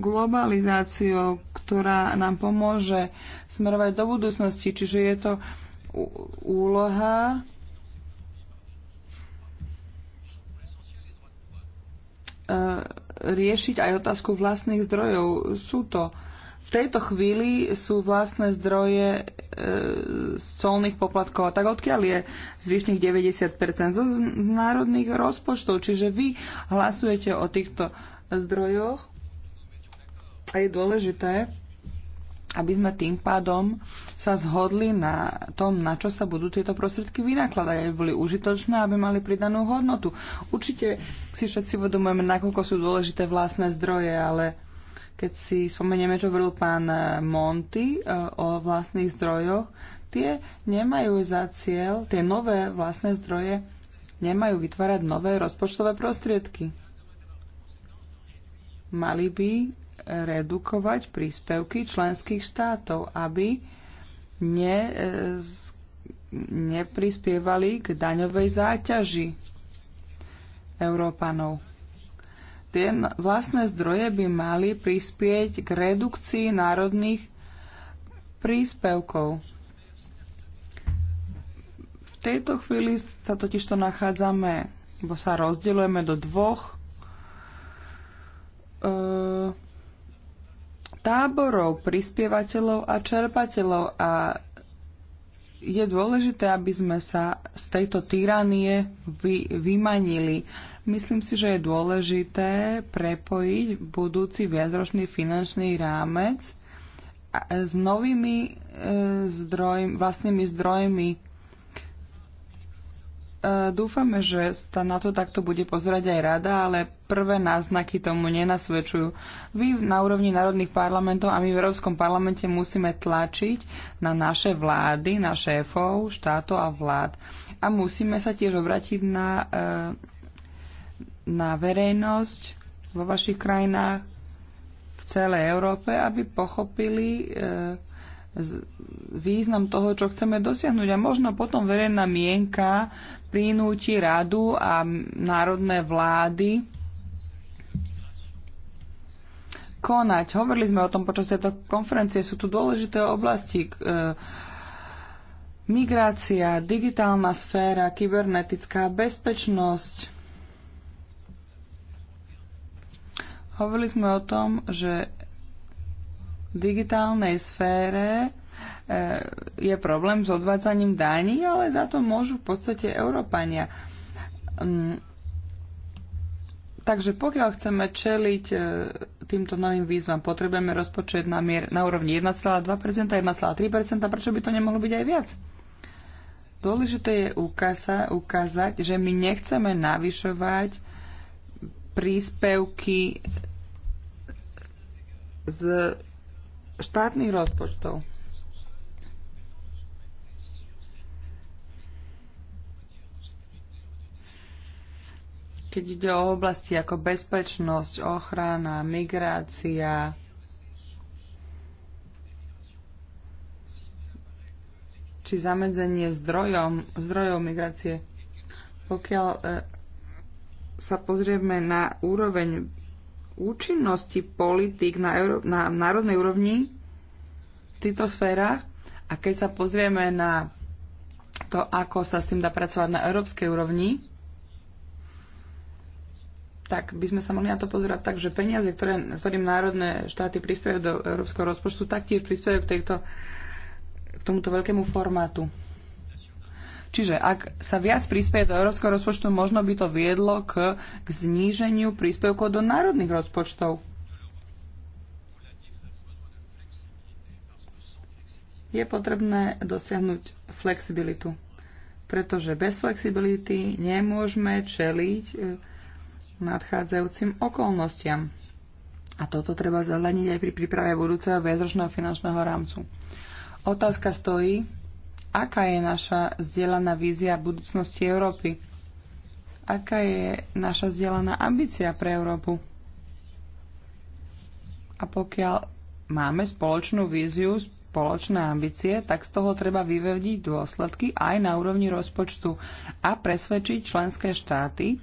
globalizáciou, ktorá nám pomôže smerovať do budúcnosti. Čiže je to úloha E, riešiť aj otázku vlastných zdrojov. Sú to v tejto chvíli sú vlastné zdroje e, z colných poplatkov a tak odkiaľ je zvyšných 90% zo z národných rozpočtov. Čiže vy hlasujete o týchto zdrojoch a je dôležité, aby sme tým pádom sa zhodli na tom, na čo sa budú tieto prostriedky vynakladať, aby boli užitočné, aby mali pridanú hodnotu. Určite si všetci uvedomujeme, nakoľko sú dôležité vlastné zdroje, ale keď si spomenieme, čo hovoril pán Monty e, o vlastných zdrojoch, tie nemajú za cieľ, tie nové vlastné zdroje nemajú vytvárať nové rozpočtové prostriedky. Mali by redukovať príspevky členských štátov, aby ne, e, neprispievali k daňovej záťaži Európanov. Tie vlastné zdroje by mali prispieť k redukcii národných príspevkov. V tejto chvíli sa totižto nachádzame, bo sa rozdeľujeme do dvoch e táborov, prispievateľov a čerpateľov a je dôležité, aby sme sa z tejto tyranie vy, vymanili. Myslím si, že je dôležité prepojiť budúci viacročný finančný rámec s novými e, vlastnými zdrojmi E, dúfame, že sa na to takto bude pozerať aj rada, ale prvé náznaky tomu nenasvedčujú. Vy na úrovni národných parlamentov a my v Európskom parlamente musíme tlačiť na naše vlády, na šéfov, štátov a vlád. A musíme sa tiež obratiť na, e, na verejnosť vo vašich krajinách, v celej Európe, aby pochopili e, význam toho, čo chceme dosiahnuť. A možno potom verejná mienka prinúti radu a národné vlády konať. Hovorili sme o tom počas tejto konferencie. Sú tu dôležité oblasti. E, migrácia, digitálna sféra, kybernetická bezpečnosť. Hovorili sme o tom, že v digitálnej sfére E, je problém s odvádzaním daní, ale za to môžu v podstate Európania. Mm. Takže pokiaľ chceme čeliť e, týmto novým výzvam, potrebujeme rozpočet na, mier, na úrovni 1,2%, 1,3%, prečo by to nemohlo byť aj viac? Dôležité je ukáza, ukázať, že my nechceme navyšovať príspevky z štátnych rozpočtov. keď ide o oblasti ako bezpečnosť, ochrana, migrácia, či zamedzenie zdrojom, zdrojov migrácie. Pokiaľ e, sa pozrieme na úroveň účinnosti politik na, Euró- na národnej úrovni v týchto sférach a keď sa pozrieme na to, ako sa s tým dá pracovať na európskej úrovni, tak by sme sa mohli na to pozerať tak, že peniaze, ktoré, ktorým národné štáty prispievajú do európskeho rozpočtu, taktiež prispievajú k, tejto, k tomuto veľkému formátu. Čiže ak sa viac prispieje do európskeho rozpočtu, možno by to viedlo k, k zníženiu príspevkov do národných rozpočtov. Je potrebné dosiahnuť flexibilitu, pretože bez flexibility nemôžeme čeliť eh, nadchádzajúcim okolnostiam. A toto treba zohľadniť aj pri príprave budúceho viacročného finančného rámcu. Otázka stojí, aká je naša zdieľaná vízia budúcnosti Európy? Aká je naša zdieľaná ambícia pre Európu? A pokiaľ máme spoločnú víziu, spoločné ambície, tak z toho treba vyvediť dôsledky aj na úrovni rozpočtu a presvedčiť členské štáty,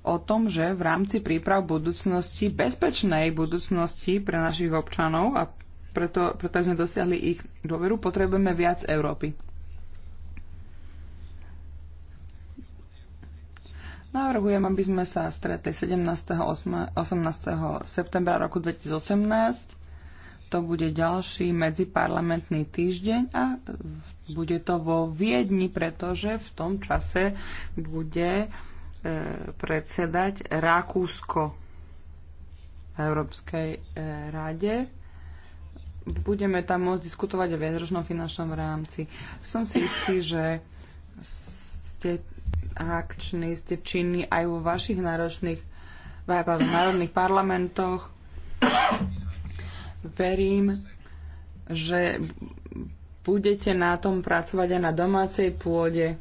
o tom, že v rámci príprav budúcnosti, bezpečnej budúcnosti pre našich občanov a preto, preto sme dosiahli ich dôveru, potrebujeme viac Európy. Navrhujem, aby sme sa stretli 17. 8, 18. septembra roku 2018. To bude ďalší medziparlamentný týždeň a bude to vo Viedni, pretože v tom čase bude predsedať Rakúsko v Európskej e, rade. Budeme tam môcť diskutovať o viacročnom finančnom rámci. Som si istý, že ste akční, ste činní aj vo vašich náročných, v národných parlamentoch. Verím, že budete na tom pracovať aj na domácej pôde.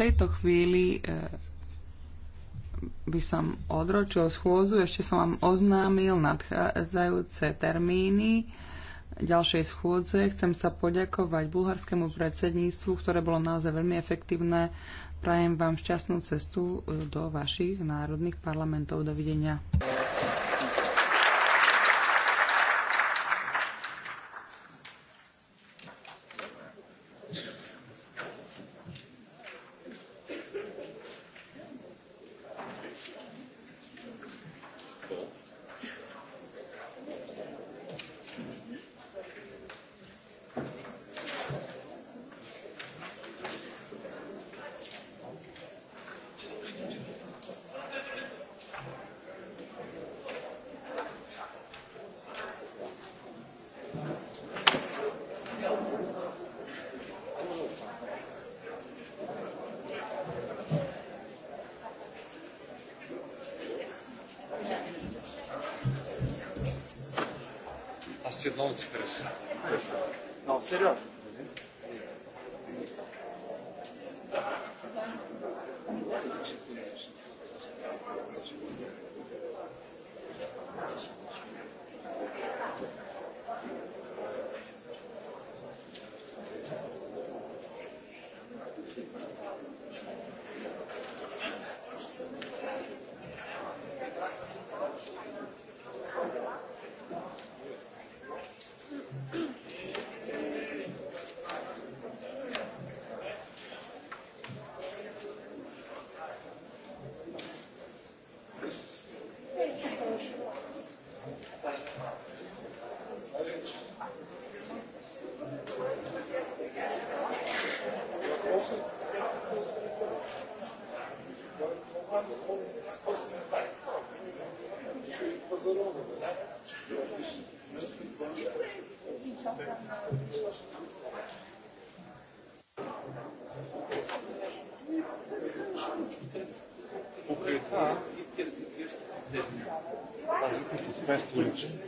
tejto chvíli e, by som odročil schôzu. Ešte som vám oznámil nadchádzajúce termíny ďalšej schôdze. Chcem sa poďakovať bulharskému predsedníctvu, ktoré bolo naozaj veľmi efektívne. Prajem vám šťastnú cestu e, do vašich národných parlamentov. Dovidenia. first election.